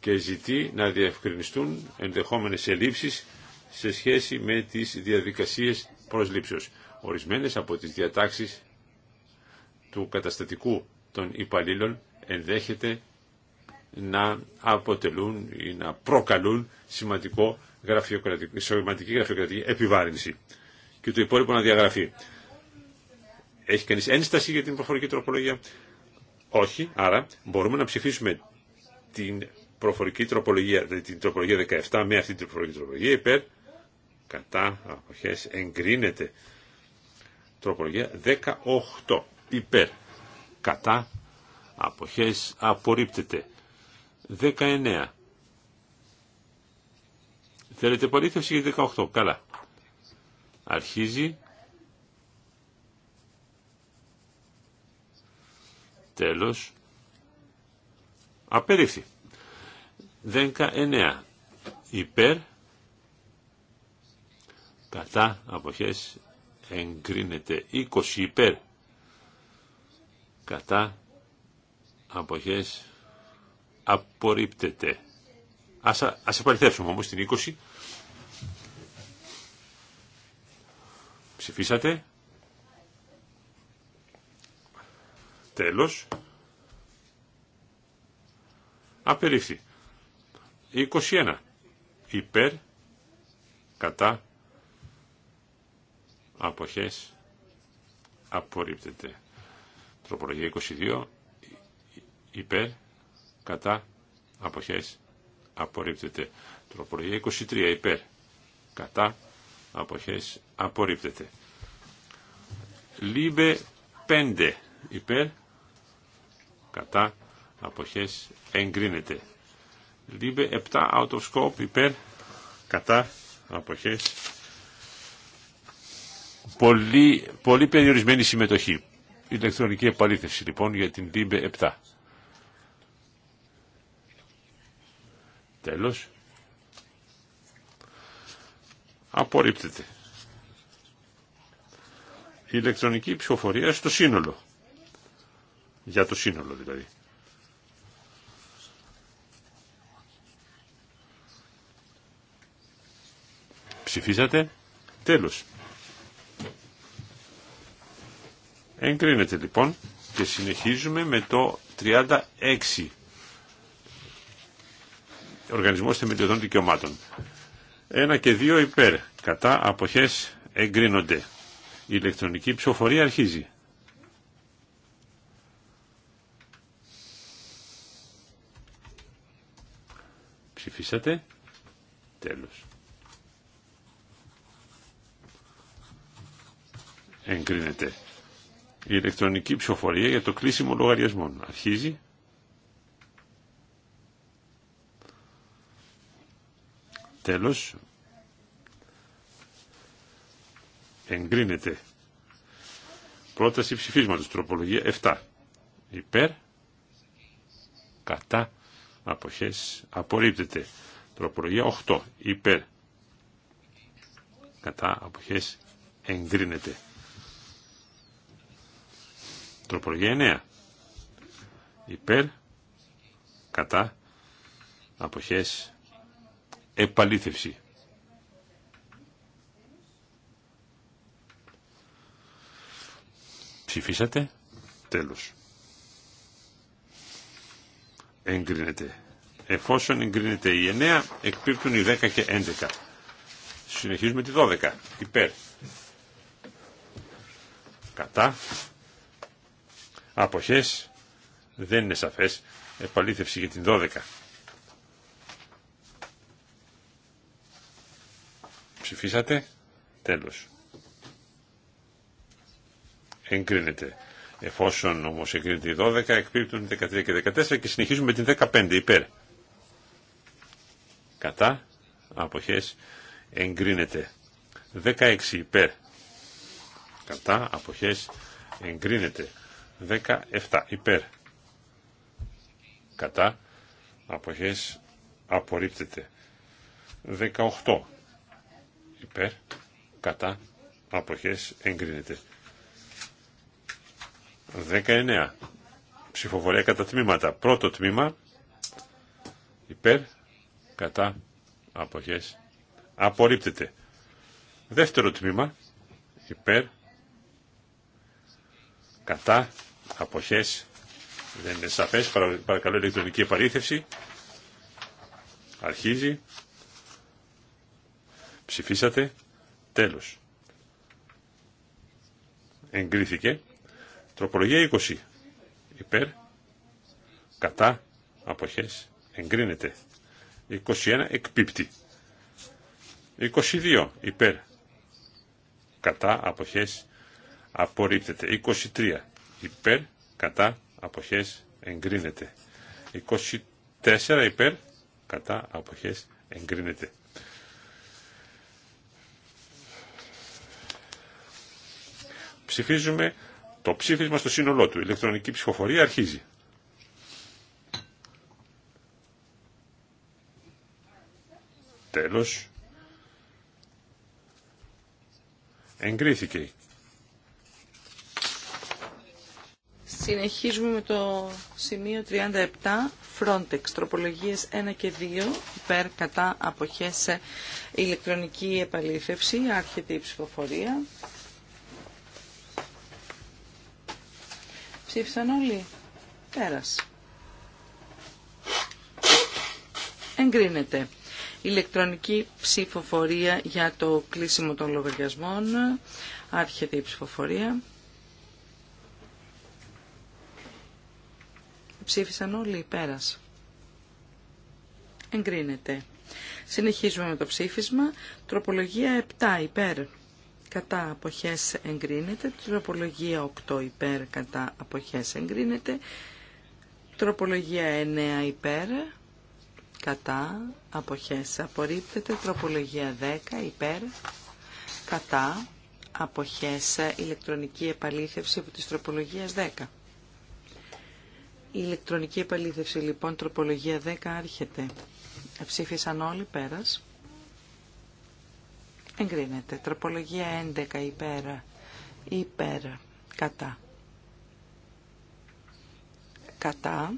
C: και ζητεί να διευκρινιστούν ενδεχόμενες ελλείψεις σε σχέση με τις διαδικασίες προσλήψεως. Ορισμένες από τις διατάξεις του καταστατικού των υπαλλήλων ενδέχεται να αποτελούν ή να προκαλούν σημαντικό γραφειοκρατική, σημαντική γραφειοκρατική επιβάρυνση και το υπόλοιπο να διαγραφεί. Έχει κανείς ένσταση για την προφορική τροπολογία? Όχι, άρα μπορούμε να ψηφίσουμε την προφορική τροπολογία, δηλαδή την τροπολογία 17 με αυτή την προφορική τροπολογία υπέρ κατά αποχές εγκρίνεται τροπολογία 18 υπέρ κατά αποχές απορρίπτεται 19. Θέλετε παρήθευση για 18. Καλά. Αρχίζει. Τέλος. Απερίφθη. 19. Υπέρ. Κατά αποχές εγκρίνεται 20 υπέρ. Κατά αποχές απορρίπτεται. Ας, ας επαληθεύσουμε όμως την 20. Ψηφίσατε. Τέλος. Απερίφθη. 21. Υπέρ. Κατά. Αποχές. Απορρίπτεται. Τροπολογία 22. Υπέρ κατά αποχές απορρίπτεται. Τροπολογία 23 υπέρ κατά αποχές απορρίπτεται. Λίμπε 5 υπέρ κατά αποχές εγκρίνεται. Λίμπε 7 out of scope υπέρ κατά αποχές πολύ, πολύ περιορισμένη συμμετοχή. Ηλεκτρονική επαλήθευση λοιπόν για την ΛΥΜΠΕ 7. Τέλος. Απορρίπτεται. Η ηλεκτρονική ψηφοφορία στο σύνολο. Για το σύνολο δηλαδή. Ψηφίσατε. Τέλος. Εγκρίνεται λοιπόν και συνεχίζουμε με το 36. Οργανισμός Θεμελιωδών Δικαιωμάτων. Ένα και δύο υπέρ. Κατά αποχές εγκρίνονται. Η ηλεκτρονική ψηφοφορία αρχίζει. Ψηφίσατε. Τέλος. Εγκρίνεται. Η ηλεκτρονική ψηφοφορία για το κλείσιμο λογαριασμών. Αρχίζει. Τέλος. Εγκρίνεται. Πρόταση ψηφίσματος. Τροπολογία 7. Υπέρ. Κατά. Αποχές. Απορρίπτεται. Τροπολογία 8. Υπέρ. Κατά. Αποχές. Εγκρίνεται. Τροπολογία 9. Υπέρ. Κατά. Αποχές επαλήθευση. Ψηφίσατε. Τέλος. Εγκρίνεται. Εφόσον εγκρίνεται η 9, εκπίπτουν οι 10 και 11. Συνεχίζουμε τη 12. Υπέρ. Κατά. Αποχές. Δεν είναι σαφές. Επαλήθευση για την 12. Ψηφίσατε. Τέλος. Εγκρίνεται. Εφόσον όμω εγκρίνεται η 12, εκπίπτουν 13 και 14 και συνεχίζουμε με την 15 υπέρ. Κατά. Αποχές. Εγκρίνεται. 16 υπέρ. Κατά. Αποχές. Εγκρίνεται. 17 υπέρ. Κατά. Αποχές. Απορρίπτεται. 18 υπέρ, κατά, αποχές, εγκρίνεται. 19. Ψηφοφορία κατά τμήματα. Πρώτο τμήμα, υπέρ, κατά, αποχές, απορρίπτεται. Δεύτερο τμήμα, υπέρ, κατά, αποχές, δεν είναι σαφές, παρακαλώ ηλεκτρονική επαλήθευση, αρχίζει, Ψηφίσατε. Τέλος. Εγκρίθηκε. Τροπολογία 20. Υπέρ. Κατά. Αποχές. Εγκρίνεται. 21. Εκπίπτει. 22. Υπέρ. Κατά. Αποχές. Απορρίπτεται. 23. Υπέρ. Κατά. Αποχές. Εγκρίνεται. 24. Υπέρ. Κατά. Αποχές. Εγκρίνεται. ψηφίζουμε το ψήφισμα στο σύνολό του. Η ηλεκτρονική ψηφοφορία αρχίζει. Τέλος. Εγκρίθηκε.
D: Συνεχίζουμε με το σημείο 37,
C: Frontex, τροπολογίες
D: 1 και 2, υπέρ, κατά, αποχέσε, ηλεκτρονική επαλήθευση, άρχεται η ψηφοφορία. Ψήφισαν όλοι. Πέρας. Εγκρίνεται. Ηλεκτρονική ψηφοφορία για το κλείσιμο των λογαριασμών. Άρχεται η ψηφοφορία. Ψήφισαν όλοι. Πέρας. Εγκρίνεται. Συνεχίζουμε με το ψήφισμα. Τροπολογία 7 υπέρ κατά αποχές εγκρίνεται, τροπολογία 8 υπέρ κατά αποχές εγκρίνεται, τροπολογία 9 υπέρ κατά αποχές απορρίπτεται, τροπολογία 10 υπέρ κατά αποχές ηλεκτρονική επαλήθευση από τις τροπολογίες 10. Η ηλεκτρονική επαλήθευση λοιπόν τροπολογία 10 άρχεται. Ψήφισαν όλοι πέρας. Εγκρίνεται. Τροπολογία 11 υπέρ. Υπέρ. Κατά. Κατά.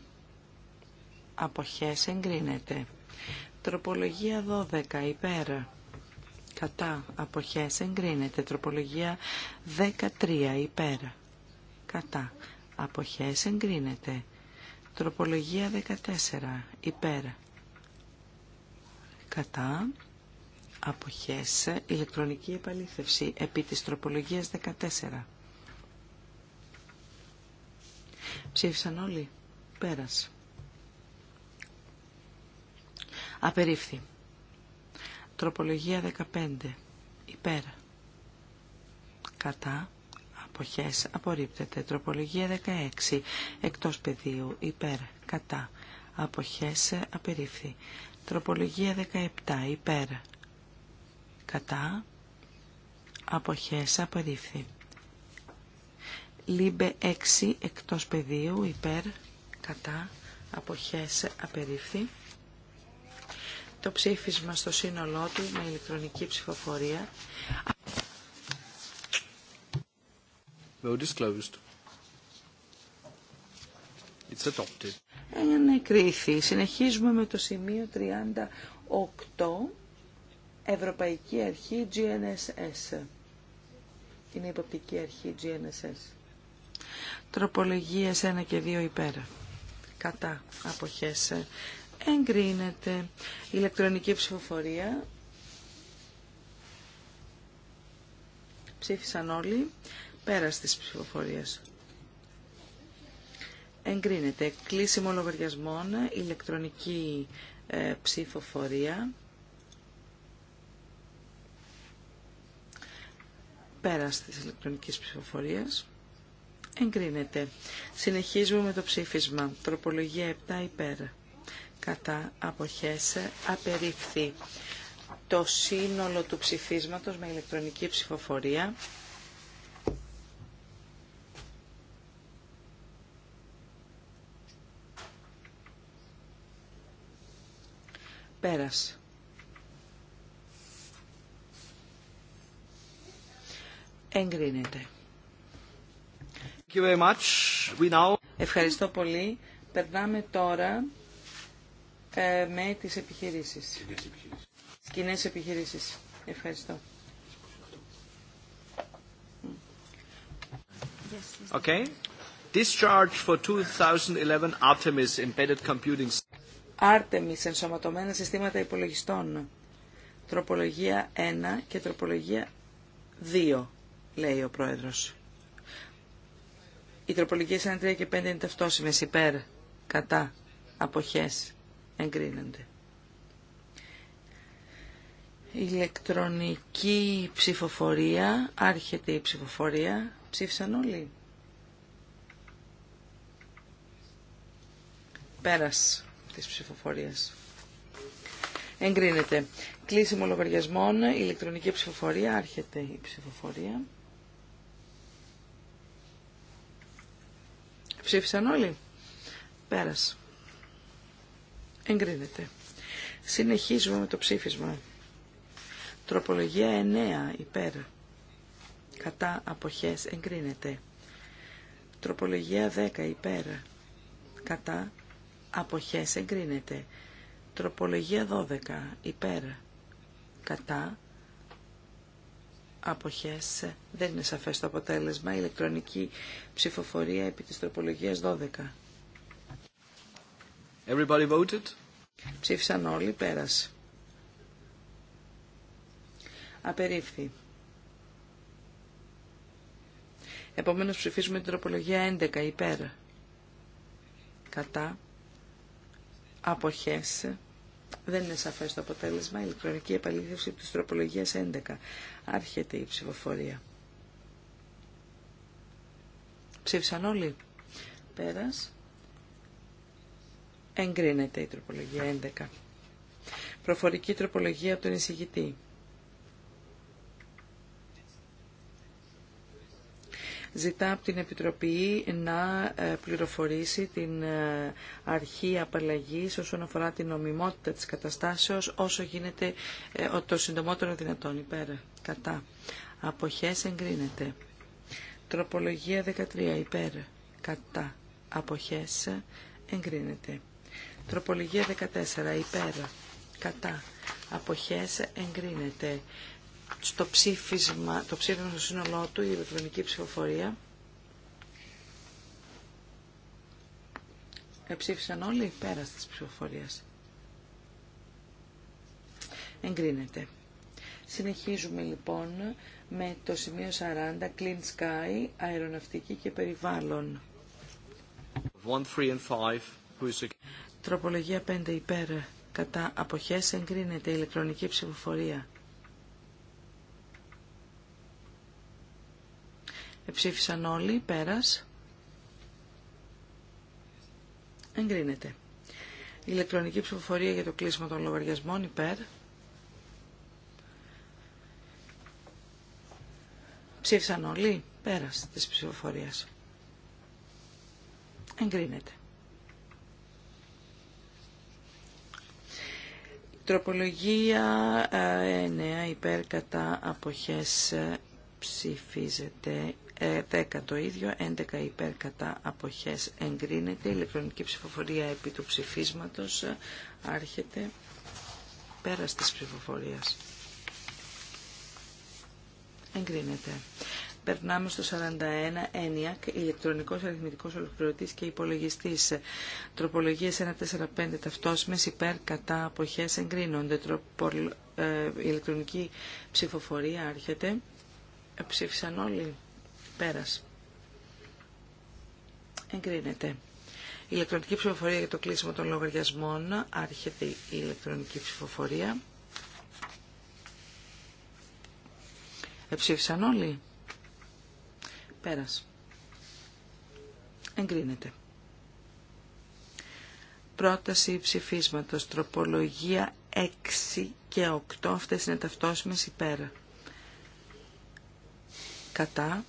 D: Αποχές εγκρίνεται. Τροπολογία 12 υπέρ. Κατά. Αποχές εγκρίνεται. Τροπολογία 13 υπέρ. Κατά. Αποχές εγκρίνεται. Τροπολογία 14 υπέρ. Κατά αποχές, ηλεκτρονική επαλήθευση επί της τροπολογίας 14. Ψήφισαν όλοι. Πέρας. Απερίφθη. Τροπολογία 15. Υπέρ. Κατά. Αποχές. Απορρίπτεται. Τροπολογία 16. Εκτός πεδίου. Υπέρ. Κατά. Αποχές. Απερίφθη. Τροπολογία 17. Υπέρ κατά αποχές απορρίφθη. Λίμπε 6 εκτός πεδίου υπέρ κατά αποχές απερίφθη. Το ψήφισμα στο σύνολό του με ηλεκτρονική ψηφοφορία.
A: Vote is It's adopted.
D: Συνεχίζουμε με το σημείο 38 Ευρωπαϊκή Αρχή GNSS. Είναι η υποπτική αρχή GNSS. Τροπολογίες 1 και 2 υπέρα. Κατά αποχές. Εγκρίνεται ηλεκτρονική ψηφοφορία. Ψήφισαν όλοι πέρα της ψηφοφορίας. Εγκρίνεται κλείσιμο λογαριασμών, ηλεκτρονική ε, ψηφοφορία. Πέρας της ηλεκτρονικής ψηφοφορίας. Εγκρίνεται. Συνεχίζουμε με το ψήφισμα. Τροπολογία 7 υπέρ. Κατά αποχέσε απερίφθη. Το σύνολο του ψηφίσματος με ηλεκτρονική ψηφοφορία. Πέρας. Ευχαριστώ πολύ. Περνάμε τώρα ε, με τις επιχειρήσεις. Κοινέ επιχειρήσεις. Ευχαριστώ.
A: Okay. Discharge for 2011 Artemis Embedded Computing
D: Artemis ενσωματωμένα συστήματα υπολογιστών. Τροπολογία 1 και τροπολογία 2 λέει ο πρόεδρος. Οι τροπολογία 1, 3 και 5 είναι ταυτόσιμε υπέρ, κατά, αποχές, εγκρίνονται. Ηλεκτρονική ψηφοφορία, άρχεται η ψηφοφορία, ψήφισαν όλοι. Πέρας της ψηφοφορίας. Εγκρίνεται. Κλείσιμο λογαριασμών, ηλεκτρονική ψηφοφορία, άρχεται η ψηφοφορία. Ψήφισαν όλοι. Πέρασε. Εγκρίνεται. Συνεχίζουμε με το ψήφισμα. Τροπολογία 9 υπέρ. Κατά αποχές εγκρίνεται. Τροπολογία 10 υπέρ. Κατά αποχές εγκρίνεται. Τροπολογία 12 υπέρ. Κατά αποχές δεν είναι σαφές το αποτέλεσμα ηλεκτρονική ψηφοφορία επί της τροπολογίας 12 Everybody voted. ψήφισαν όλοι πέρασε. απερίφθη Επομένως ψηφίζουμε την τροπολογία 11 υπέρ κατά αποχές δεν είναι σαφέ το αποτέλεσμα. Η ηλεκτρονική επαλήθευση τη τροπολογία 11. Άρχεται η ψηφοφορία. Ψήφισαν όλοι. Πέρας. Εγκρίνεται η τροπολογία 11. Προφορική τροπολογία από τον εισηγητή. ζητά από την Επιτροπή να ε, πληροφορήσει την ε, αρχή απαλλαγή όσον αφορά την νομιμότητα της καταστάσεως όσο γίνεται ε, το συντομότερο δυνατόν υπέρ κατά. Αποχές εγκρίνεται. Τροπολογία 13 υπέρ κατά. Αποχές εγκρίνεται. Τροπολογία 14 υπέρ κατά. Αποχές εγκρίνεται στο ψήφισμα, το ψήφισμα στο σύνολό του, η ηλεκτρονική ψηφοφορία. Εψήφισαν όλοι πέρα της ψηφοφορίας. Εγκρίνεται. Συνεχίζουμε λοιπόν με το σημείο 40, Clean Sky, αεροναυτική και περιβάλλον. Τροπολογία 5 υπέρ. Κατά αποχές εγκρίνεται η ηλεκτρονική ψηφοφορία. Εψήφισαν όλοι, πέρας. Εγκρίνεται. Ηλεκτρονική ψηφοφορία για το κλείσιμο των λογαριασμών υπέρ. Ψήφισαν όλοι, πέρας της ψηφοφορίας. Εγκρίνεται. Τροπολογία 9 ε, υπέρ κατά αποχές ε, ψηφίζεται 10 ε, το ίδιο, 11 υπέρ κατά αποχές εγκρίνεται, ηλεκτρονική ψηφοφορία επί του ψηφίσματος ε, άρχεται πέρα της ψηφοφορίας. Εγκρίνεται. Περνάμε στο 41 ΕΝΙΑΚ, ηλεκτρονικός αριθμητικός ολοκληρωτής και υπολογιστής. Τροπολογίες 1-4-5 ταυτόσιμες ταυτόσμες υπερ κατά αποχές εγκρίνονται. Τροπο, ε, ηλεκτρονική ψηφοφορία άρχεται. Ψήφισαν όλοι. Πέρας. Εγκρίνεται. Ηλεκτρονική ψηφοφορία για το κλείσιμο των λογαριασμών. Άρχεται η ηλεκτρονική ψηφοφορία. Εψήφισαν όλοι. Πέρας. Εγκρίνεται. Πρόταση ψηφίσματος. Τροπολογία 6 και 8. Αυτές είναι ταυτόσιμες υπέρα. Κατά.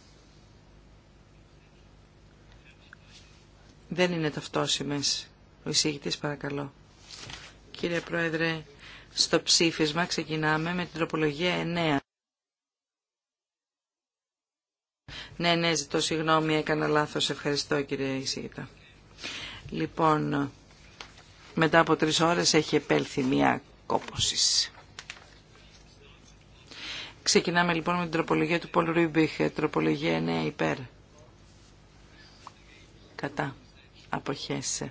D: δεν είναι ταυτόσιμες. Ο εισηγητής παρακαλώ. Κύριε Πρόεδρε, στο ψήφισμα ξεκινάμε με την τροπολογία 9. Ναι, ναι, ζητώ συγγνώμη, έκανα λάθος. Ευχαριστώ κύριε εισηγητά. Λοιπόν, μετά από τρεις ώρες έχει επέλθει μία κόπωση. Ξεκινάμε λοιπόν με την τροπολογία του Πολ Ρούμπιχ, τροπολογία 9 υπέρ. Κατά αποχές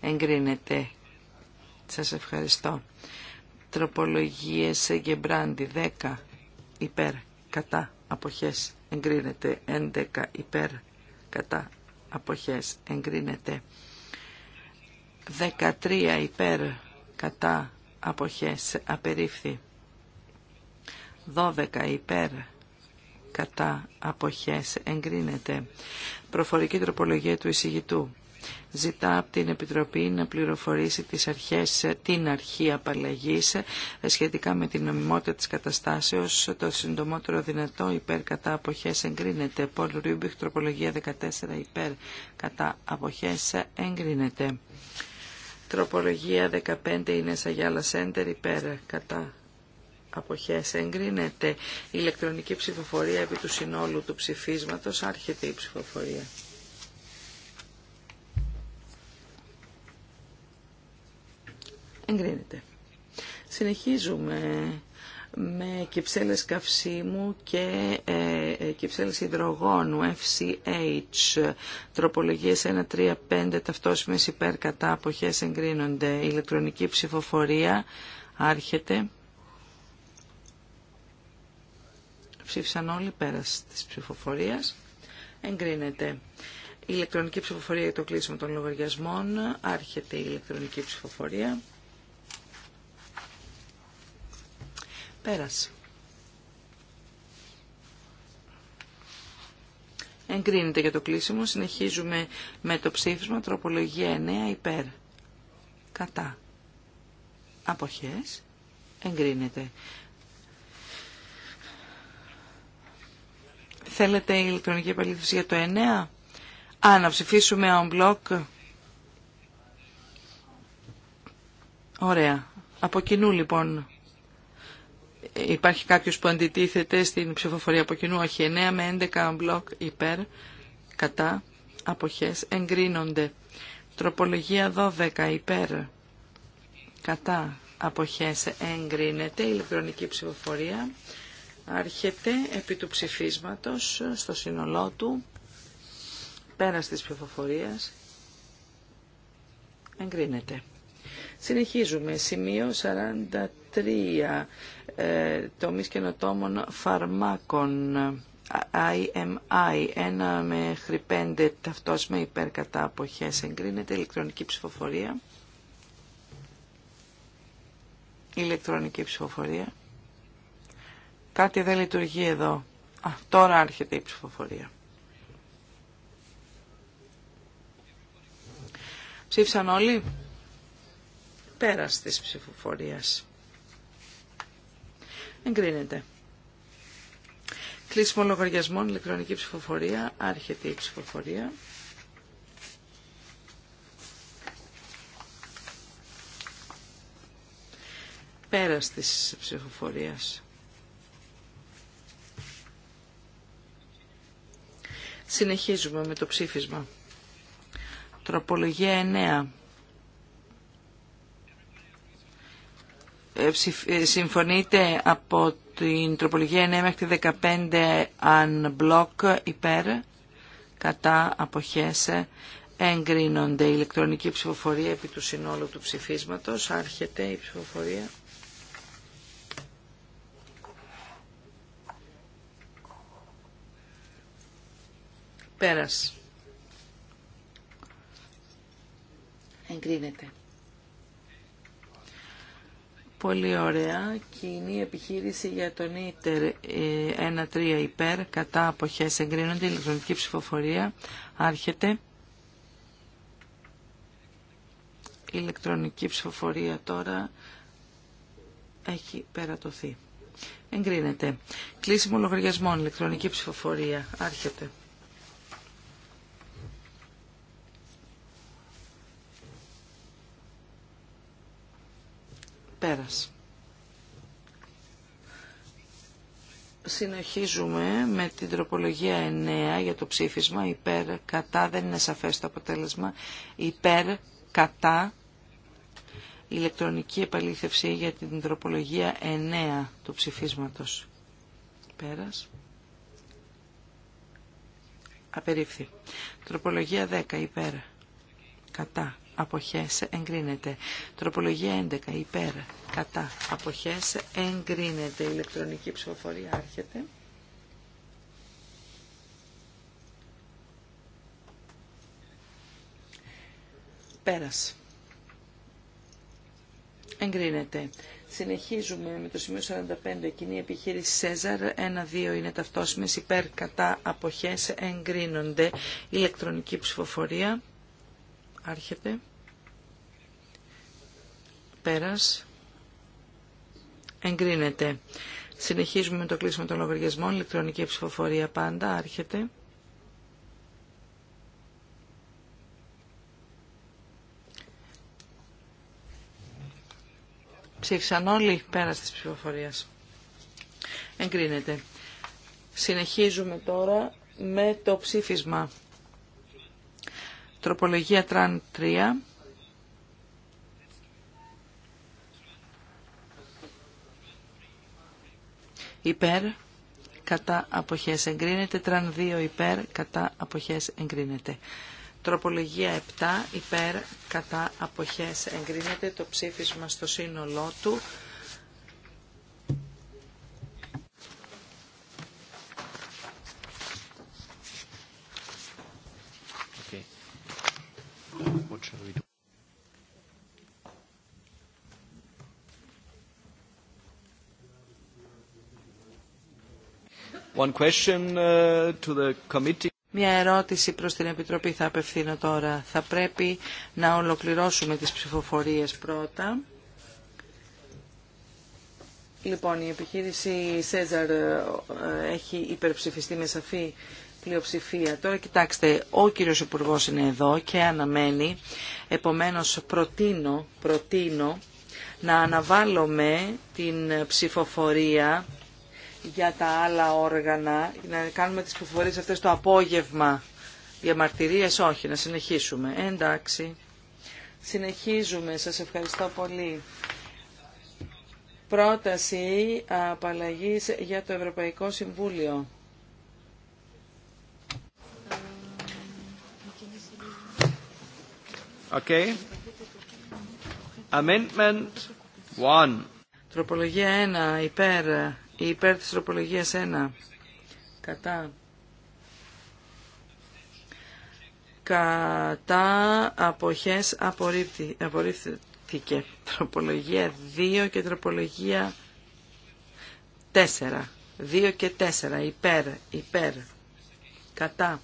D: εγκρίνεται. Σας ευχαριστώ. Τροπολογίες Γεμπράντι 10 υπέρ κατά αποχές εγκρίνεται. 11 υπέρ κατά αποχές εγκρίνεται. 13 υπέρ κατά αποχές απερίφθη. 12 υπέρ κατά αποχές εγκρίνεται. Προφορική τροπολογία του εισηγητού ζητά από την Επιτροπή να πληροφορήσει τις αρχές, την αρχή απαλλαγής σχετικά με την νομιμότητα της καταστάσεως. Το συντομότερο δυνατό υπέρ κατά αποχές εγκρίνεται. Πολ Ρούμπιχ, τροπολογία 14 υπέρ κατά αποχές εγκρίνεται. Τροπολογία 15 είναι Σαγιάλα Σέντερ υπέρ κατά αποχές εγκρίνεται. Ηλεκτρονική ψηφοφορία επί του συνόλου του ψηφίσματος άρχεται η ψηφοφορία. Εγκρίνεται. Συνεχίζουμε με κυψέλες καυσίμου και ε, ε κυψέλες υδρογόνου, FCH, τροπολογίες 1-3-5, ταυτόσιμες υπέρ κατά αποχές εγκρίνονται, ηλεκτρονική ψηφοφορία άρχεται. Ψήφισαν όλοι πέρα της ψηφοφορίας. Εγκρίνεται. Η ηλεκτρονική ψηφοφορία για το κλείσιμο των λογαριασμών. Άρχεται η ηλεκτρονική ψηφοφορία. Πέρασε. Εγκρίνεται για το κλείσιμο. Συνεχίζουμε με το ψήφισμα. Τροπολογία 9 υπέρ. Κατά. Αποχές. Εγκρίνεται. Θέλετε η ηλεκτρονική επαλήθευση για το 9. Α, να ψηφίσουμε on block. Ωραία. Από κοινού λοιπόν υπάρχει κάποιος που αντιτίθεται στην ψηφοφορία από κοινού. Όχι, 9 με 11 μπλοκ υπέρ, κατά, αποχές, εγκρίνονται. Τροπολογία 12 υπέρ, κατά, αποχές, εγκρίνεται. Ηλεκτρονική ψηφοφορία άρχεται επί του ψηφίσματος στο σύνολό του, πέρας της ψηφοφορίας, εγκρίνεται. Συνεχίζουμε. Σημείο 43. Ε, καινοτόμων φαρμάκων. IMI 1 μέχρι 5 ταυτός με υπερκατά αποχές εγκρίνεται ηλεκτρονική ψηφοφορία ηλεκτρονική ψηφοφορία κάτι δεν λειτουργεί εδώ Α, τώρα άρχεται η ψηφοφορία ψήφισαν όλοι πέρας της ψηφοφορίας. Εγκρίνεται. Κλείσιμο λογαριασμών, ηλεκτρονική ψηφοφορία, άρχεται η ψηφοφορία. Πέρας της ψηφοφορίας. Συνεχίζουμε με το ψήφισμα. Τροπολογία 9 Ε, ε, συμφωνείτε από την τροπολογία 9 μέχρι 15 αν μπλοκ υπέρ κατά αποχές εγκρίνονται η ηλεκτρονική ψηφοφορία επί του συνόλου του ψηφίσματος άρχεται η ψηφοφορία πέρας εγκρίνεται Πολύ ωραία. Κοινή επιχείρηση για τον ΙΤΕΡ 1-3 ε, υπέρ, κατά αποχές εγκρίνονται, ηλεκτρονική ψηφοφορία, άρχεται. Ηλεκτρονική ψηφοφορία τώρα έχει περατωθεί. Εγκρίνεται. Κλείσιμο λογαριασμών, ηλεκτρονική ψηφοφορία, άρχεται. Πέρας. Συνεχίζουμε με την τροπολογία 9 για το ψήφισμα υπέρ, κατά, δεν είναι σαφές το αποτέλεσμα, υπέρ, κατά, ηλεκτρονική επαλήθευση για την τροπολογία 9 του ψηφίσματος. Πέρας. Απερίφθη. Τροπολογία 10 υπέρ, κατά, αποχές εγκρίνεται. Τροπολογία 11 υπέρ κατά αποχές εγκρίνεται. Ηλεκτρονική ψηφοφορία άρχεται. Πέρας. Εγκρίνεται. Συνεχίζουμε με το σημείο 45. Κοινή επιχείρηση Σέζαρ. 1-2 είναι ταυτόσιμες υπέρ κατά αποχές εγκρίνονται. Ηλεκτρονική ψηφοφορία. Άρχεται. Πέρας. Εγκρίνεται. Συνεχίζουμε με το κλείσιμο των λογαριασμών. Ηλεκτρονική ψηφοφορία πάντα. Άρχεται. Ψήφισαν όλοι πέρας της ψηφοφορίας. Εγκρίνεται. Συνεχίζουμε τώρα με το ψήφισμα Τροπολογία τραν 3. Υπέρ, κατά αποχές εγκρίνεται. Τραν 2 υπέρ, κατά αποχές εγκρίνεται. Τροπολογία 7 υπέρ, κατά αποχές εγκρίνεται. Το ψήφισμα στο σύνολό του Uh, Μια ερώτηση προς την Επιτροπή θα απευθύνω τώρα. Θα πρέπει να ολοκληρώσουμε τις ψηφοφορίες πρώτα. Λοιπόν, η επιχείρηση Σέζαρ ε, έχει υπερψηφιστεί με σαφή πλειοψηφία. Τώρα κοιτάξτε, ο κύριος υπουργό είναι εδώ και αναμένει, επομένως προτείνω, προτείνω να αναβάλουμε την ψηφοφορία για τα άλλα όργανα, να κάνουμε τις ψηφοφορίες αυτές το απόγευμα. μαρτυρίες, όχι, να συνεχίσουμε. εντάξει. Συνεχίζουμε, σας ευχαριστώ πολύ. Πρόταση απαλλαγής για το Ευρωπαϊκό Συμβούλιο. Okay. 1. Τροπολογία 1. Υπέρ. Υπέρ της τροπολογίας 1. Κατά. Κατά αποχές απορρίφθηκε. Τροπολογία 2 και τροπολογία 4. 2 και 4. Υπέρ. Υπέρ. Κατά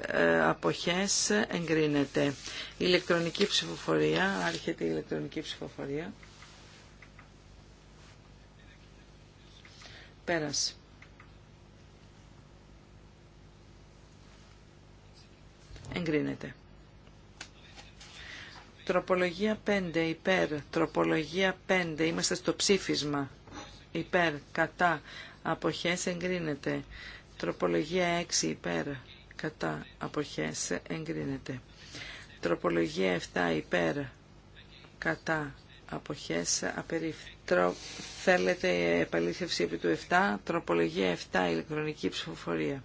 D: Ε, αποχές εγκρίνεται. Ηλεκτρονική ψηφοφορία, άρχεται η ηλεκτρονική ψηφοφορία. Πέρασε. Εγκρίνεται. Τροπολογία 5, υπέρ. Τροπολογία 5, είμαστε στο ψήφισμα. Υπέρ, κατά, αποχές εγκρίνεται. Τροπολογία 6, υπέρ κατά αποχές εγκρίνεται. Τροπολογία 7 υπέρ κατά αποχές απερίφθη. Θέλετε επαλήθευση επί του 7, τροπολογία 7 ηλεκτρονική ψηφοφορία.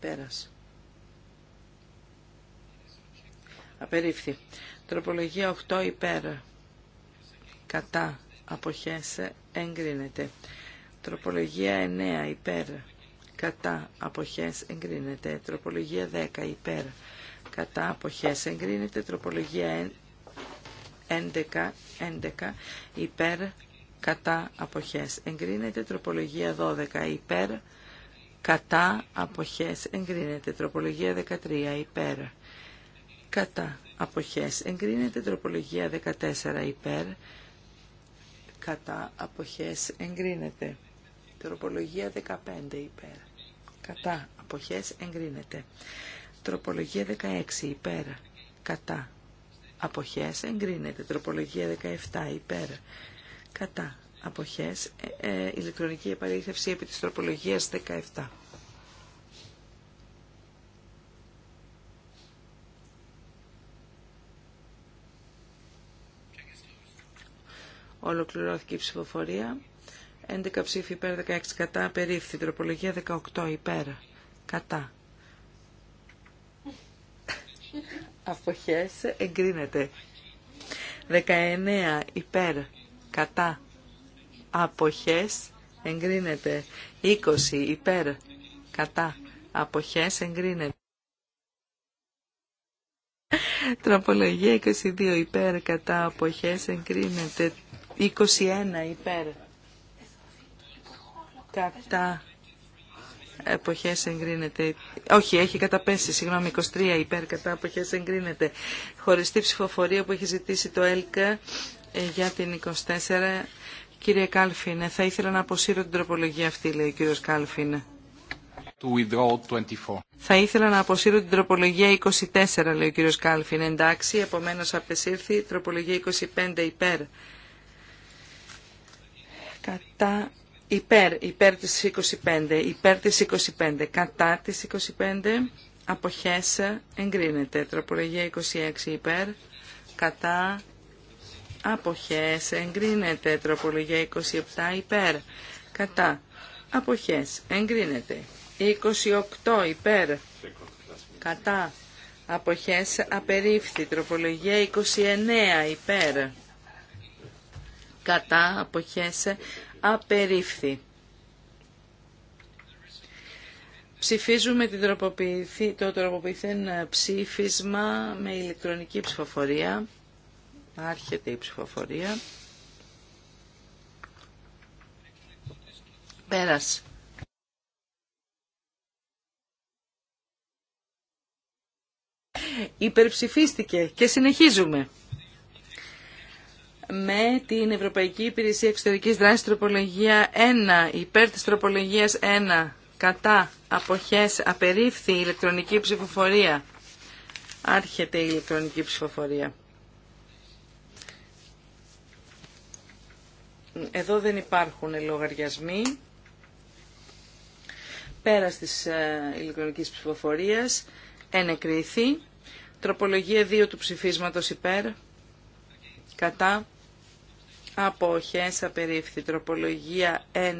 D: Πέρας. Απερίφθη. Τροπολογία 8 υπέρ κατά αποχές εγκρίνεται. Τροπολογία 9 υπέρ κατά αποχές εγκρίνεται. Τροπολογία 10 υπέρ κατά αποχές εγκρίνεται. Τροπολογία 11, 11 υπέρ κατά αποχές εγκρίνεται. Τροπολογία 12 υπέρ κατά αποχές εγκρίνεται. Τροπολογία 13 υπέρ κατά αποχές εγκρίνεται. Τροπολογία 14 υπέρ κατά αποχές εγκρίνεται. Τροπολογία 15 υπέρ κατά αποχές εγκρίνεται. Τροπολογία 16 υπέρ κατά αποχές εγκρίνεται. Τροπολογία 17 υπέρ κατά αποχές ε, ε, ηλεκτρονική επαλήθευση επί της τροπολογίας 17. Ολοκληρώθηκε η ψηφοφορία. 11 ψήφοι υπέρ, 16 κατά, περίφθη. Τροπολογία 18 υπέρ, κατά. Αποχές εγκρίνεται. 19 υπέρ, κατά. Αποχές εγκρίνεται. 20 υπέρ, κατά. Αποχές εγκρίνεται. Τροπολογία 22 υπέρ, κατά. Αποχές εγκρίνεται. 21 υπέρ κατά εποχές εγκρίνεται. Όχι, έχει καταπέσει, συγγνώμη, 23 υπέρ κατά εποχές εγκρίνεται. Χωριστή ψηφοφορία που έχει ζητήσει το ΕΛΚΑ ε, για την 24. Κύριε Κάλφιν, ε, θα ήθελα να αποσύρω την τροπολογία αυτή, λέει ο κύριος Κάλφιν. Θα ήθελα να αποσύρω την τροπολογία 24, λέει ο κύριος Κάλφιν. Εντάξει, επομένως απεσύρθη τροπολογία 25 υπέρ. Κατά υπέρ, υπέρ της 25, υπέρ της 25, κατά της 25, αποχές εγκρίνεται. Τροπολογία 26 υπέρ, κατά αποχές εγκρίνεται. Τροπολογία 27 υπέρ, κατά αποχές εγκρίνεται. 28 υπέρ, κατά αποχές απερίφθη. Τροπολογία 29 υπέρ, κατά αποχές απερίφθη. Ψηφίζουμε την τροποποιηθή, το τροποποιηθέν ε, ψήφισμα με ηλεκτρονική ψηφοφορία. Άρχεται η ψηφοφορία. Πέρας. Υπερψηφίστηκε και συνεχίζουμε με την Ευρωπαϊκή Υπηρεσία Εξωτερικής Δράσης τροπολογία 1, υπέρ της τροπολογίας 1, κατά, αποχές, απερίφθη, ηλεκτρονική ψηφοφορία. Άρχεται η ηλεκτρονική ψηφοφορία. Εδώ δεν υπάρχουν λογαριασμοί. Πέρας της ε, ηλεκτρονικής ψηφοφορίας ενεκρίθη. Τροπολογία 2 του ψηφίσματος υπέρ, κατά, Απόχες, απερίφθη. Τροπολογία 1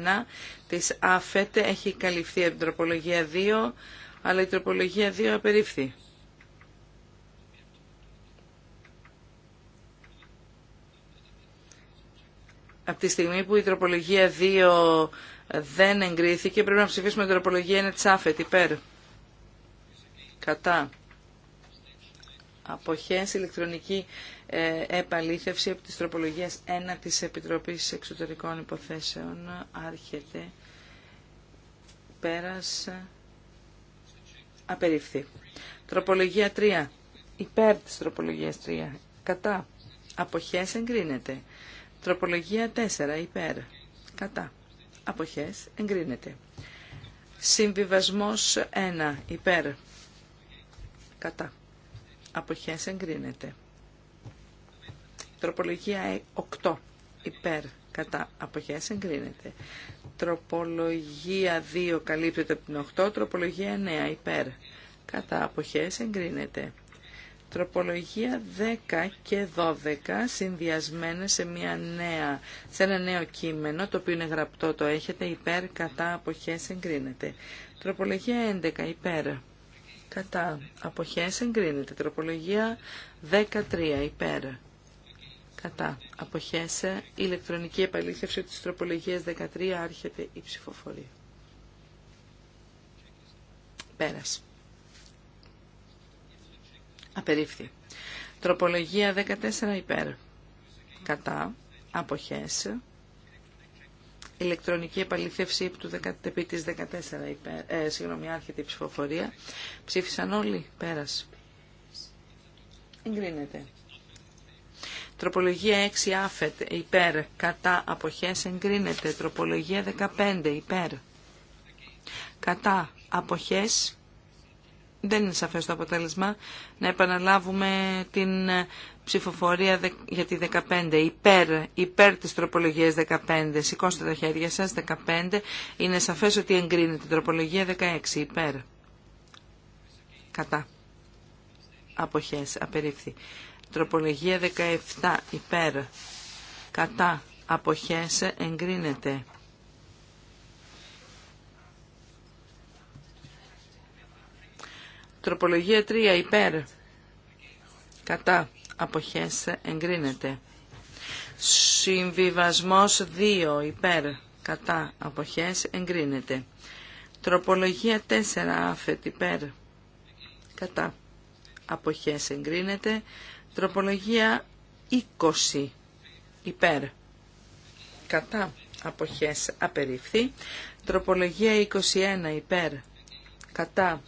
D: της ΑΦΕΤ έχει καλυφθεί από την τροπολογία 2, αλλά η τροπολογία 2 απερίφθη. Από τη στιγμή που η τροπολογία 2 δεν εγκρίθηκε, πρέπει να ψηφίσουμε την τροπολογία 1 της ΑΦΕΤ υπέρ. Κατά αποχές, ηλεκτρονική ε, επαλήθευση από τις τροπολογίες 1 της Επιτροπής Εξωτερικών Υποθέσεων άρχεται πέρας απερίφθη. Τροπολογία 3. Υπέρ της τροπολογίας 3. Κατά. Αποχές εγκρίνεται. Τροπολογία 4. Υπέρ. Κατά. Αποχές εγκρίνεται. Συμβιβασμός 1. Υπέρ. Κατά αποχές εγκρίνεται. Τροπολογία 8 ε, υπέρ κατά αποχές εγκρίνεται. Τροπολογία 2 καλύπτεται από την 8, τροπολογία 9 υπέρ κατά αποχές εγκρίνεται. Τροπολογία 10 και 12 συνδυασμένες σε, μια νέα, σε ένα νέο κείμενο, το οποίο είναι γραπτό, το έχετε, υπέρ, κατά, αποχές, εγκρίνεται. Τροπολογία 11, υπέρ, κατά αποχές εγκρίνεται. Τροπολογία 13 υπέρ κατά αποχές ηλεκτρονική επαλήθευση της τροπολογίας 13 άρχεται η ψηφοφορία. Πέρας. Απερίφθη. Τροπολογία 14 υπέρ κατά αποχές ηλεκτρονική επαλήθευση του επί της 14 υπέρ, ε, συγγνώμη, άρχεται η ψηφοφορία. Ψήφισαν όλοι, πέρας. Εγκρίνεται. Τροπολογία 6 άφετ υπέρ, κατά αποχές εγκρίνεται. Τροπολογία 15 υπέρ, κατά αποχές δεν είναι σαφές το αποτέλεσμα. Να επαναλάβουμε την ψηφοφορία για τη 15. Υπέρ, υπέρ της τροπολογίας 15. Σηκώστε τα χέρια σας. 15. Είναι σαφές ότι εγκρίνεται τροπολογία 16. Υπέρ. Κατά. Αποχές. Απερίφθη. Τροπολογία 17. Υπέρ. Κατά. Αποχές. Εγκρίνεται. Τροπολογία 3 υπέρ. Κατά. Αποχές εγκρίνεται. Συμβιβασμός 2 υπέρ. Κατά. Αποχές εγκρίνεται. Τροπολογία 4 άφετ υπέρ. Κατά. Αποχές εγκρίνεται. Τροπολογία 20 υπέρ. Κατά. Αποχές απερίφθη. Τροπολογία 21 υπέρ. Κατά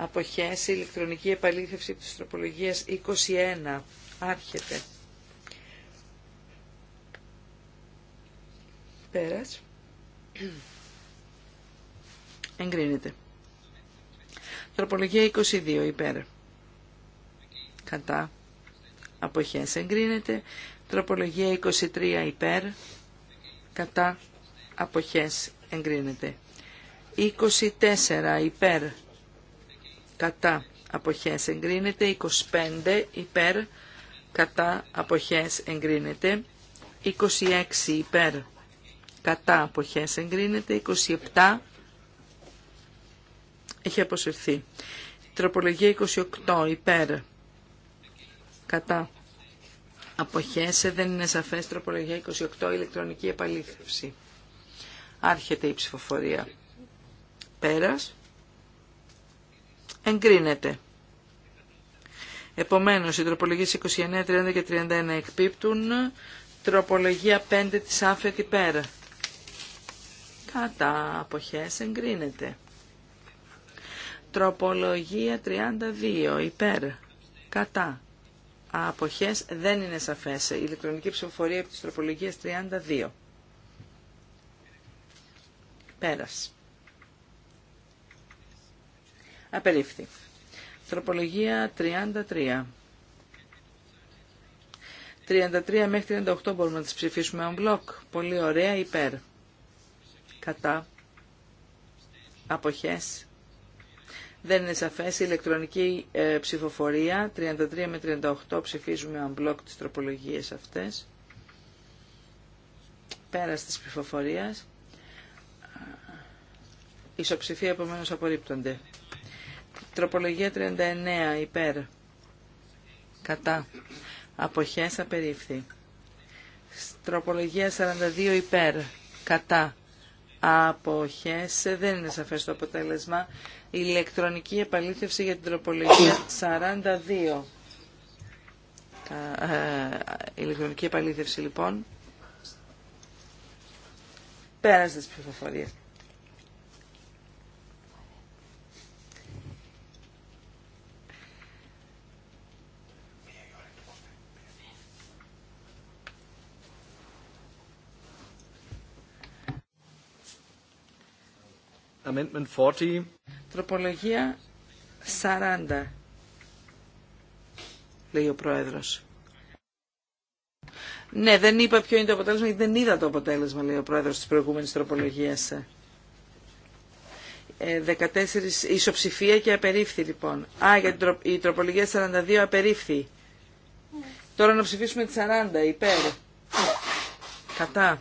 D: αποχές, ηλεκτρονική επαλήθευση της τροπολογίας 21. Άρχεται. Πέρας. Εγκρίνεται. Τροπολογία 22 υπέρ. Κατά. Αποχές εγκρίνεται. Τροπολογία 23 υπέρ. Κατά. Αποχές εγκρίνεται. 24 υπέρ κατά αποχές εγκρίνεται, 25 υπέρ κατά αποχές εγκρίνεται, 26 υπέρ κατά αποχές εγκρίνεται, 27 έχει αποσυρθεί. Τροπολογία 28 υπέρ κατά αποχές ε, δεν είναι σαφές τροπολογία 28 ηλεκτρονική επαλήθευση. Άρχεται η ψηφοφορία. Πέρας εγκρίνεται. Επομένως, οι τροπολογίες 29, 30 και 31 εκπίπτουν. Τροπολογία 5 της άφετη πέρα. Κατά αποχές εγκρίνεται. Τροπολογία 32 υπέρ. Κατά. Αποχές δεν είναι σαφές. Ηλεκτρονική ψηφοφορία από τις τροπολογίες 32. Πέρας. Απερίφθη. Τροπολογία 33. 33 μέχρι 38 μπορούμε να τις ψηφίσουμε on block. Πολύ ωραία, υπέρ. Κατά. Αποχές. Δεν είναι σαφές η ηλεκτρονική ε, ψηφοφορία. 33 με 38 ψηφίζουμε on block τις τροπολογίες αυτές. Πέρας της ψηφοφορίας. Ισοψηφία επομένως απορρίπτονται. Τροπολογία 39 υπέρ. Κατά. Αποχές απερίφθη. Τροπολογία 42 υπέρ. Κατά. Αποχές. Δεν είναι σαφές το αποτέλεσμα. Ηλεκτρονική επαλήθευση για την τροπολογία 42. Ε, ηλεκτρονική επαλήθευση λοιπόν. Πέρασε τις ψηφοφορίες. Τροπολογία 40, λέει ο Πρόεδρος. Ναι, δεν είπα ποιο είναι το αποτέλεσμα, γιατί δεν είδα το αποτέλεσμα, λέει ο Πρόεδρος της προηγούμενης τροπολογίας. 14 ε, ισοψηφία και απερίφθη λοιπόν. Α, για την η τροπολογία 42 απερίφθη. Ναι. Τώρα να ψηφίσουμε τη 40 υπέρ. Κατά.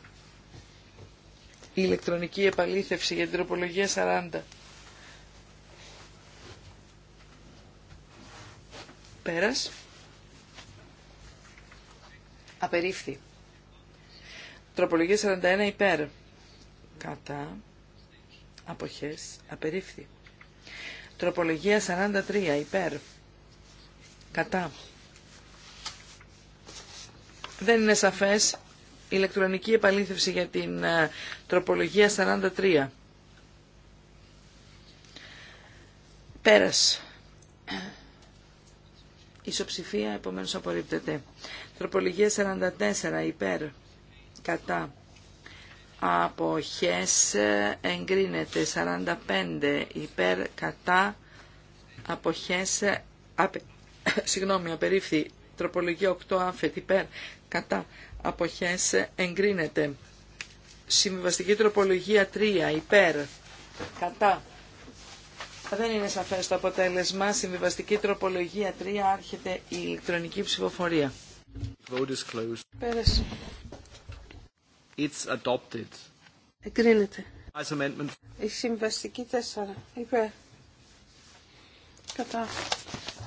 D: Η ηλεκτρονική επαλήθευση για την τροπολογία 40. Πέρας. Απερίφθη. Τροπολογία 41 υπέρ. Κατά. Αποχές. Απερίφθη. Τροπολογία 43 υπέρ. Κατά. Δεν είναι σαφές ηλεκτρονική επαλήθευση για την ε, τροπολογία 43. Πέρας. Ισοψηφία, επομένως απορρίπτεται. Τροπολογία 44, υπέρ, κατά. Αποχές ε, εγκρίνεται 45 υπέρ κατά αποχές ε, απε, *coughs* συγγνώμη απερίφθη τροπολογία 8 άφετ υπέρ κατά αποχές εγκρίνεται. Συμβιβαστική τροπολογία 3 υπέρ κατά. Δεν είναι σαφές το αποτέλεσμα. Συμβιβαστική τροπολογία 3 άρχεται η ηλεκτρονική ψηφοφορία.
A: Πέρασε. It's adopted.
B: Εγκρίνεται. Η συμβαστική 4 υπέρ κατά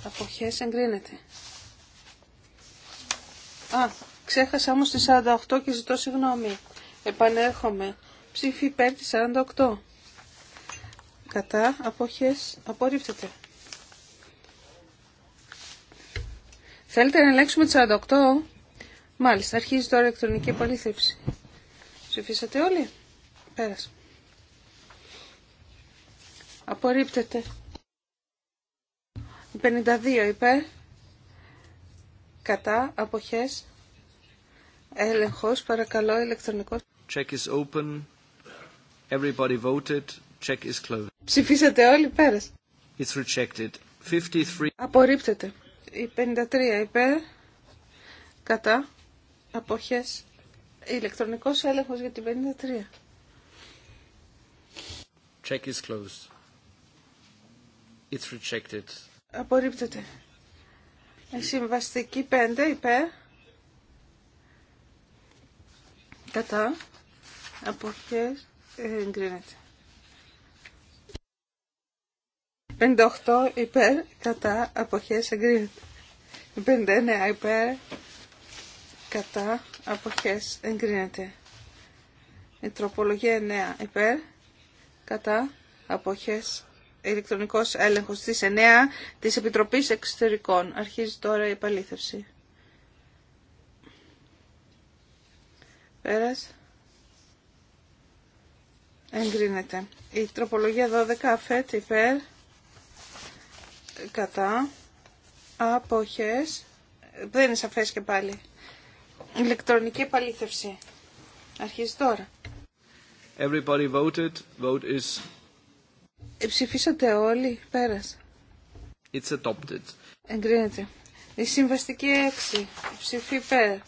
B: αποχές εγκρίνεται. Α, Ξέχασα όμως τη 48 και ζητώ συγγνώμη. Επανέρχομαι. Ψήφι υπέρ τη 48. Κατά αποχές απορρίπτεται. Θέλετε να ελέγξουμε τη 48. Μάλιστα, αρχίζει τώρα η ηλεκτρονική επαλήθευση. Ψηφίσατε όλοι. Πέρασε. Απορρίπτεται. 52 υπέρ. Κατά αποχές Έλεγχος, παρακαλώ, ηλεκτρονικός.
A: Check is open. Everybody voted. Check is closed. Ψηφίσατε όλοι, πέρας. It's rejected. 53.
B: Απορρίπτεται. Η 53 υπέρ. Κατά. Αποχές. Ηλεκτρονικός έλεγχος για την 53.
A: Check is closed. It's rejected.
B: Απορρίπτεται. Η συμβαστική 5 υπέρ Κατά. Αποχές εγκρίνεται. 58 υπέρ. Κατά. Αποχές εγκρίνεται. 59 υπέρ. Κατά. Αποχές εγκρίνεται. Η τροπολογία 9 υπέρ. Κατά. Αποχές ηλεκτρονικός έλεγχος της 9 της Επιτροπής Εξωτερικών. Αρχίζει τώρα η επαλήθευση. Πέρας. Εγκρίνεται. Η τροπολογία 12 αφέτ υπέρ κατά αποχές. Δεν είναι σαφές και πάλι. Ηλεκτρονική επαλήθευση. Αρχίζει τώρα.
A: Everybody voted. Vote is...
B: Ε, ψηφίσατε όλοι. Πέρας.
A: It's adopted.
B: Εγκρίνεται. Η συμβαστική 6. Ψηφί υπέρ.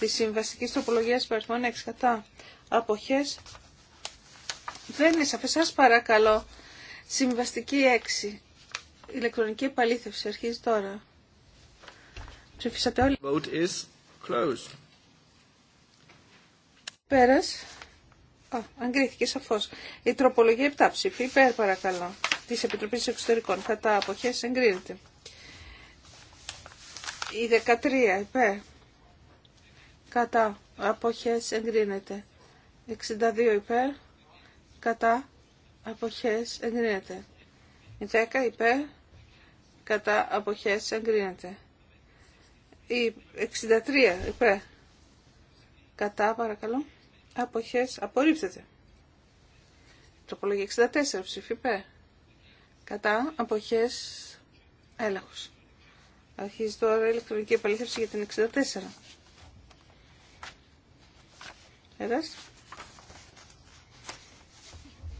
B: Τη συμβαστικής τροπολογία παριθμών 6 κατά αποχέ. δεν είναι σαφέ. Σας παρακαλώ. Συμβαστική 6. Ηλεκτρονική επαλήθευση αρχίζει τώρα.
A: Ψηφίσατε όλοι. Vote is closed.
B: Πέρας. Α, αγκρίθηκε σαφω. Η τροπολογία 7 ψήφι. Υπέρ παρακαλώ. τη επιτροπή Εξωτερικών. Κατά αποχέ. εγκρίνεται. Η 13 υπέρ κατά αποχές εγκρίνεται. 62 υπέρ κατά αποχές εγκρίνεται. 10 υπέρ κατά αποχές εγκρίνεται. 63 υπέρ κατά παρακαλώ αποχές απορρίπτεται. Τροπολογία 64 ψήφι υπέρ κατά αποχές έλεγχος. Αρχίζει τώρα η ηλεκτρονική επαλήθευση για την 64. Πέρας.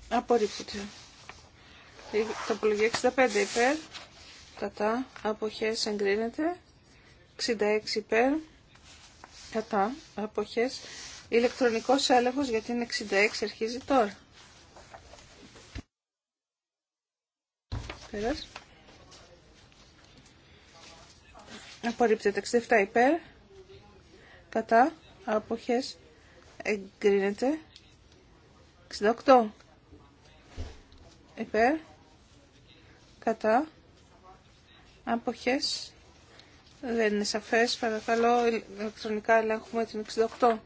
B: Απορρίπτεται. απολογία 65 υπέρ. Κατά. Αποχές εγκρίνεται. 66 υπέρ. Κατά. Αποχές. Ηλεκτρονικός έλεγχος γιατί την 66 αρχίζει τώρα. Πέρας. Απορρίπτεται 67 υπέρ. Κατά. Αποχές εγκρίνεται 68 υπέρ κατά αποχές δεν είναι σαφές παρακαλώ ηλεκτρονικά ελέγχουμε την 68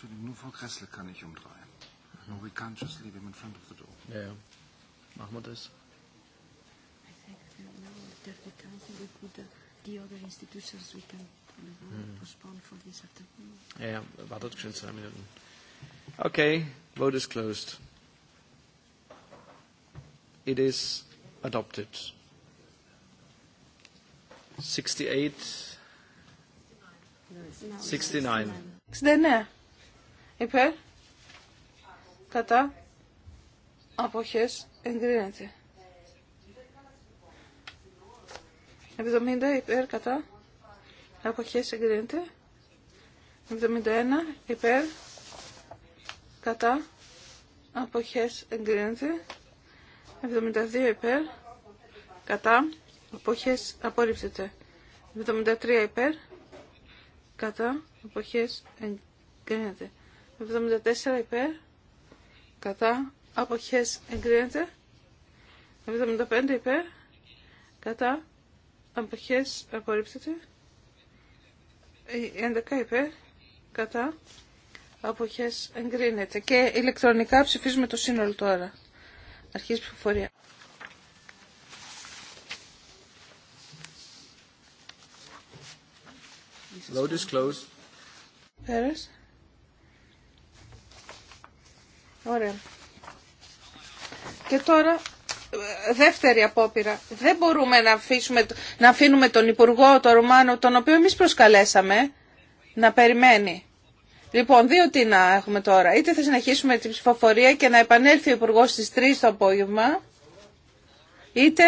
B: für die
A: nur Frau Kressel kann ich umdrehen. Nur we can't just leave him in front of the door. Ja, Yeah, machen wir das
B: after the we could, the other
A: institutions, we can postpone for this afternoon. Yeah, Okay, vote is closed. It is adopted. 68. 69.
B: 69. Κατά. 70 υπέρ κατά αποχέ εγκρίνεται. 71 υπέρ κατά απόχέ εγκρίνεται. 72 υπέρ κατά αποχέ απορρίπτεται. 73 υπέρ κατά αποχέ εγκρίνεται. 74 υπέρ κατά αποχέ εγκρίνεται. 75 υπέρ κατά Αποχές απορρίπτεται. Η 11 υπέρ. Κατά. Αποχές εγκρίνεται. Και ηλεκτρονικά ψηφίζουμε το σύνολο τώρα. Αρχής ψηφοφορία. Load is closed. Πέρας. Ωραία. Και τώρα δεύτερη απόπειρα. Δεν μπορούμε να, αφήσουμε, να αφήνουμε τον Υπουργό, τον Ρουμάνο, τον οποίο εμείς προσκαλέσαμε, να περιμένει. Λοιπόν, δύο τι να έχουμε τώρα. Είτε θα συνεχίσουμε την ψηφοφορία και να επανέλθει ο Υπουργός στις 3 το απόγευμα, είτε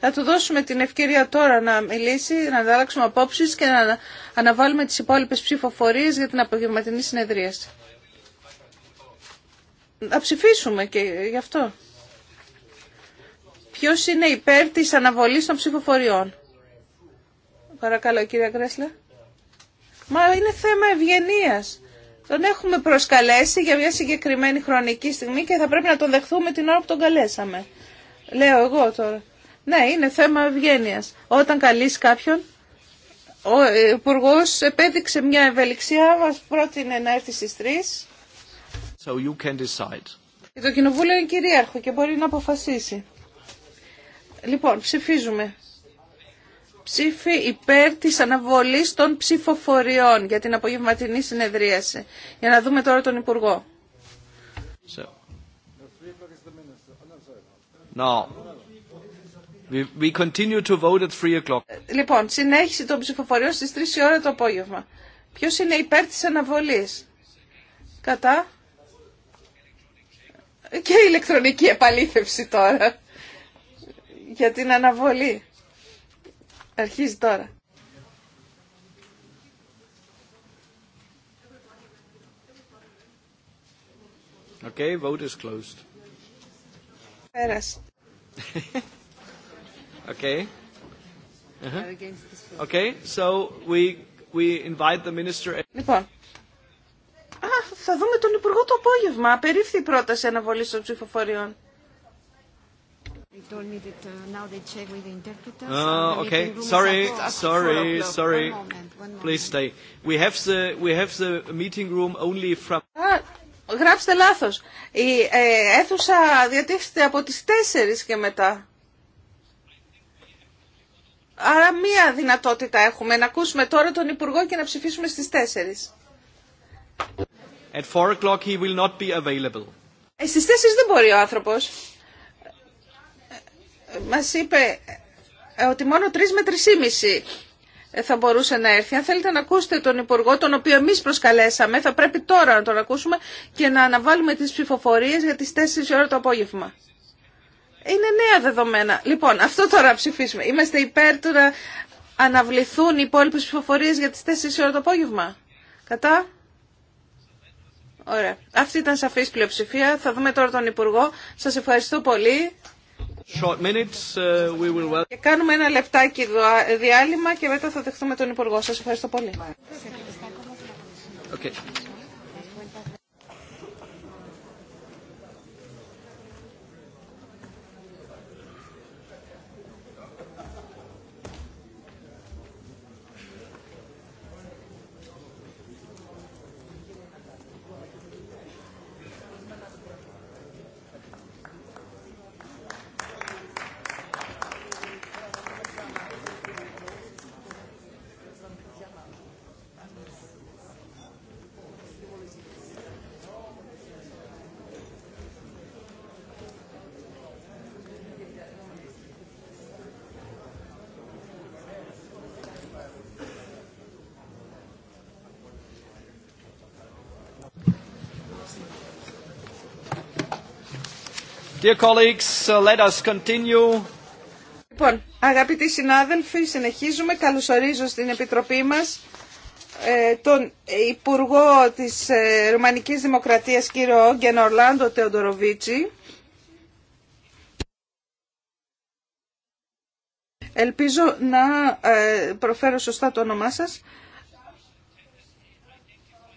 B: θα του δώσουμε την ευκαιρία τώρα να μιλήσει, να ανταλλάξουμε απόψεις και να αναβάλουμε τις υπόλοιπες ψηφοφορίες για την απογευματινή συνεδρίαση. Να ψηφίσουμε και γι' αυτό. Ποιο είναι υπέρ τη αναβολή των ψηφοφοριών. Παρακαλώ κύριε Γκρέσλα. Μα είναι θέμα ευγενία. Τον έχουμε προσκαλέσει για μια συγκεκριμένη χρονική στιγμή και θα πρέπει να τον δεχθούμε την ώρα που τον καλέσαμε. Λέω εγώ τώρα. Ναι, είναι θέμα ευγένεια. Όταν καλείς κάποιον, ο υπουργό επέδειξε μια ευελιξία, μα πρότεινε να έρθει στι 3. So Και το κοινοβούλιο είναι κυρίαρχο και μπορεί να αποφασίσει. Λοιπόν, ψηφίζουμε. Ψήφι υπέρ της αναβολής των ψηφοφοριών για την απογευματινή συνεδρίαση. Για να δούμε τώρα τον Υπουργό. Λοιπόν, συνέχιση των ψηφοφοριών στις 3 η ώρα το απόγευμα. Ποιος είναι υπέρ της αναβολής. Κατά. Και η ηλεκτρονική επαλήθευση τώρα για την αναβολή. Αρχίζει τώρα.
A: Okay, vote is closed.
B: Πέρας. *laughs*
A: okay. Uh -huh. Okay, so we, we invite the minister... Λοιπόν, α,
B: θα δούμε τον Υπουργό το απόγευμα. Απερίφθη η πρόταση αναβολής των ψηφοφοριών. Okay, sorry, sorry, sorry.
A: Please stay. We have the we have the meeting room only from.
B: Γράψτε λάθος. Η ε, αίθουσα διατίθεται από τις 4 και μετά. Άρα μία δυνατότητα έχουμε να ακούσουμε τώρα τον Υπουργό και να ψηφίσουμε στις 4.
A: At 4 o'clock he will not be available.
B: Ε, στις 4 δεν μπορεί ο άνθρωπος. Μα είπε ε, ότι μόνο 3 με 3,5 ε, θα μπορούσε να έρθει. Αν θέλετε να ακούσετε τον Υπουργό, τον οποίο εμείς προσκαλέσαμε, θα πρέπει τώρα να τον ακούσουμε και να αναβάλουμε τις ψηφοφορίες για τις 4 ώρα το απόγευμα. Είναι νέα δεδομένα. Λοιπόν, αυτό τώρα ψηφίσουμε. Είμαστε υπέρ του να αναβληθούν οι υπόλοιπε ψηφοφορίε για τι 4 ώρα το απόγευμα. Κατά. Ωραία. Αυτή ήταν σαφή πλειοψηφία. Θα δούμε τώρα τον Υπουργό. Σα ευχαριστώ πολύ.
A: Short minutes, uh, we will...
B: κάνουμε ένα λεπτάκι διάλειμμα και μετά θα δεχτούμε τον Υπουργό. Σας ευχαριστώ πολύ.
A: Okay. Dear colleagues, uh, let us continue.
B: Λοιπόν, αγαπητοί συνάδελφοι, συνεχίζουμε. Καλωσορίζω στην Επιτροπή μας ε, τον Υπουργό της ε, Ρουμανικής Δημοκρατίας, κύριο Όγγεν Ορλάντο Τεοντοροβίτσι. Ελπίζω να ε, προφέρω σωστά το όνομά σας.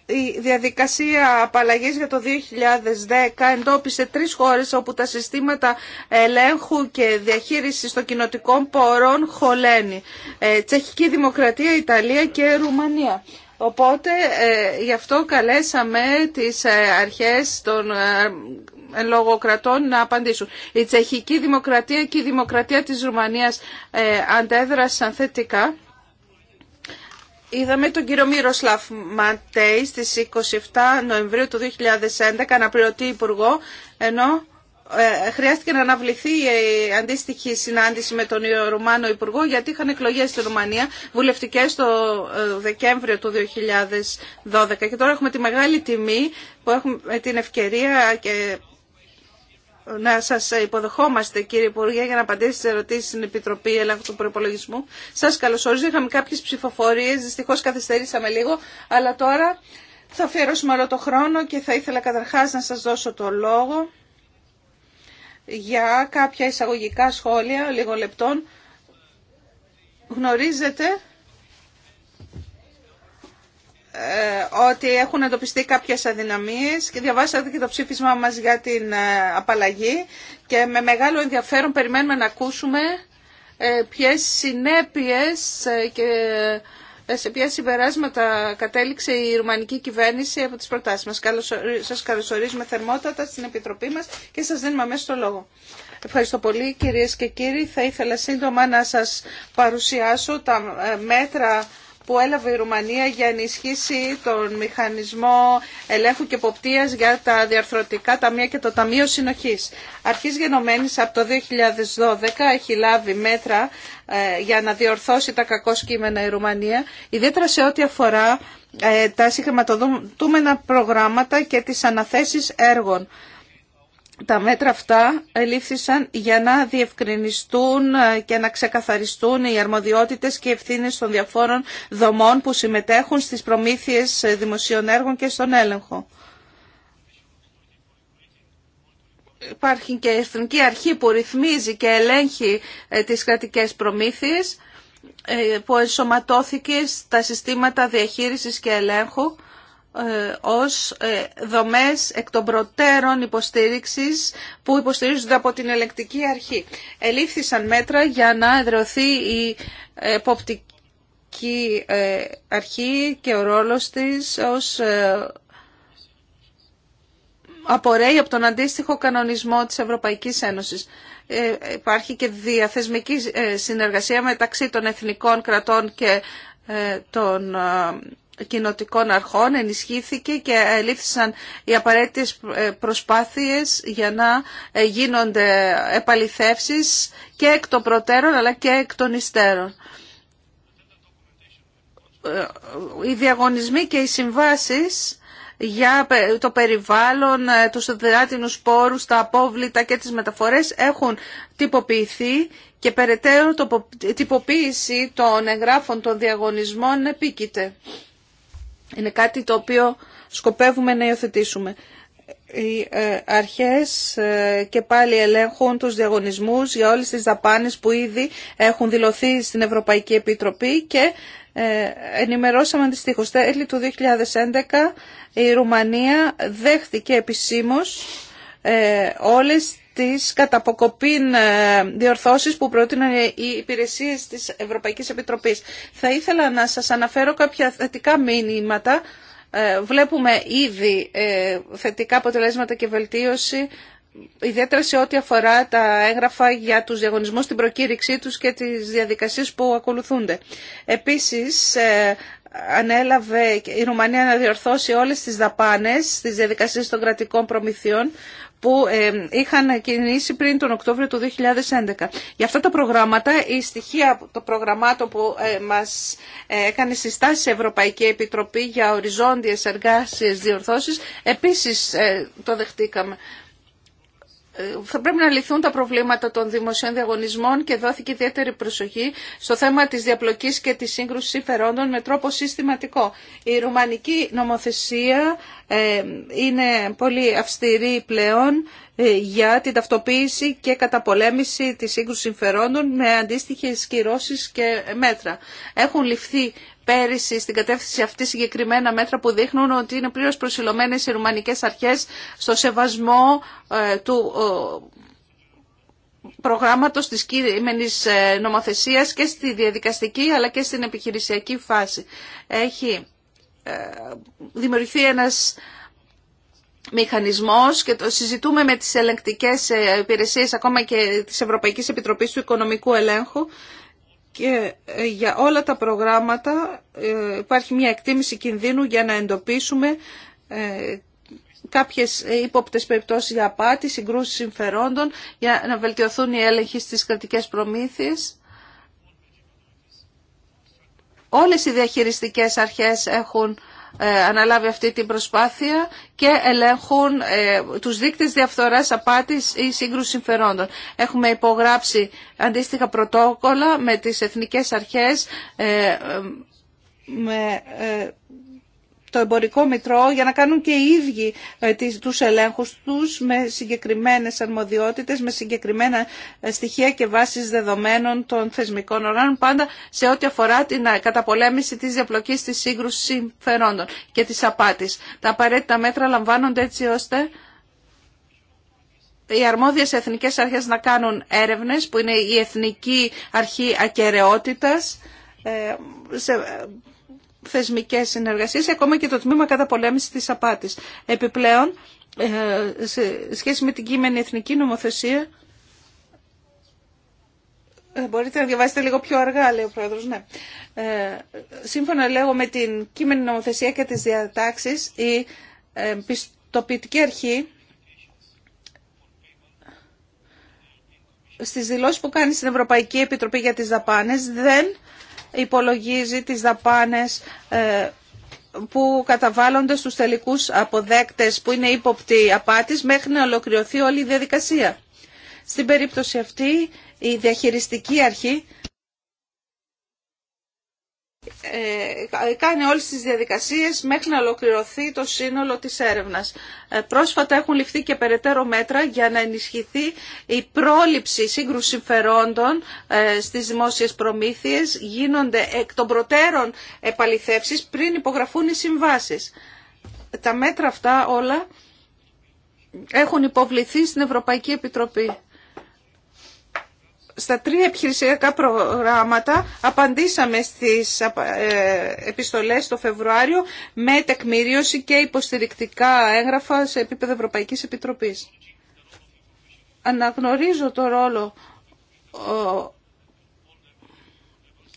B: Η διαδικασία απαλλαγής για το 2010 εντόπισε τρεις χώρες όπου τα συστήματα ελέγχου και διαχείρισης των κοινοτικών πορών χωλαίνει. Ε, Τσεχική Δημοκρατία, Ιταλία και Ρουμανία. Οπότε ε, γι' αυτό καλέσαμε τις ε, αρχές των λογοκρατών να απαντήσουν. Η Τσεχική Δημοκρατία και η Δημοκρατία της Ρουμανίας αντέδρασαν θετικά Είδαμε τον κύριο Μύροσλαφ Ματέη στις 27 Νοεμβρίου του 2011, αναπληρωτή υπουργό, ενώ ε, χρειάστηκε να αναβληθεί η αντίστοιχη συνάντηση με τον Ρουμάνο Υπουργό γιατί είχαν εκλογές στη Ρουμανία βουλευτικές το ε, Δεκέμβριο του 2012 και τώρα έχουμε τη μεγάλη τιμή που έχουμε την ευκαιρία και να σα υποδεχόμαστε κύριε Υπουργέ για να απαντήσετε στι ερωτήσεις στην Επιτροπή Ελέγχου του Προπολογισμού. Σα καλωσορίζω. Είχαμε κάποιες ψηφοφορίε, δυστυχώ καθυστερήσαμε λίγο, αλλά τώρα θα αφιερώσουμε όλο το χρόνο και θα ήθελα καταρχάς να σας δώσω το λόγο για κάποια εισαγωγικά σχόλια λίγο λεπτών. Γνωρίζετε ε, ότι έχουν εντοπιστεί κάποιες αδυναμίες και διαβάσατε και το ψήφισμά μας για την ε, απαλλαγή και με μεγάλο ενδιαφέρον περιμένουμε να ακούσουμε ε, ποιες συνέπειες και σε ποια συμπεράσματα κατέληξε η ρουμανική κυβέρνηση από τις προτάσεις μας. Σας καλωσορίζουμε θερμότατα στην Επιτροπή μας και σας δίνουμε αμέσως το λόγο. Ευχαριστώ πολύ κυρίες και κύριοι. Θα ήθελα σύντομα να σας παρουσιάσω τα μέτρα που έλαβε η Ρουμανία για ενισχύσει τον μηχανισμό ελέγχου και εποπτείας για τα διαρθρωτικά ταμεία και το Ταμείο Συνοχής. Αρχής γενομένης από το 2012 έχει λάβει μέτρα ε, για να διορθώσει τα κακό κείμενα η Ρουμανία, ιδιαίτερα σε ό,τι αφορά ε, τα συγχρηματοδοτούμενα προγράμματα και τις αναθέσεις έργων τα μέτρα αυτά ελήφθησαν για να διευκρινιστούν και να ξεκαθαριστούν οι αρμοδιότητες και ευθύνες των διαφόρων δομών που συμμετέχουν στις προμήθειες δημοσίων έργων και στον έλεγχο. Υπάρχει και η Εθνική Αρχή που ρυθμίζει και ελέγχει ε, τις κρατικές προμήθειες ε, που ενσωματώθηκε στα συστήματα διαχείρισης και ελέγχου ε, ως ε, δομές εκ των προτέρων υποστήριξης που υποστηρίζονται από την ελεκτική αρχή. Ελήφθησαν μέτρα για να εδρεωθεί η εποπτική ε, αρχή και ο ρόλος της ως απορρέει από τον αντίστοιχο κανονισμό της Ευρωπαϊκής Ένωσης. Υπάρχει και διαθεσμική συνεργασία μεταξύ των εθνικών κρατών και των κοινοτικών αρχών ενισχύθηκε και λήφθησαν οι απαραίτητες προσπάθειες για να ε, γίνονται επαληθεύσεις και εκ των προτέρων αλλά και εκ των υστέρων. Ε, οι διαγωνισμοί και οι συμβάσεις για ε, το περιβάλλον, τους διδάτινους πόρους, τα απόβλητα και τις μεταφορές έχουν τυποποιηθεί και περαιτέρω τυποποίηση των εγγράφων των διαγωνισμών επίκειται. Είναι κάτι το οποίο σκοπεύουμε να υιοθετήσουμε. Οι ε, αρχές ε, και πάλι ελέγχουν τους διαγωνισμούς για όλες τις δαπάνες που ήδη έχουν δηλωθεί στην Ευρωπαϊκή Επιτροπή και ε, ενημερώσαμε αντιστοίχως. Τέλη του 2011 η Ρουμανία δέχτηκε επισήμως όλες τις καταποκοπήν ε, διορθώσεις που πρότειναν οι υπηρεσίες της Ευρωπαϊκής Επιτροπής. Θα ήθελα να σας αναφέρω κάποια θετικά μήνυματα. Ε, βλέπουμε ήδη ε, θετικά αποτελέσματα και βελτίωση ιδιαίτερα σε ό,τι αφορά τα έγγραφα για τους διαγωνισμούς, την προκήρυξή τους και τις διαδικασίες που ακολουθούνται. Επίσης, ανέλαβε η Ρουμανία να διορθώσει όλες τις δαπάνες στις διαδικασίες των κρατικών προμηθειών που ε, είχαν κινήσει πριν τον Οκτώβριο του 2011. Για αυτά τα προγράμματα, η στοιχεία των προγραμμάτων που ε, μας ε, έκανε συστάσει η Ευρωπαϊκή Επιτροπή για οριζόντιες εργάσιες διορθώσεις, επίσης το δεχτήκαμε θα πρέπει να λυθούν τα προβλήματα των δημοσίων διαγωνισμών και δόθηκε ιδιαίτερη προσοχή στο θέμα της διαπλοκής και της σύγκρουσης συμφερόντων με τρόπο συστηματικό. Η ρουμανική νομοθεσία ε, είναι πολύ αυστηρή πλέον ε, για την ταυτοποίηση και καταπολέμηση της σύγκρουσης συμφερόντων με αντίστοιχες κυρώσεις και μέτρα. Έχουν ληφθεί πέρυσι στην κατεύθυνση αυτή συγκεκριμένα μέτρα που δείχνουν ότι είναι πλήρω προσιλωμένε οι ρουμανικέ αρχές στο σεβασμό ε, του ε, προγράμματος της κείμενης ε, νομοθεσίας και στη διαδικαστική αλλά και στην επιχειρησιακή φάση. Έχει δημιουργηθεί ένας μηχανισμός και το συζητούμε με τις ελεγκτικές υπηρεσίες ακόμα και της Ευρωπαϊκής Επιτροπής του Οικονομικού Ελέγχου και ε, για όλα τα προγράμματα ε, υπάρχει μια εκτίμηση κινδύνου για να εντοπίσουμε ε, κάποιες ύποπτες περιπτώσεις για απάτη, συγκρούσεις συμφερόντων, για να βελτιωθούν οι έλεγχοι στις κρατικές προμήθειες. Όλες οι διαχειριστικές αρχές έχουν ε, αναλάβει αυτή την προσπάθεια και ελέγχουν ε, τους δείκτες διαφθοράς απάτης ή σύγκρουση συμφερόντων. Έχουμε υπογράψει αντίστοιχα πρωτόκολλα με τις εθνικές αρχές, ε, με το εμπορικό μητρό για να κάνουν και οι ίδιοι ε, τους ελέγχους τους με συγκεκριμένες αρμοδιότητες, με συγκεκριμένα ε, στοιχεία και βάσεις δεδομένων των θεσμικών οργάνων, πάντα σε ό,τι αφορά την ε, καταπολέμηση της διαπλοκής της σύγκρουσης συμφερόντων και της απάτης. Τα απαραίτητα μέτρα λαμβάνονται έτσι ώστε οι αρμόδιες εθνικές αρχές να κάνουν έρευνες που είναι η Εθνική Αρχή Ακαιρεότητας Θεσμικέ συνεργασίες, ακόμα και το τμήμα πολέμηση τη Απάτη. Επιπλέον, ε, σε σχέση με την κείμενη εθνική νομοθεσία, ε, Μπορείτε να διαβάσετε λίγο πιο αργά, λέει ο Πρόεδρος, ναι. Ε, σύμφωνα, λέγω, με την κείμενη νομοθεσία και τις διατάξεις, η ε, πιστοποιητική αρχή στις δηλώσεις που κάνει στην Ευρωπαϊκή Επιτροπή για τις Δαπάνες δεν υπολογίζει τις δαπάνες ε, που καταβάλλονται στους τελικούς αποδέκτες που είναι ύποπτοι απάτης μέχρι να ολοκληρωθεί όλη η διαδικασία. Στην περίπτωση αυτή η διαχειριστική αρχή ε, κάνει όλες τις διαδικασίες μέχρι να ολοκληρωθεί το σύνολο της έρευνας. Ε, πρόσφατα έχουν ληφθεί και περαιτέρω μέτρα για να ενισχυθεί η πρόληψη σύγκρουση συμφερόντων ε, στις δημόσιες προμήθειες. Γίνονται εκ των προτέρων επαληθεύσεις πριν υπογραφούν οι συμβάσεις. Τα μέτρα αυτά όλα έχουν υποβληθεί στην Ευρωπαϊκή Επιτροπή στα τρία επιχειρησιακά προγράμματα απαντήσαμε στις ε, επιστολές το Φεβρουάριο με τεκμηρίωση και υποστηρικτικά έγγραφα σε επίπεδο Ευρωπαϊκής Επιτροπής. Αναγνωρίζω το ρόλο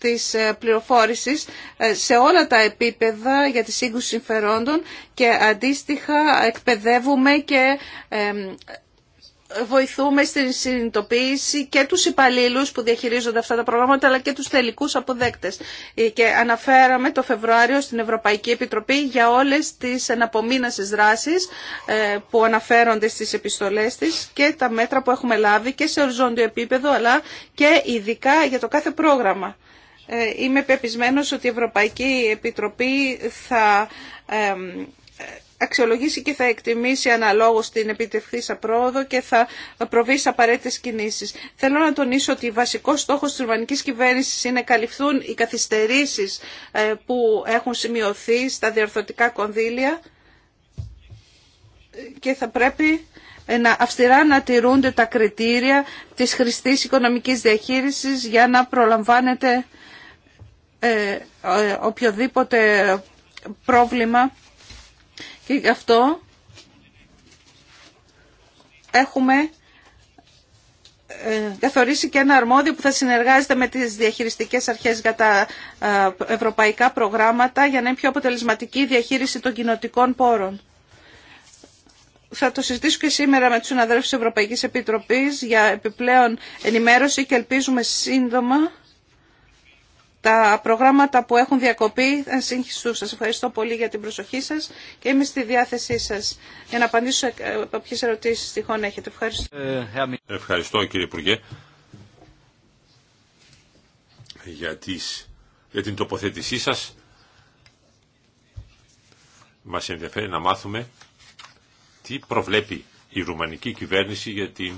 B: της ε, πληροφόρησης ε, σε όλα τα επίπεδα για τη σύγκρουση συμφερόντων και αντίστοιχα εκπαιδεύουμε και βοηθούμε στην συνειδητοποίηση και τους υπαλλήλου που διαχειρίζονται αυτά τα προγράμματα αλλά και τους τελικούς αποδέκτες. Ε, και αναφέραμε το Φεβρουάριο στην Ευρωπαϊκή Επιτροπή για όλες τις εναπομείνασες δράσεις ε, που αναφέρονται στις επιστολές της και τα μέτρα που έχουμε λάβει και σε οριζόντιο επίπεδο αλλά και ειδικά για το κάθε πρόγραμμα. Ε, είμαι πεπισμένος ότι η Ευρωπαϊκή Επιτροπή θα αξιολογήσει και θα εκτιμήσει αναλόγως την επιτευχθήσα πρόοδο και θα προβεί σε απαραίτητες κινήσεις. Θέλω να τονίσω ότι βασικό στόχος της Ρουμανικής Κυβέρνησης είναι να καλυφθούν οι καθυστερήσεις ε, που έχουν σημειωθεί στα διορθωτικά κονδύλια και θα πρέπει ε, να αυστηρά να τηρούνται τα κριτήρια της χρηστής οικονομικής διαχείρισης για να προλαμβάνεται ε, οποιοδήποτε πρόβλημα και γι' αυτό έχουμε ε, καθορίσει και ένα αρμόδιο που θα συνεργάζεται με τις διαχειριστικές αρχές για τα ε, ευρωπαϊκά προγράμματα για να είναι πιο αποτελεσματική η διαχείριση των κοινοτικών πόρων. Θα το συζητήσω και σήμερα με τους συναδέλφους της Ευρωπαϊκής Επιτροπής για επιπλέον ενημέρωση και ελπίζουμε σύντομα τα προγράμματα που έχουν διακοπεί θα συγχυστούν. Σας ευχαριστώ πολύ για την προσοχή σας και είμαι στη διάθεσή σας για να απαντήσω σε ποιες ερωτήσεις τυχόν έχετε. Ευχαριστώ.
C: Ε, ευχαριστώ κύριε Υπουργέ για, τις, για την τοποθέτησή σας. Μας ενδιαφέρει να μάθουμε τι προβλέπει η ρουμανική κυβέρνηση για την...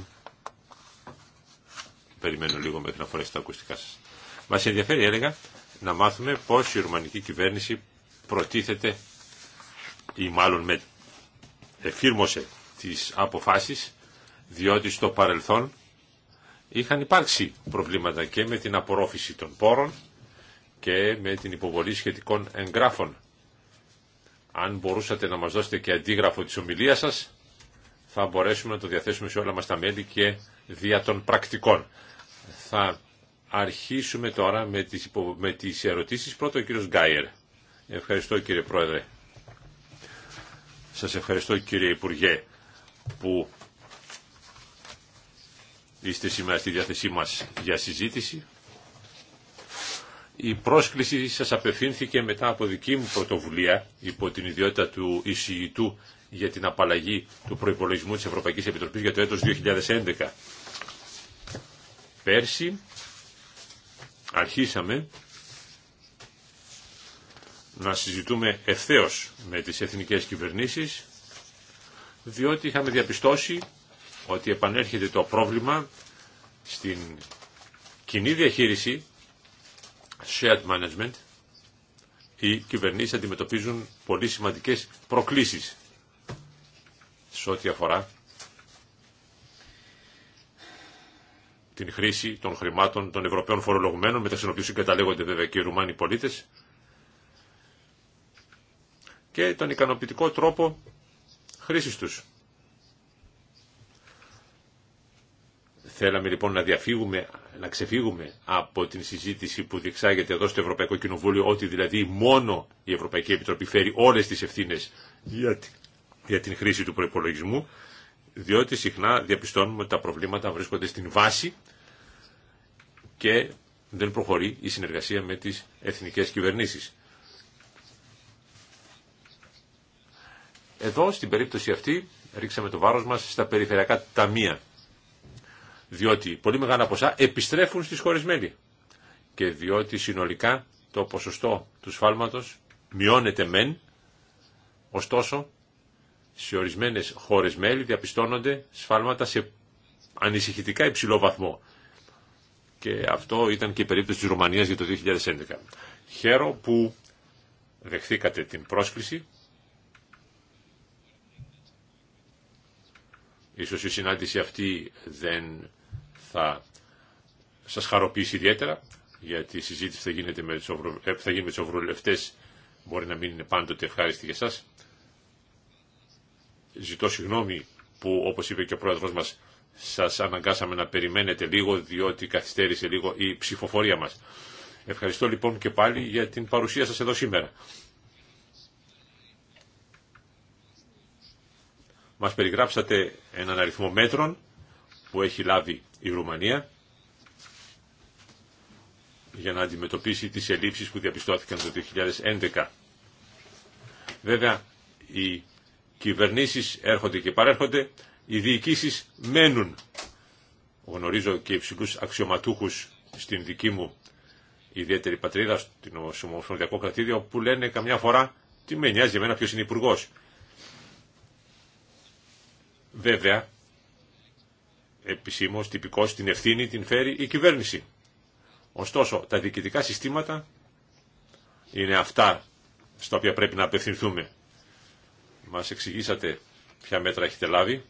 C: Περιμένω λίγο μέχρι να φορέσει τα ακουστικά σας μα ενδιαφέρει, έλεγα, να μάθουμε πώς η Ρουμανική κυβέρνηση προτίθεται ή μάλλον με εφήρμοσε τις αποφάσεις διότι στο παρελθόν είχαν υπάρξει προβλήματα και με την απορρόφηση των πόρων και με την υποβολή σχετικών εγγράφων. Αν μπορούσατε να μας δώσετε και αντίγραφο της ομιλίας σας, θα μπορέσουμε να το διαθέσουμε σε όλα μας τα μέλη και δια των πρακτικών. Θα αρχίσουμε τώρα με τις, υπο... με ερωτήσεις. Πρώτο ο κύριος Γκάιερ. Ευχαριστώ κύριε Πρόεδρε. Σας ευχαριστώ κύριε Υπουργέ που είστε σήμερα στη διάθεσή μας για συζήτηση. Η πρόσκληση σας απευθύνθηκε μετά από δική μου πρωτοβουλία υπό την ιδιότητα του εισηγητού για την απαλλαγή του προϋπολογισμού της Ευρωπαϊκής Επιτροπής για το έτος 2011. Πέρσι αρχίσαμε να συζητούμε ευθέως με τις εθνικές κυβερνήσεις διότι είχαμε διαπιστώσει ότι επανέρχεται το πρόβλημα στην κοινή διαχείριση shared management οι κυβερνήσεις αντιμετωπίζουν πολύ σημαντικές προκλήσεις σε ό,τι αφορά την χρήση των χρημάτων των Ευρωπαίων φορολογουμένων, μεταξύ των οποίων συγκαταλέγονται βέβαια και οι Ρουμάνοι πολίτε και τον ικανοποιητικό τρόπο χρήση του. Θέλαμε λοιπόν να διαφύγουμε, να ξεφύγουμε από την συζήτηση που διεξάγεται εδώ στο Ευρωπαϊκό Κοινοβούλιο ότι δηλαδή μόνο η Ευρωπαϊκή Επιτροπή φέρει όλες τις ευθύνες για την χρήση του προϋπολογισμού διότι συχνά διαπιστώνουμε ότι τα προβλήματα βρίσκονται στην βάση και δεν προχωρεί η συνεργασία με τις εθνικές κυβερνήσεις. Εδώ, στην περίπτωση αυτή, ρίξαμε το βάρος μας στα περιφερειακά ταμεία, διότι πολύ μεγάλα ποσά επιστρέφουν στις χώρες μέλη και διότι συνολικά το ποσοστό του σφάλματος μειώνεται μεν, ωστόσο σε ορισμένες χώρες μέλη διαπιστώνονται σφάλματα σε ανησυχητικά υψηλό βαθμό και αυτό ήταν και η περίπτωση της Ρουμανίας για το 2011. Χαίρο που δεχθήκατε την πρόσκληση. Ίσως η συνάντηση αυτή δεν θα σας χαροποιήσει ιδιαίτερα, γιατί η συζήτηση που ε, θα, γίνει με τους ευρωβουλευτές μπορεί να μην είναι πάντοτε ευχάριστη για σας. Ζητώ συγγνώμη που, όπως είπε και ο πρόεδρος μας, σας αναγκάσαμε να περιμένετε λίγο διότι καθυστέρησε λίγο η ψηφοφορία μας. Ευχαριστώ λοιπόν και πάλι για την παρουσία σας εδώ σήμερα. Μας περιγράψατε έναν αριθμό μέτρων που έχει λάβει η Ρουμανία για να αντιμετωπίσει τις ελλείψεις που διαπιστώθηκαν το 2011. Βέβαια, οι κυβερνήσεις έρχονται και παρέρχονται, οι διοικήσει μένουν. Γνωρίζω και υψηλού αξιωματούχου στην δική μου ιδιαίτερη πατρίδα, στην Ομοσπονδιακό Κρατήριο, που λένε καμιά φορά τι με νοιάζει εμένα ποιο είναι υπουργό. Βέβαια, επισήμω, τυπικώ, την ευθύνη την φέρει η κυβέρνηση. Ωστόσο, τα διοικητικά συστήματα είναι αυτά στα οποία πρέπει να απευθυνθούμε. Μας εξηγήσατε ποια μέτρα έχετε λάβει.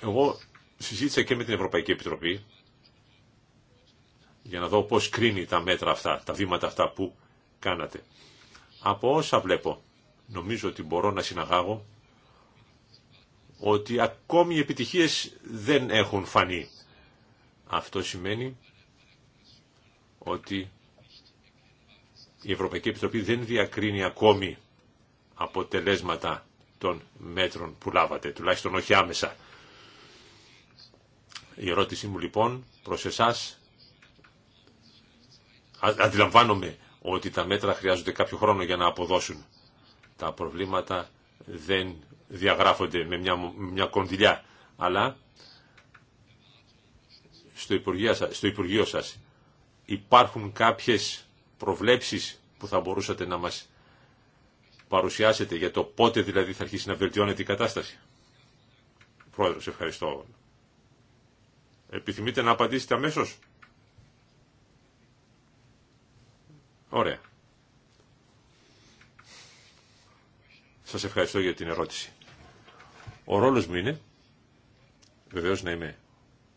C: Εγώ συζήτησα και με την Ευρωπαϊκή Επιτροπή για να δω πώς κρίνει τα μέτρα αυτά, τα βήματα αυτά που κάνατε. Από όσα βλέπω, νομίζω ότι μπορώ να συναγάγω ότι ακόμη οι επιτυχίες δεν έχουν φανεί. Αυτό σημαίνει ότι η Ευρωπαϊκή Επιτροπή δεν διακρίνει ακόμη αποτελέσματα των μέτρων που λάβατε, τουλάχιστον όχι άμεσα. Η ερώτησή μου λοιπόν προς εσάς, αντιλαμβάνομαι ότι τα μέτρα χρειάζονται κάποιο χρόνο για να αποδώσουν. Τα προβλήματα δεν διαγράφονται με μια, μια κονδυλιά, αλλά στο Υπουργείο, σας, στο υπάρχουν κάποιες προβλέψεις που θα μπορούσατε να μας παρουσιάσετε για το πότε δηλαδή θα αρχίσει να βελτιώνεται η κατάσταση. Πρόεδρος, ευχαριστώ Επιθυμείτε να απαντήσετε αμέσως. Ωραία. Σας ευχαριστώ για την ερώτηση. Ο ρόλος μου είναι βεβαίως να είμαι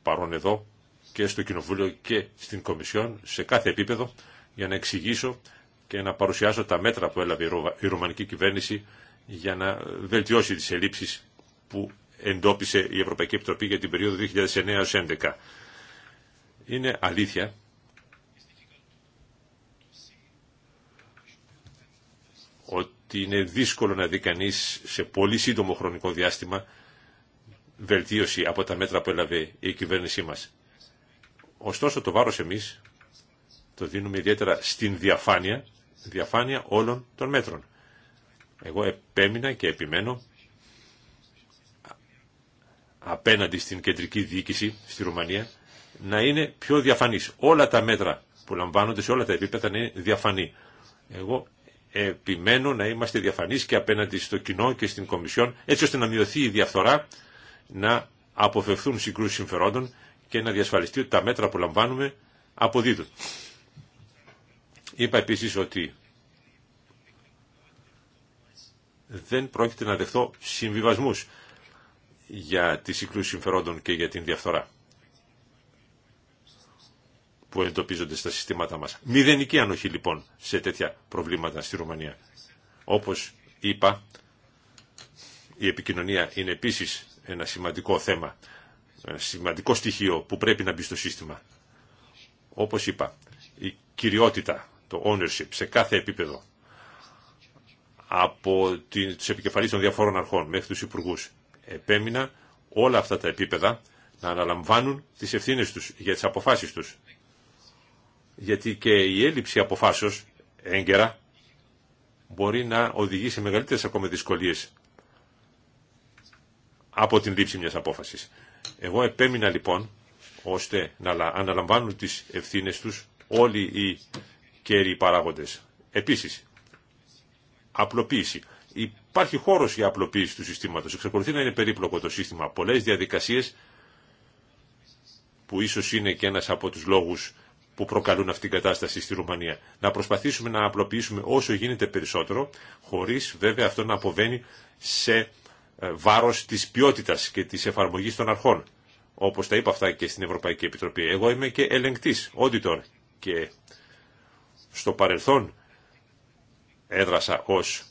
C: παρόν εδώ και στο Κοινοβούλιο και στην Κομισιόν σε κάθε επίπεδο για να εξηγήσω και να παρουσιάσω τα μέτρα που έλαβε η ρουμανική κυβέρνηση για να βελτιώσει τις ελλείψεις που εντόπισε η Ευρωπαϊκή Επιτροπή για την περίοδο 2009-2011. Είναι αλήθεια ότι είναι δύσκολο να δει κανεί σε πολύ σύντομο χρονικό διάστημα βελτίωση από τα μέτρα που έλαβε η κυβέρνησή μας. Ωστόσο το βάρος εμείς το δίνουμε ιδιαίτερα στην διαφάνεια, διαφάνεια όλων των μέτρων. Εγώ επέμεινα και επιμένω απέναντι στην κεντρική διοίκηση στη Ρουμανία να είναι πιο διαφανής. Όλα τα μέτρα που λαμβάνονται σε όλα τα επίπεδα να είναι διαφανή. Εγώ επιμένω να είμαστε διαφανείς και απέναντι στο κοινό και στην Κομισιόν έτσι ώστε να μειωθεί η διαφθορά, να αποφευθούν συγκρούσεις συμφερόντων και να διασφαλιστεί ότι τα μέτρα που λαμβάνουμε αποδίδουν. Είπα επίσης ότι δεν πρόκειται να δεχθώ συμβιβασμούς για τις συγκλούς συμφερόντων και για την διαφθορά που εντοπίζονται στα συστήματά μας. Μηδενική ανοχή λοιπόν σε τέτοια προβλήματα στη Ρουμανία. Όπως είπα, η επικοινωνία είναι επίσης ένα σημαντικό θέμα, ένα σημαντικό στοιχείο που πρέπει να μπει στο σύστημα. Όπως είπα, η κυριότητα, το ownership σε κάθε επίπεδο από τους επικεφαλείς των διαφόρων αρχών μέχρι τους υπουργούς επέμεινα όλα αυτά τα επίπεδα να αναλαμβάνουν τις ευθύνες τους για τις αποφάσεις τους. Γιατί και η έλλειψη αποφάσεως έγκαιρα μπορεί να οδηγεί σε μεγαλύτερες ακόμα δυσκολίες από την λήψη μιας απόφασης. Εγώ επέμεινα λοιπόν ώστε να αναλαμβάνουν τις ευθύνες τους όλοι οι κέριοι παράγοντες. Επίσης, απλοποίηση υπάρχει χώρο για απλοποίηση του συστήματο. Εξακολουθεί να είναι περίπλοκο το σύστημα. πολλέ διαδικασίε που ίσω είναι και ένα από του λόγου που προκαλούν αυτήν την κατάσταση στη Ρουμανία. Να προσπαθήσουμε να απλοποιήσουμε όσο γίνεται περισσότερο, χωρί βέβαια αυτό να αποβαίνει σε ε, βάρο τη ποιότητα και τη εφαρμογή των αρχών. Όπω τα είπα αυτά και στην Ευρωπαϊκή Επιτροπή. Εγώ είμαι και ελεγκτής, auditor και στο παρελθόν έδρασα ως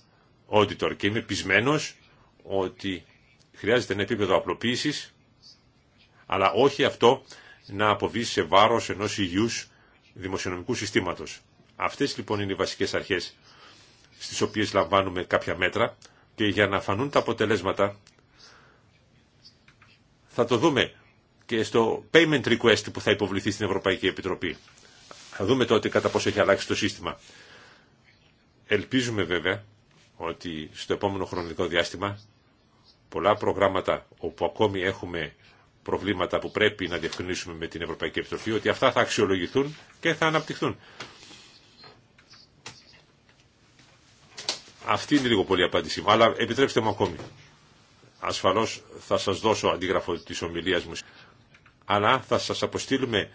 C: auditor και είμαι πεισμένος ότι χρειάζεται ένα επίπεδο απλοποίησης, αλλά όχι αυτό να αποβεί σε βάρος ενός υγιούς δημοσιονομικού συστήματος. Αυτές λοιπόν είναι οι βασικές αρχές στις οποίες λαμβάνουμε κάποια μέτρα και για να φανούν τα αποτελέσματα θα το δούμε και στο payment request που θα υποβληθεί στην Ευρωπαϊκή Επιτροπή. Θα δούμε τότε κατά πόσο έχει αλλάξει το σύστημα. Ελπίζουμε βέβαια ότι στο επόμενο χρονικό διάστημα πολλά προγράμματα όπου ακόμη έχουμε προβλήματα που πρέπει να διευκρινίσουμε με την Ευρωπαϊκή Επιτροπή, ότι αυτά θα αξιολογηθούν και θα αναπτυχθούν. Αυτή είναι λίγο πολύ απάντησή μου, αλλά επιτρέψτε μου ακόμη. Ασφαλώς θα σας δώσω αντίγραφο της ομιλίας μου, αλλά θα σας αποστείλουμε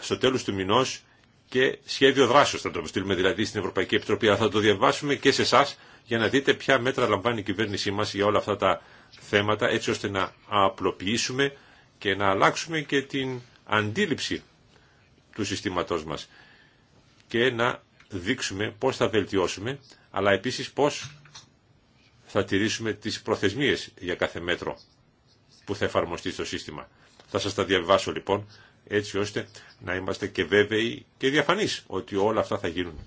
C: στο τέλος του μηνός και σχέδιο δράσεως θα το αποστείλουμε δηλαδή στην Ευρωπαϊκή Επιτροπή, αλλά θα το διαβάσουμε και σε εσά για να δείτε ποια μέτρα λαμβάνει η κυβέρνησή μας για όλα αυτά τα θέματα έτσι ώστε να απλοποιήσουμε και να αλλάξουμε και την αντίληψη του συστήματός μας και να δείξουμε πώς θα βελτιώσουμε αλλά επίσης πώς θα τηρήσουμε τις προθεσμίες για κάθε μέτρο που θα εφαρμοστεί στο σύστημα. Θα σας τα διαβάσω λοιπόν έτσι ώστε να είμαστε και βέβαιοι και διαφανείς ότι όλα αυτά θα γίνουν.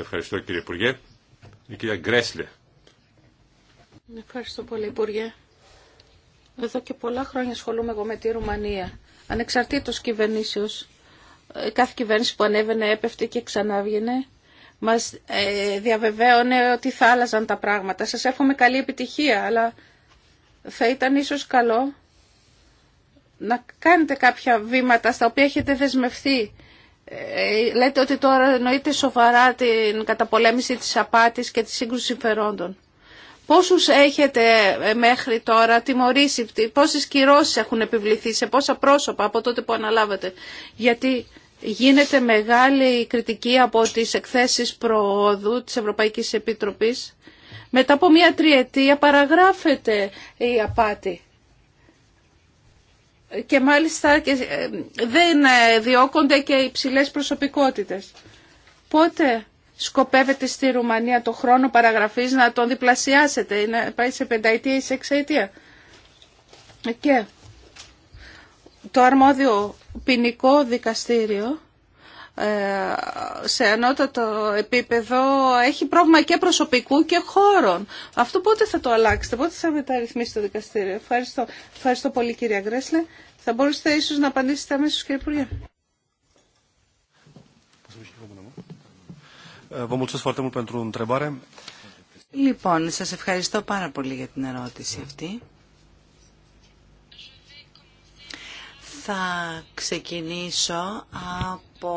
C: Ευχαριστώ κύριε Υπουργέ. Η κυρία Γκρέσλε.
B: Ευχαριστώ πολύ Υπουργέ. Εδώ και πολλά χρόνια ασχολούμαι εγώ με τη Ρουμανία. Ανεξαρτήτως κυβερνήσεως, ε, κάθε κυβέρνηση που ανέβαινε έπεφτε και ξανάβγαινε, μας ε, διαβεβαίωνε ότι θα άλλαζαν τα πράγματα. Σας εύχομαι καλή επιτυχία, αλλά θα ήταν ίσως καλό να κάνετε κάποια βήματα στα οποία έχετε δεσμευθεί ε, λέτε ότι τώρα εννοείται σοβαρά την καταπολέμηση της απάτης και της σύγκρουση συμφερόντων. Πόσους έχετε ε, μέχρι τώρα τιμωρήσει, πόσες κυρώσεις έχουν επιβληθεί, σε πόσα πρόσωπα από τότε που αναλάβατε. Γιατί γίνεται μεγάλη κριτική από τις εκθέσεις προόδου της Ευρωπαϊκής Επιτροπής. Μετά από μια τριετία παραγράφεται η απάτη και μάλιστα ε, δεν ε, διώκονται και ψηλές προσωπικότητες. Πότε σκοπεύετε στη Ρουμανία το χρόνο παραγραφής να τον διπλασιάσετε ή να πάει σε πενταετία ή σε εξαετία. Και το αρμόδιο ποινικό δικαστήριο ε, σε ανώτατο επίπεδο έχει πρόβλημα και προσωπικού και χώρων. Αυτό πότε θα το αλλάξετε, πότε θα μεταρρυθμίσει το δικαστήριο. Ευχαριστώ, Ευχαριστώ πολύ κυρία Γκρέσλε. Θα μπορούσατε ίσω να απαντήσετε αμέσω, κύριε Υπουργέ.
D: Λοιπόν, σας ευχαριστώ πάρα πολύ για την ερώτηση αυτή. Θα ξεκινήσω από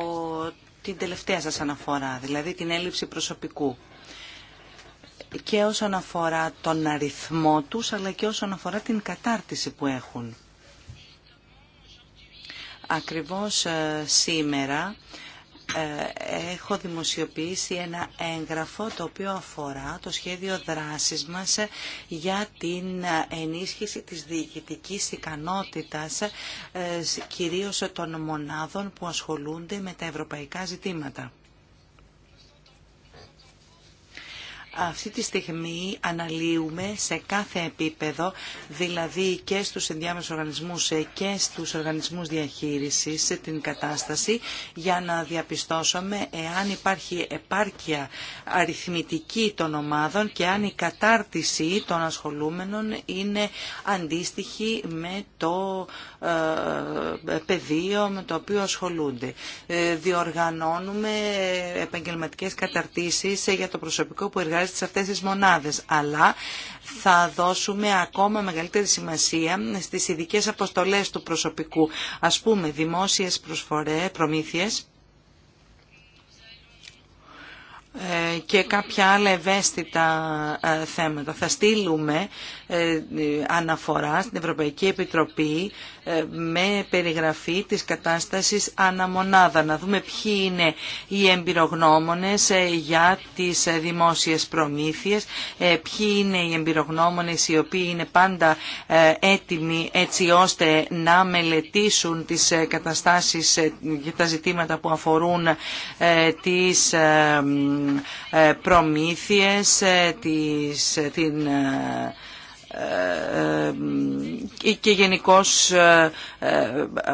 D: την τελευταία σας αναφορά, δηλαδή την έλλειψη προσωπικού. Και όσον αφορά τον αριθμό τους, αλλά και όσον αφορά την κατάρτιση που έχουν. Ακριβώς ε, σήμερα ε, έχω δημοσιοποιήσει ένα έγγραφο το οποίο αφορά το σχέδιο δράσης μας για την ε, ενίσχυση της διοικητικής ικανότητας κυρίως των μονάδων που ασχολούνται με τα ευρωπαϊκά ζητήματα. Αυτή τη στιγμή αναλύουμε σε κάθε επίπεδο, δηλαδή και στους ενδιάμεσους οργανισμούς και στους οργανισμούς διαχείρισης την κατάσταση για να διαπιστώσουμε εάν υπάρχει επάρκεια αριθμητική των ομάδων και αν η κατάρτιση των ασχολούμενων είναι αντίστοιχη με το ε, πεδίο με το οποίο ασχολούνται. Ε, διοργανώνουμε επαγγελματικές καταρτήσεις για το προσωπικό που εργάζεται Στι σε αυτές τις μονάδες, αλλά θα δώσουμε ακόμα μεγαλύτερη σημασία στις ειδικές αποστολές του προσωπικού, ας πούμε δημόσιες προσφορές, προμήθειες ε, και κάποια άλλα ευαίσθητα ε, θέματα. Θα στείλουμε ε, αναφορά στην Ευρωπαϊκή Επιτροπή ε, με περιγραφή της κατάστασης αναμονάδα. Να δούμε ποιοι είναι οι εμπειρογνώμονες ε, για τις ε, δημόσιες προμήθειες, ποιοι είναι οι εμπειρογνώμονες οι οποίοι είναι πάντα έτοιμοι έτσι ώστε να μελετήσουν τις καταστάσεις και τα ζητήματα που αφορούν τις προμήθειες, τις, την ε, ε, ε, και γενικώ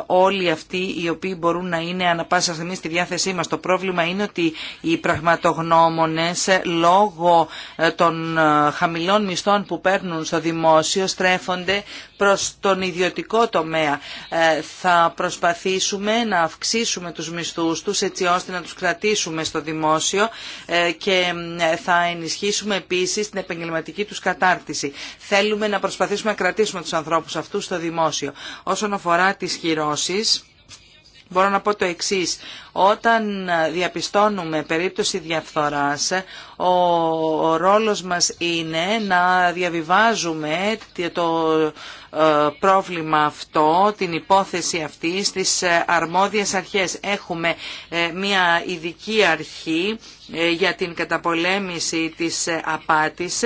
D: όλοι αυτοί οι οποίοι μπορούν να είναι ανα πάσα στιγμή στη διάθεσή μας. Το πρόβλημα είναι ότι οι πραγματογνώμονες λόγω των χαμηλών μισθών που παίρνουν στο δημόσιο στρέφονται προς τον ιδιωτικό τομέα. Ε, θα προσπαθήσουμε να αυξήσουμε τους μισθούς τους έτσι ώστε να τους κρατήσουμε στο δημόσιο ε, και θα ενισχύσουμε επίσης την επαγγελματική τους κατάρτιση. Θέλουμε να προσπαθήσουμε να κρατήσουμε τους ανθρώπους αυτούς στο δημόσιο. Όσον αφορά τις χειρώσεις... Μπορώ να πω το εξής. Όταν διαπιστώνουμε περίπτωση διαφθοράς, ο, ρόλος μας είναι να διαβιβάζουμε το ε, πρόβλημα αυτό, την υπόθεση αυτή στις ε, αρμόδιες αρχές. Έχουμε ε, μια ειδική αρχή για την καταπολέμηση της απάτης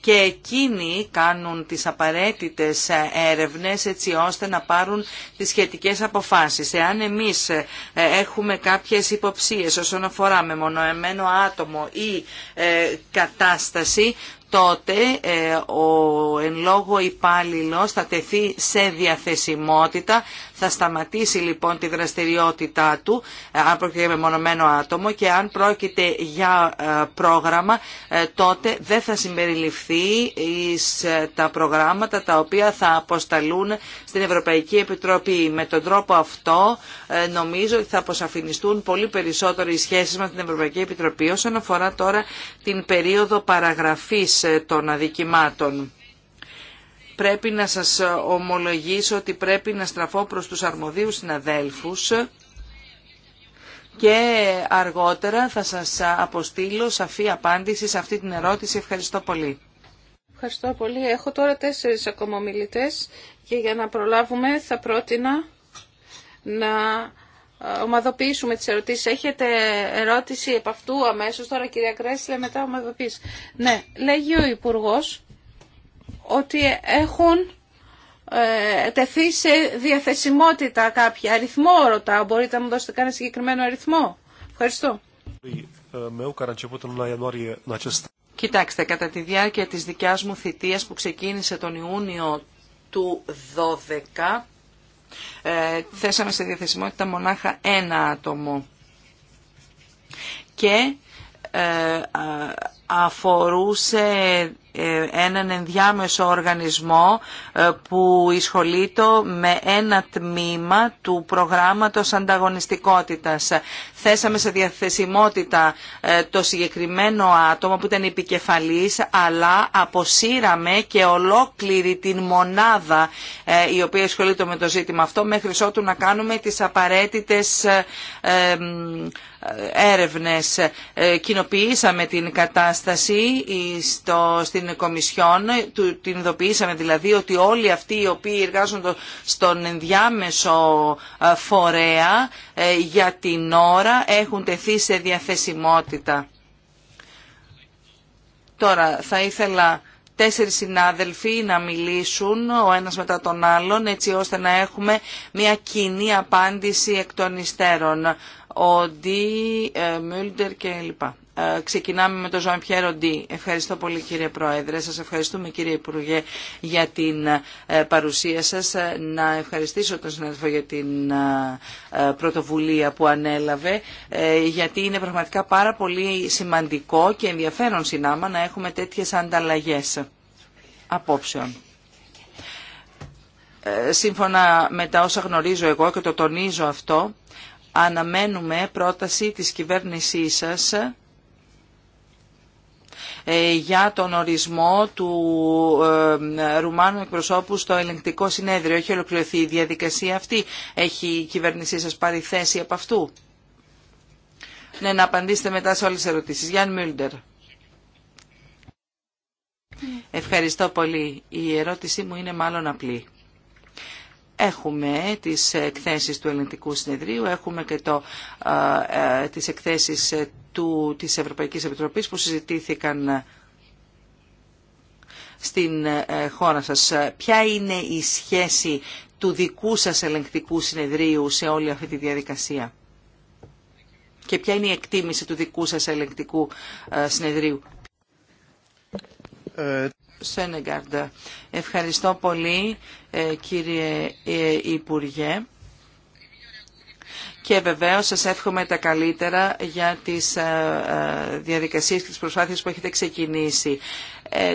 D: και εκείνοι κάνουν τις απαραίτητες έρευνες έτσι ώστε να πάρουν τις σχετικές αποφάσεις. Εάν εμείς έχουμε κάποιες υποψίες όσον αφορά μονοεμένο άτομο ή ε, κατάσταση, τότε ε, ο εν λόγω υπάλληλος θα τεθεί σε διαθεσιμότητα θα σταματήσει λοιπόν τη δραστηριότητά του, ε, αν πρόκειται για μεμονωμένο άτομο και αν πρόκειται για ε, πρόγραμμα, ε, τότε δεν θα συμπεριληφθεί τα προγράμματα τα οποία θα αποσταλούν στην Ευρωπαϊκή Επιτροπή. Με τον τρόπο αυτό νομίζω ότι θα αποσαφινιστούν πολύ περισσότερο οι σχέσεις με την Ευρωπαϊκή Επιτροπή όσον αφορά τώρα την περίοδο παραγραφής των αδικημάτων πρέπει να σας ομολογήσω ότι πρέπει να στραφώ προς τους αρμοδίους συναδέλφους και αργότερα θα σας αποστείλω σαφή απάντηση σε αυτή την ερώτηση. Ευχαριστώ πολύ.
B: Ευχαριστώ πολύ. Έχω τώρα τέσσερις ακόμα μιλητές και για να προλάβουμε θα πρότεινα να ομαδοποιήσουμε τις ερωτήσεις. Έχετε ερώτηση επ' αυτού αμέσως τώρα κυρία Κρέσλε μετά ομαδοποίηση. Ναι, λέγει ο Υπουργός ότι έχουν ε, τεθεί σε διαθεσιμότητα κάποια αριθμό ρωτάω. Μπορείτε να μου δώσετε κανένα συγκεκριμένο
D: αριθμό. Ευχαριστώ. Κοιτάξτε, κατά τη διάρκεια της δικιάς μου θητείας που ξεκίνησε τον Ιούνιο του 12, ε, θέσαμε σε διαθεσιμότητα μονάχα ένα άτομο. Και ε, αφορούσε ε, έναν ενδιάμεσο οργανισμό ε, που ισχολείται με ένα τμήμα του προγράμματος ανταγωνιστικότητας. Θέσαμε σε διαθεσιμότητα ε, το συγκεκριμένο άτομο που ήταν επικεφαλής, αλλά αποσύραμε και ολόκληρη την μονάδα η οποία ασχολείται με το ζήτημα αυτό, μέχρι ότου να κάνουμε τις απαραίτητες έρευνες. Ε, κοινοποιήσαμε την κατάσταση στο, στην Κομισιόν, την ειδοποιήσαμε δηλαδή ότι όλοι αυτοί οι οποίοι εργάζονται στον ενδιάμεσο ε, φορέα ε, για την ώρα έχουν τεθεί σε διαθεσιμότητα. Τώρα θα ήθελα τέσσερις συνάδελφοι να μιλήσουν ο ένας μετά τον άλλον έτσι ώστε να έχουμε μια κοινή απάντηση εκ των υστέρων. Ο Ντι ε, Μούλντερ κλπ. Ε, ξεκινάμε με τον Ζωάν Πιέρο Ντι. Ευχαριστώ πολύ κύριε Πρόεδρε. Σας ευχαριστούμε κύριε Υπουργέ για την ε, παρουσία σας. Να ευχαριστήσω τον συνάδελφο για την πρωτοβουλία που ανέλαβε γιατί είναι πραγματικά πάρα πολύ σημαντικό και ενδιαφέρον συνάμα να έχουμε τέτοιες ανταλλαγές απόψεων σύμφωνα με τα όσα γνωρίζω εγώ και το τονίζω αυτό, αναμένουμε πρόταση της κυβέρνησής σας ε, για τον ορισμό του ε, Ρουμάνου εκπροσώπου στο ελεγκτικό συνέδριο. Έχει ολοκληρωθεί η διαδικασία αυτή. Έχει η κυβέρνησή σας πάρει θέση από αυτού. Ναι, να απαντήσετε μετά σε όλες τις ερωτήσεις. Γιάννη Μιλντερ. Ευχαριστώ πολύ. Η ερώτησή μου είναι μάλλον απλή. Έχουμε τις εκθέσεις του Ελληνικού Συνεδρίου, έχουμε και το, ε, ε τις εκθέσεις ε, του, της Ευρωπαϊκής Επιτροπής που συζητήθηκαν ε, στην χώρα σας. Ποια είναι η σχέση του δικού σας ελεγκτικού συνεδρίου σε όλη αυτή τη διαδικασία και ποια είναι η εκτίμηση του δικού σας ελεγκτικού συνεδρίου. Σένεγκαρντ. Ευχαριστώ πολύ ε, κύριε ε, Υπουργέ και βεβαίως σας εύχομαι τα καλύτερα για τις ε, διαδικασίες και τις προσπάθειες που έχετε ξεκινήσει.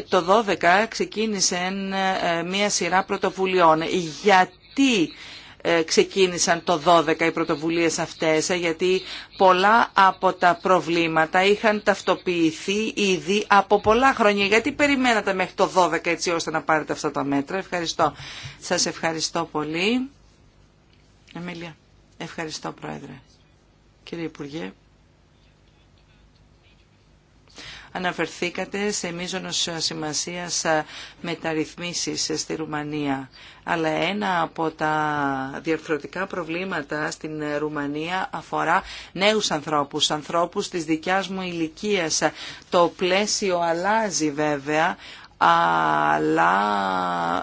D: Το 12 ξεκίνησε μια σειρά πρωτοβουλειών. Γιατί ε, ξεκίνησαν το 12 οι πρωτοβουλίες αυτές, ε, γιατί πολλά από τα προβλήματα είχαν ταυτοποιηθεί ήδη από πολλά χρόνια. Γιατί περιμένατε μέχρι το 12 έτσι ώστε να πάρετε αυτά τα μέτρα. Ευχαριστώ. Σας ευχαριστώ πολύ. Εμίλια, ευχαριστώ Πρόεδρε. Κύριε Υπουργέ αναφερθήκατε σε μείζονος σημασίας μεταρρυθμίσεις στη Ρουμανία. Αλλά ένα από τα διαφορετικά προβλήματα στην Ρουμανία αφορά νέους ανθρώπους, ανθρώπους της δικιάς μου ηλικίας. Το πλαίσιο αλλάζει βέβαια, αλλά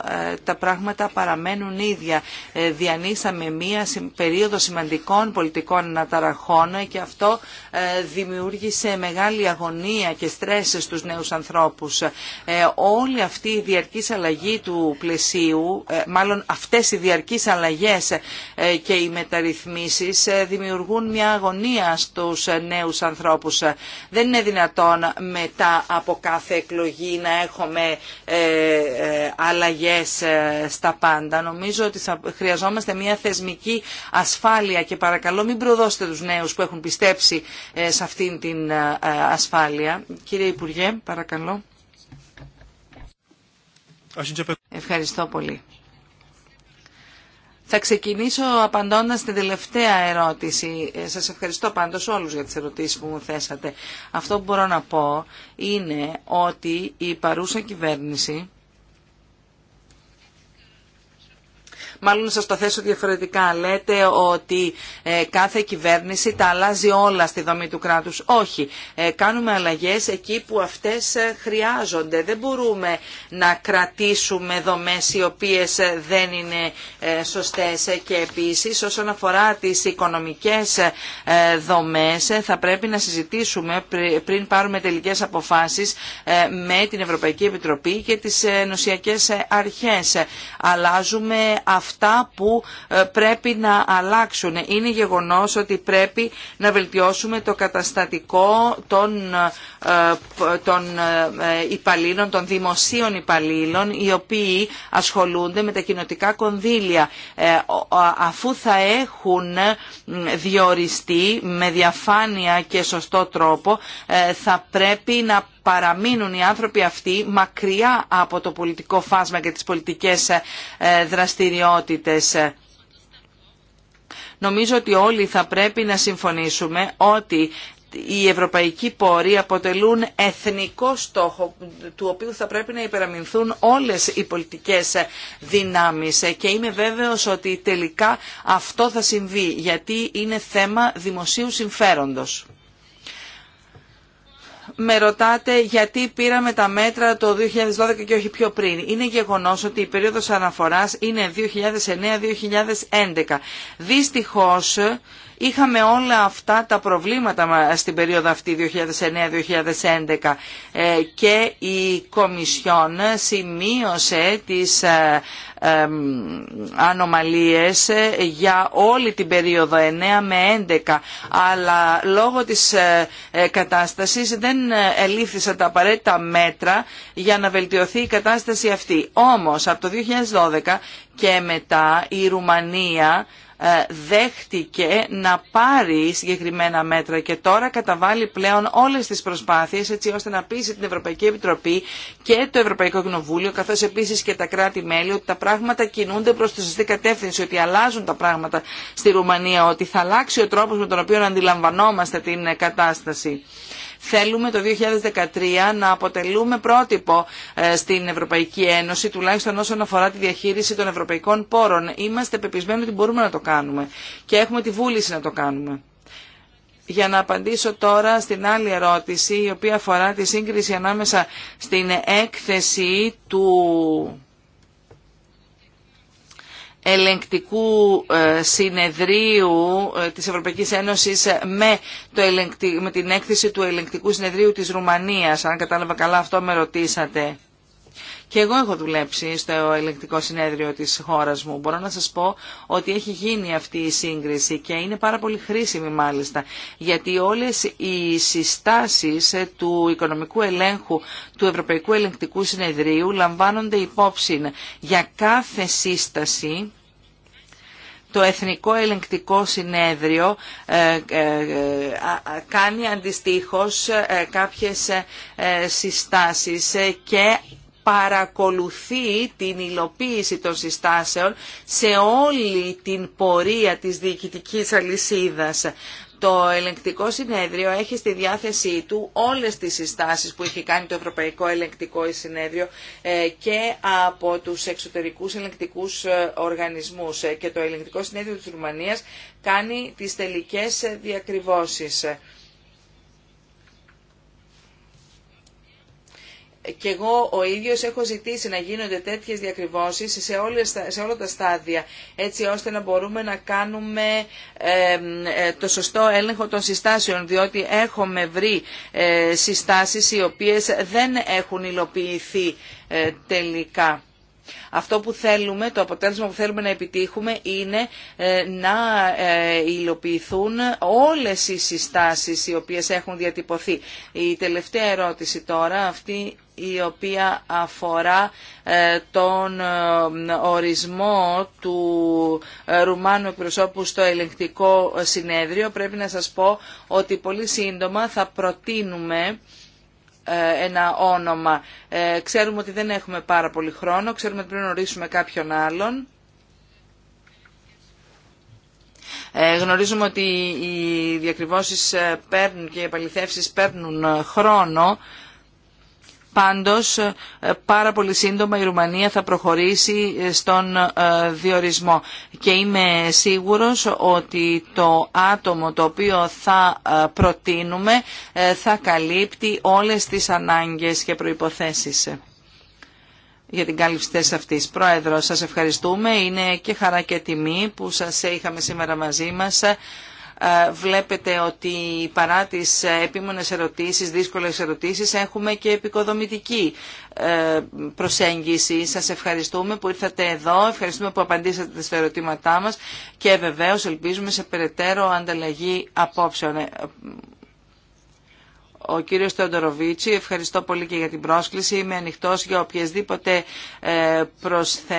D: ε, τα πράγματα παραμένουν ίδια. Ε, διανύσαμε μία περίοδο σημαντικών πολιτικών αναταραχών και αυτό ε, δημιούργησε μεγάλη αγωνία και στρες στους νέους ανθρώπους. Όλη αυτή η διαρκής αλλαγή του πλαισίου, μάλλον αυτές οι διαρκείς αλλαγές και οι μεταρρυθμίσεις δημιουργούν μια αγωνία στους νέους ανθρώπους. Δεν είναι δυνατόν μετά από κάθε εκλογή να έχουμε ε, ε, αλλαγές ε, στα πάντα. Νομίζω ότι χρειαζόμαστε μια θεσμική ασφάλεια και παρακαλώ μην προδώσετε τους νέους που έχουν πιστέψει ε, σε αυτήν την ασφάλεια. Κύριε Υπουργέ, παρακαλώ. Ευχαριστώ πολύ. Θα ξεκινήσω απαντώντας την τελευταία ερώτηση. Ε, σας ευχαριστώ πάντως όλους για τις ερωτήσεις που μου θέσατε. Αυτό που μπορώ να πω είναι ότι η παρούσα κυβέρνηση Μάλλον να σας το θέσω διαφορετικά. Λέτε ότι ε, κάθε κυβέρνηση τα αλλάζει όλα στη δομή του κράτους. Όχι. Ε, κάνουμε αλλαγές εκεί που αυτές ε, χρειάζονται. Δεν μπορούμε να κρατήσουμε δομές οι οποίες δεν είναι σωστές και επίσης όσον αφορά τις οικονομικές δομές θα πρέπει να συζητήσουμε πριν πάρουμε τελικές αποφάσεις με την Ευρωπαϊκή Επιτροπή και τις νοσιακές αρχές. Αλλάζουμε αυτό αυτά που ε, πρέπει να αλλάξουν. Είναι γεγονός ότι πρέπει να βελτιώσουμε το καταστατικό των, ε, ε, των υπαλλήλων, των δημοσίων υπαλλήλων, οι οποίοι ασχολούνται με τα κοινοτικά κονδύλια. Αφού θα έχουν διοριστεί με διαφάνεια και σωστό τρόπο, θα πρέπει να παραμείνουν οι άνθρωποι αυτοί μακριά από το πολιτικό φάσμα και τις πολιτικές ε, δραστηριότητες. Νομίζω ότι όλοι θα πρέπει να συμφωνήσουμε ότι οι ευρωπαϊκοί πόροι αποτελούν εθνικό στόχο του οποίου θα πρέπει να υπεραμεινθούν όλες οι πολιτικές ε, δυνάμεις ε, και είμαι βέβαιος ότι τελικά αυτό θα συμβεί γιατί είναι θέμα δημοσίου συμφέροντος με ρωτάτε γιατί πήραμε τα μέτρα το 2012 και όχι πιο πριν. Είναι γεγονός ότι η περίοδος αναφοράς είναι 2009-2011. Δυστυχώς είχαμε όλα αυτά τα προβλήματα στην περίοδο αυτή 2009-2011 ε, και η Κομισιόν σημείωσε τις ε, ανομαλίες ε, για όλη την περίοδο 9 με 11 αλλά λόγω της ε, ε, κατάστασης δεν ελήφθησαν τα απαραίτητα μέτρα για να βελτιωθεί η κατάσταση αυτή. Όμως από το 2012 και μετά η Ρουμανία ε, δέχτηκε να πάρει συγκεκριμένα μέτρα και τώρα καταβάλει πλέον όλες τις προσπάθειες έτσι ώστε να πείσει την Ευρωπαϊκή Επιτροπή και το Ευρωπαϊκό Κοινοβούλιο καθώς επίσης και τα κράτη-μέλη ότι τα πράγματα κινούνται προς τη σωστή κατεύθυνση, ότι αλλάζουν τα πράγματα στη Ρουμανία, ότι θα αλλάξει ο τρόπος με τον οποίο αντιλαμβανόμαστε την κατάσταση. Θέλουμε το 2013 να αποτελούμε πρότυπο ε, στην Ευρωπαϊκή Ένωση, τουλάχιστον όσον αφορά τη διαχείριση των ευρωπαϊκών πόρων. Είμαστε πεπισμένοι ότι μπορούμε να το κάνουμε και έχουμε τη βούληση να το κάνουμε. Για να απαντήσω τώρα στην άλλη ερώτηση, η οποία αφορά τη σύγκριση ανάμεσα στην έκθεση του ελεγκτικού ε, συνεδρίου ε, της Ευρωπαϊκής Ένωσης με, το με την έκθεση του ελεγκτικού συνεδρίου της Ρουμανίας. Αν κατάλαβα καλά αυτό με ρωτήσατε. Και εγώ έχω δουλέψει στο ελεγκτικό συνέδριο της χώρας μου. Μπορώ να σας πω ότι έχει γίνει αυτή η σύγκριση και είναι πάρα πολύ χρήσιμη μάλιστα, γιατί όλες οι συστάσεις ε, του οικονομικού ελέγχου του Ευρωπαϊκού Ελεγκτικού Συνεδρίου λαμβάνονται υπόψη για κάθε σύσταση το Εθνικό Ελεγκτικό Συνέδριο ε, ε, ε, κάνει αντιστοίχως κάποιες συστάσεις και παρακολουθεί την υλοποίηση των συστάσεων σε όλη την πορεία της διοικητικής αλυσίδας. Το ελεγκτικό συνέδριο έχει στη διάθεσή του όλες τις συστάσεις που έχει κάνει το Ευρωπαϊκό Ελεγκτικό Συνέδριο ε, και από τους εξωτερικούς ελεγκτικούς ε, οργανισμούς. Ε, και το Ελεγκτικό Συνέδριο της Ρουμανίας κάνει τις τελικές διακριβώσεις. και εγώ ο ίδιος έχω ζητήσει να γίνονται τέτοιες διακριβώσεις σε, όλα τα στάδια, έτσι ώστε να μπορούμε να κάνουμε ε, το σωστό έλεγχο των συστάσεων, διότι έχουμε βρει ε, συστάσεις οι οποίες δεν έχουν υλοποιηθεί ε, τελικά. Αυτό που θέλουμε, το αποτέλεσμα που θέλουμε να επιτύχουμε είναι να υλοποιηθούν όλες οι συστάσεις οι οποίες έχουν διατυπωθεί. Η τελευταία ερώτηση τώρα, αυτή η οποία αφορά ε, τον ε, ορισμό του ε, Ρουμάνου εκπροσώπου στο ελεγκτικό συνέδριο. Πρέπει να σας πω ότι πολύ σύντομα θα προτείνουμε ένα όνομα. Ξέρουμε ότι δεν έχουμε πάρα πολύ χρόνο, ξέρουμε ότι πρέπει να ορίσουμε κάποιον άλλον. Γνωρίζουμε ότι οι διακριβώσεις παίρνουν και οι επαληθεύσεις παίρνουν χρόνο. Πάντως, ε, πάρα πολύ σύντομα η Ρουμανία θα προχωρήσει ε, στον ε, διορισμό. Και είμαι σίγουρος ότι το άτομο το οποίο θα προτείνουμε θα καλύπτει όλες τις ανάγκες και προϋποθέσεις για την κάλυψη της αυτής. Πρόεδρο, σας ευχαριστούμε. Είναι και χαρά και τιμή που σας είχαμε σήμερα μαζί μας ε, βλέπετε ότι παρά τις επίμονες ερωτήσεις, δύσκολες ερωτήσεις, έχουμε και επικοδομητική ε, προσέγγιση. Σας ευχαριστούμε που ήρθατε εδώ, ευχαριστούμε που απαντήσατε στα ερωτήματά μας και βεβαίως ελπίζουμε σε περαιτέρω ανταλλαγή απόψεων. Ε, ο κύριος Θεοντοροβίτσι, ευχαριστώ πολύ και για την πρόσκληση. Είμαι ανοιχτός για οποιασδήποτε, ε, προσθε...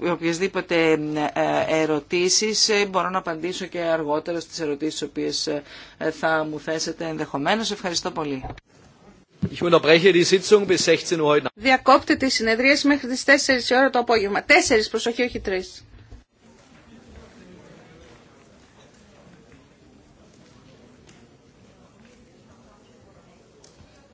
D: Ε, οποιασδήποτε ε, ερωτήσεις. Μπορώ να απαντήσω και αργότερα στις ερωτήσεις τις οποίες θα μου θέσετε ενδεχομένως. Ευχαριστώ πολύ.
A: Ich unterbreche die Sitzung
B: Διακόπτεται η συνεδρίαση μέχρι τις 4 η ώρα το απόγευμα. 4 προσοχή, όχι 3.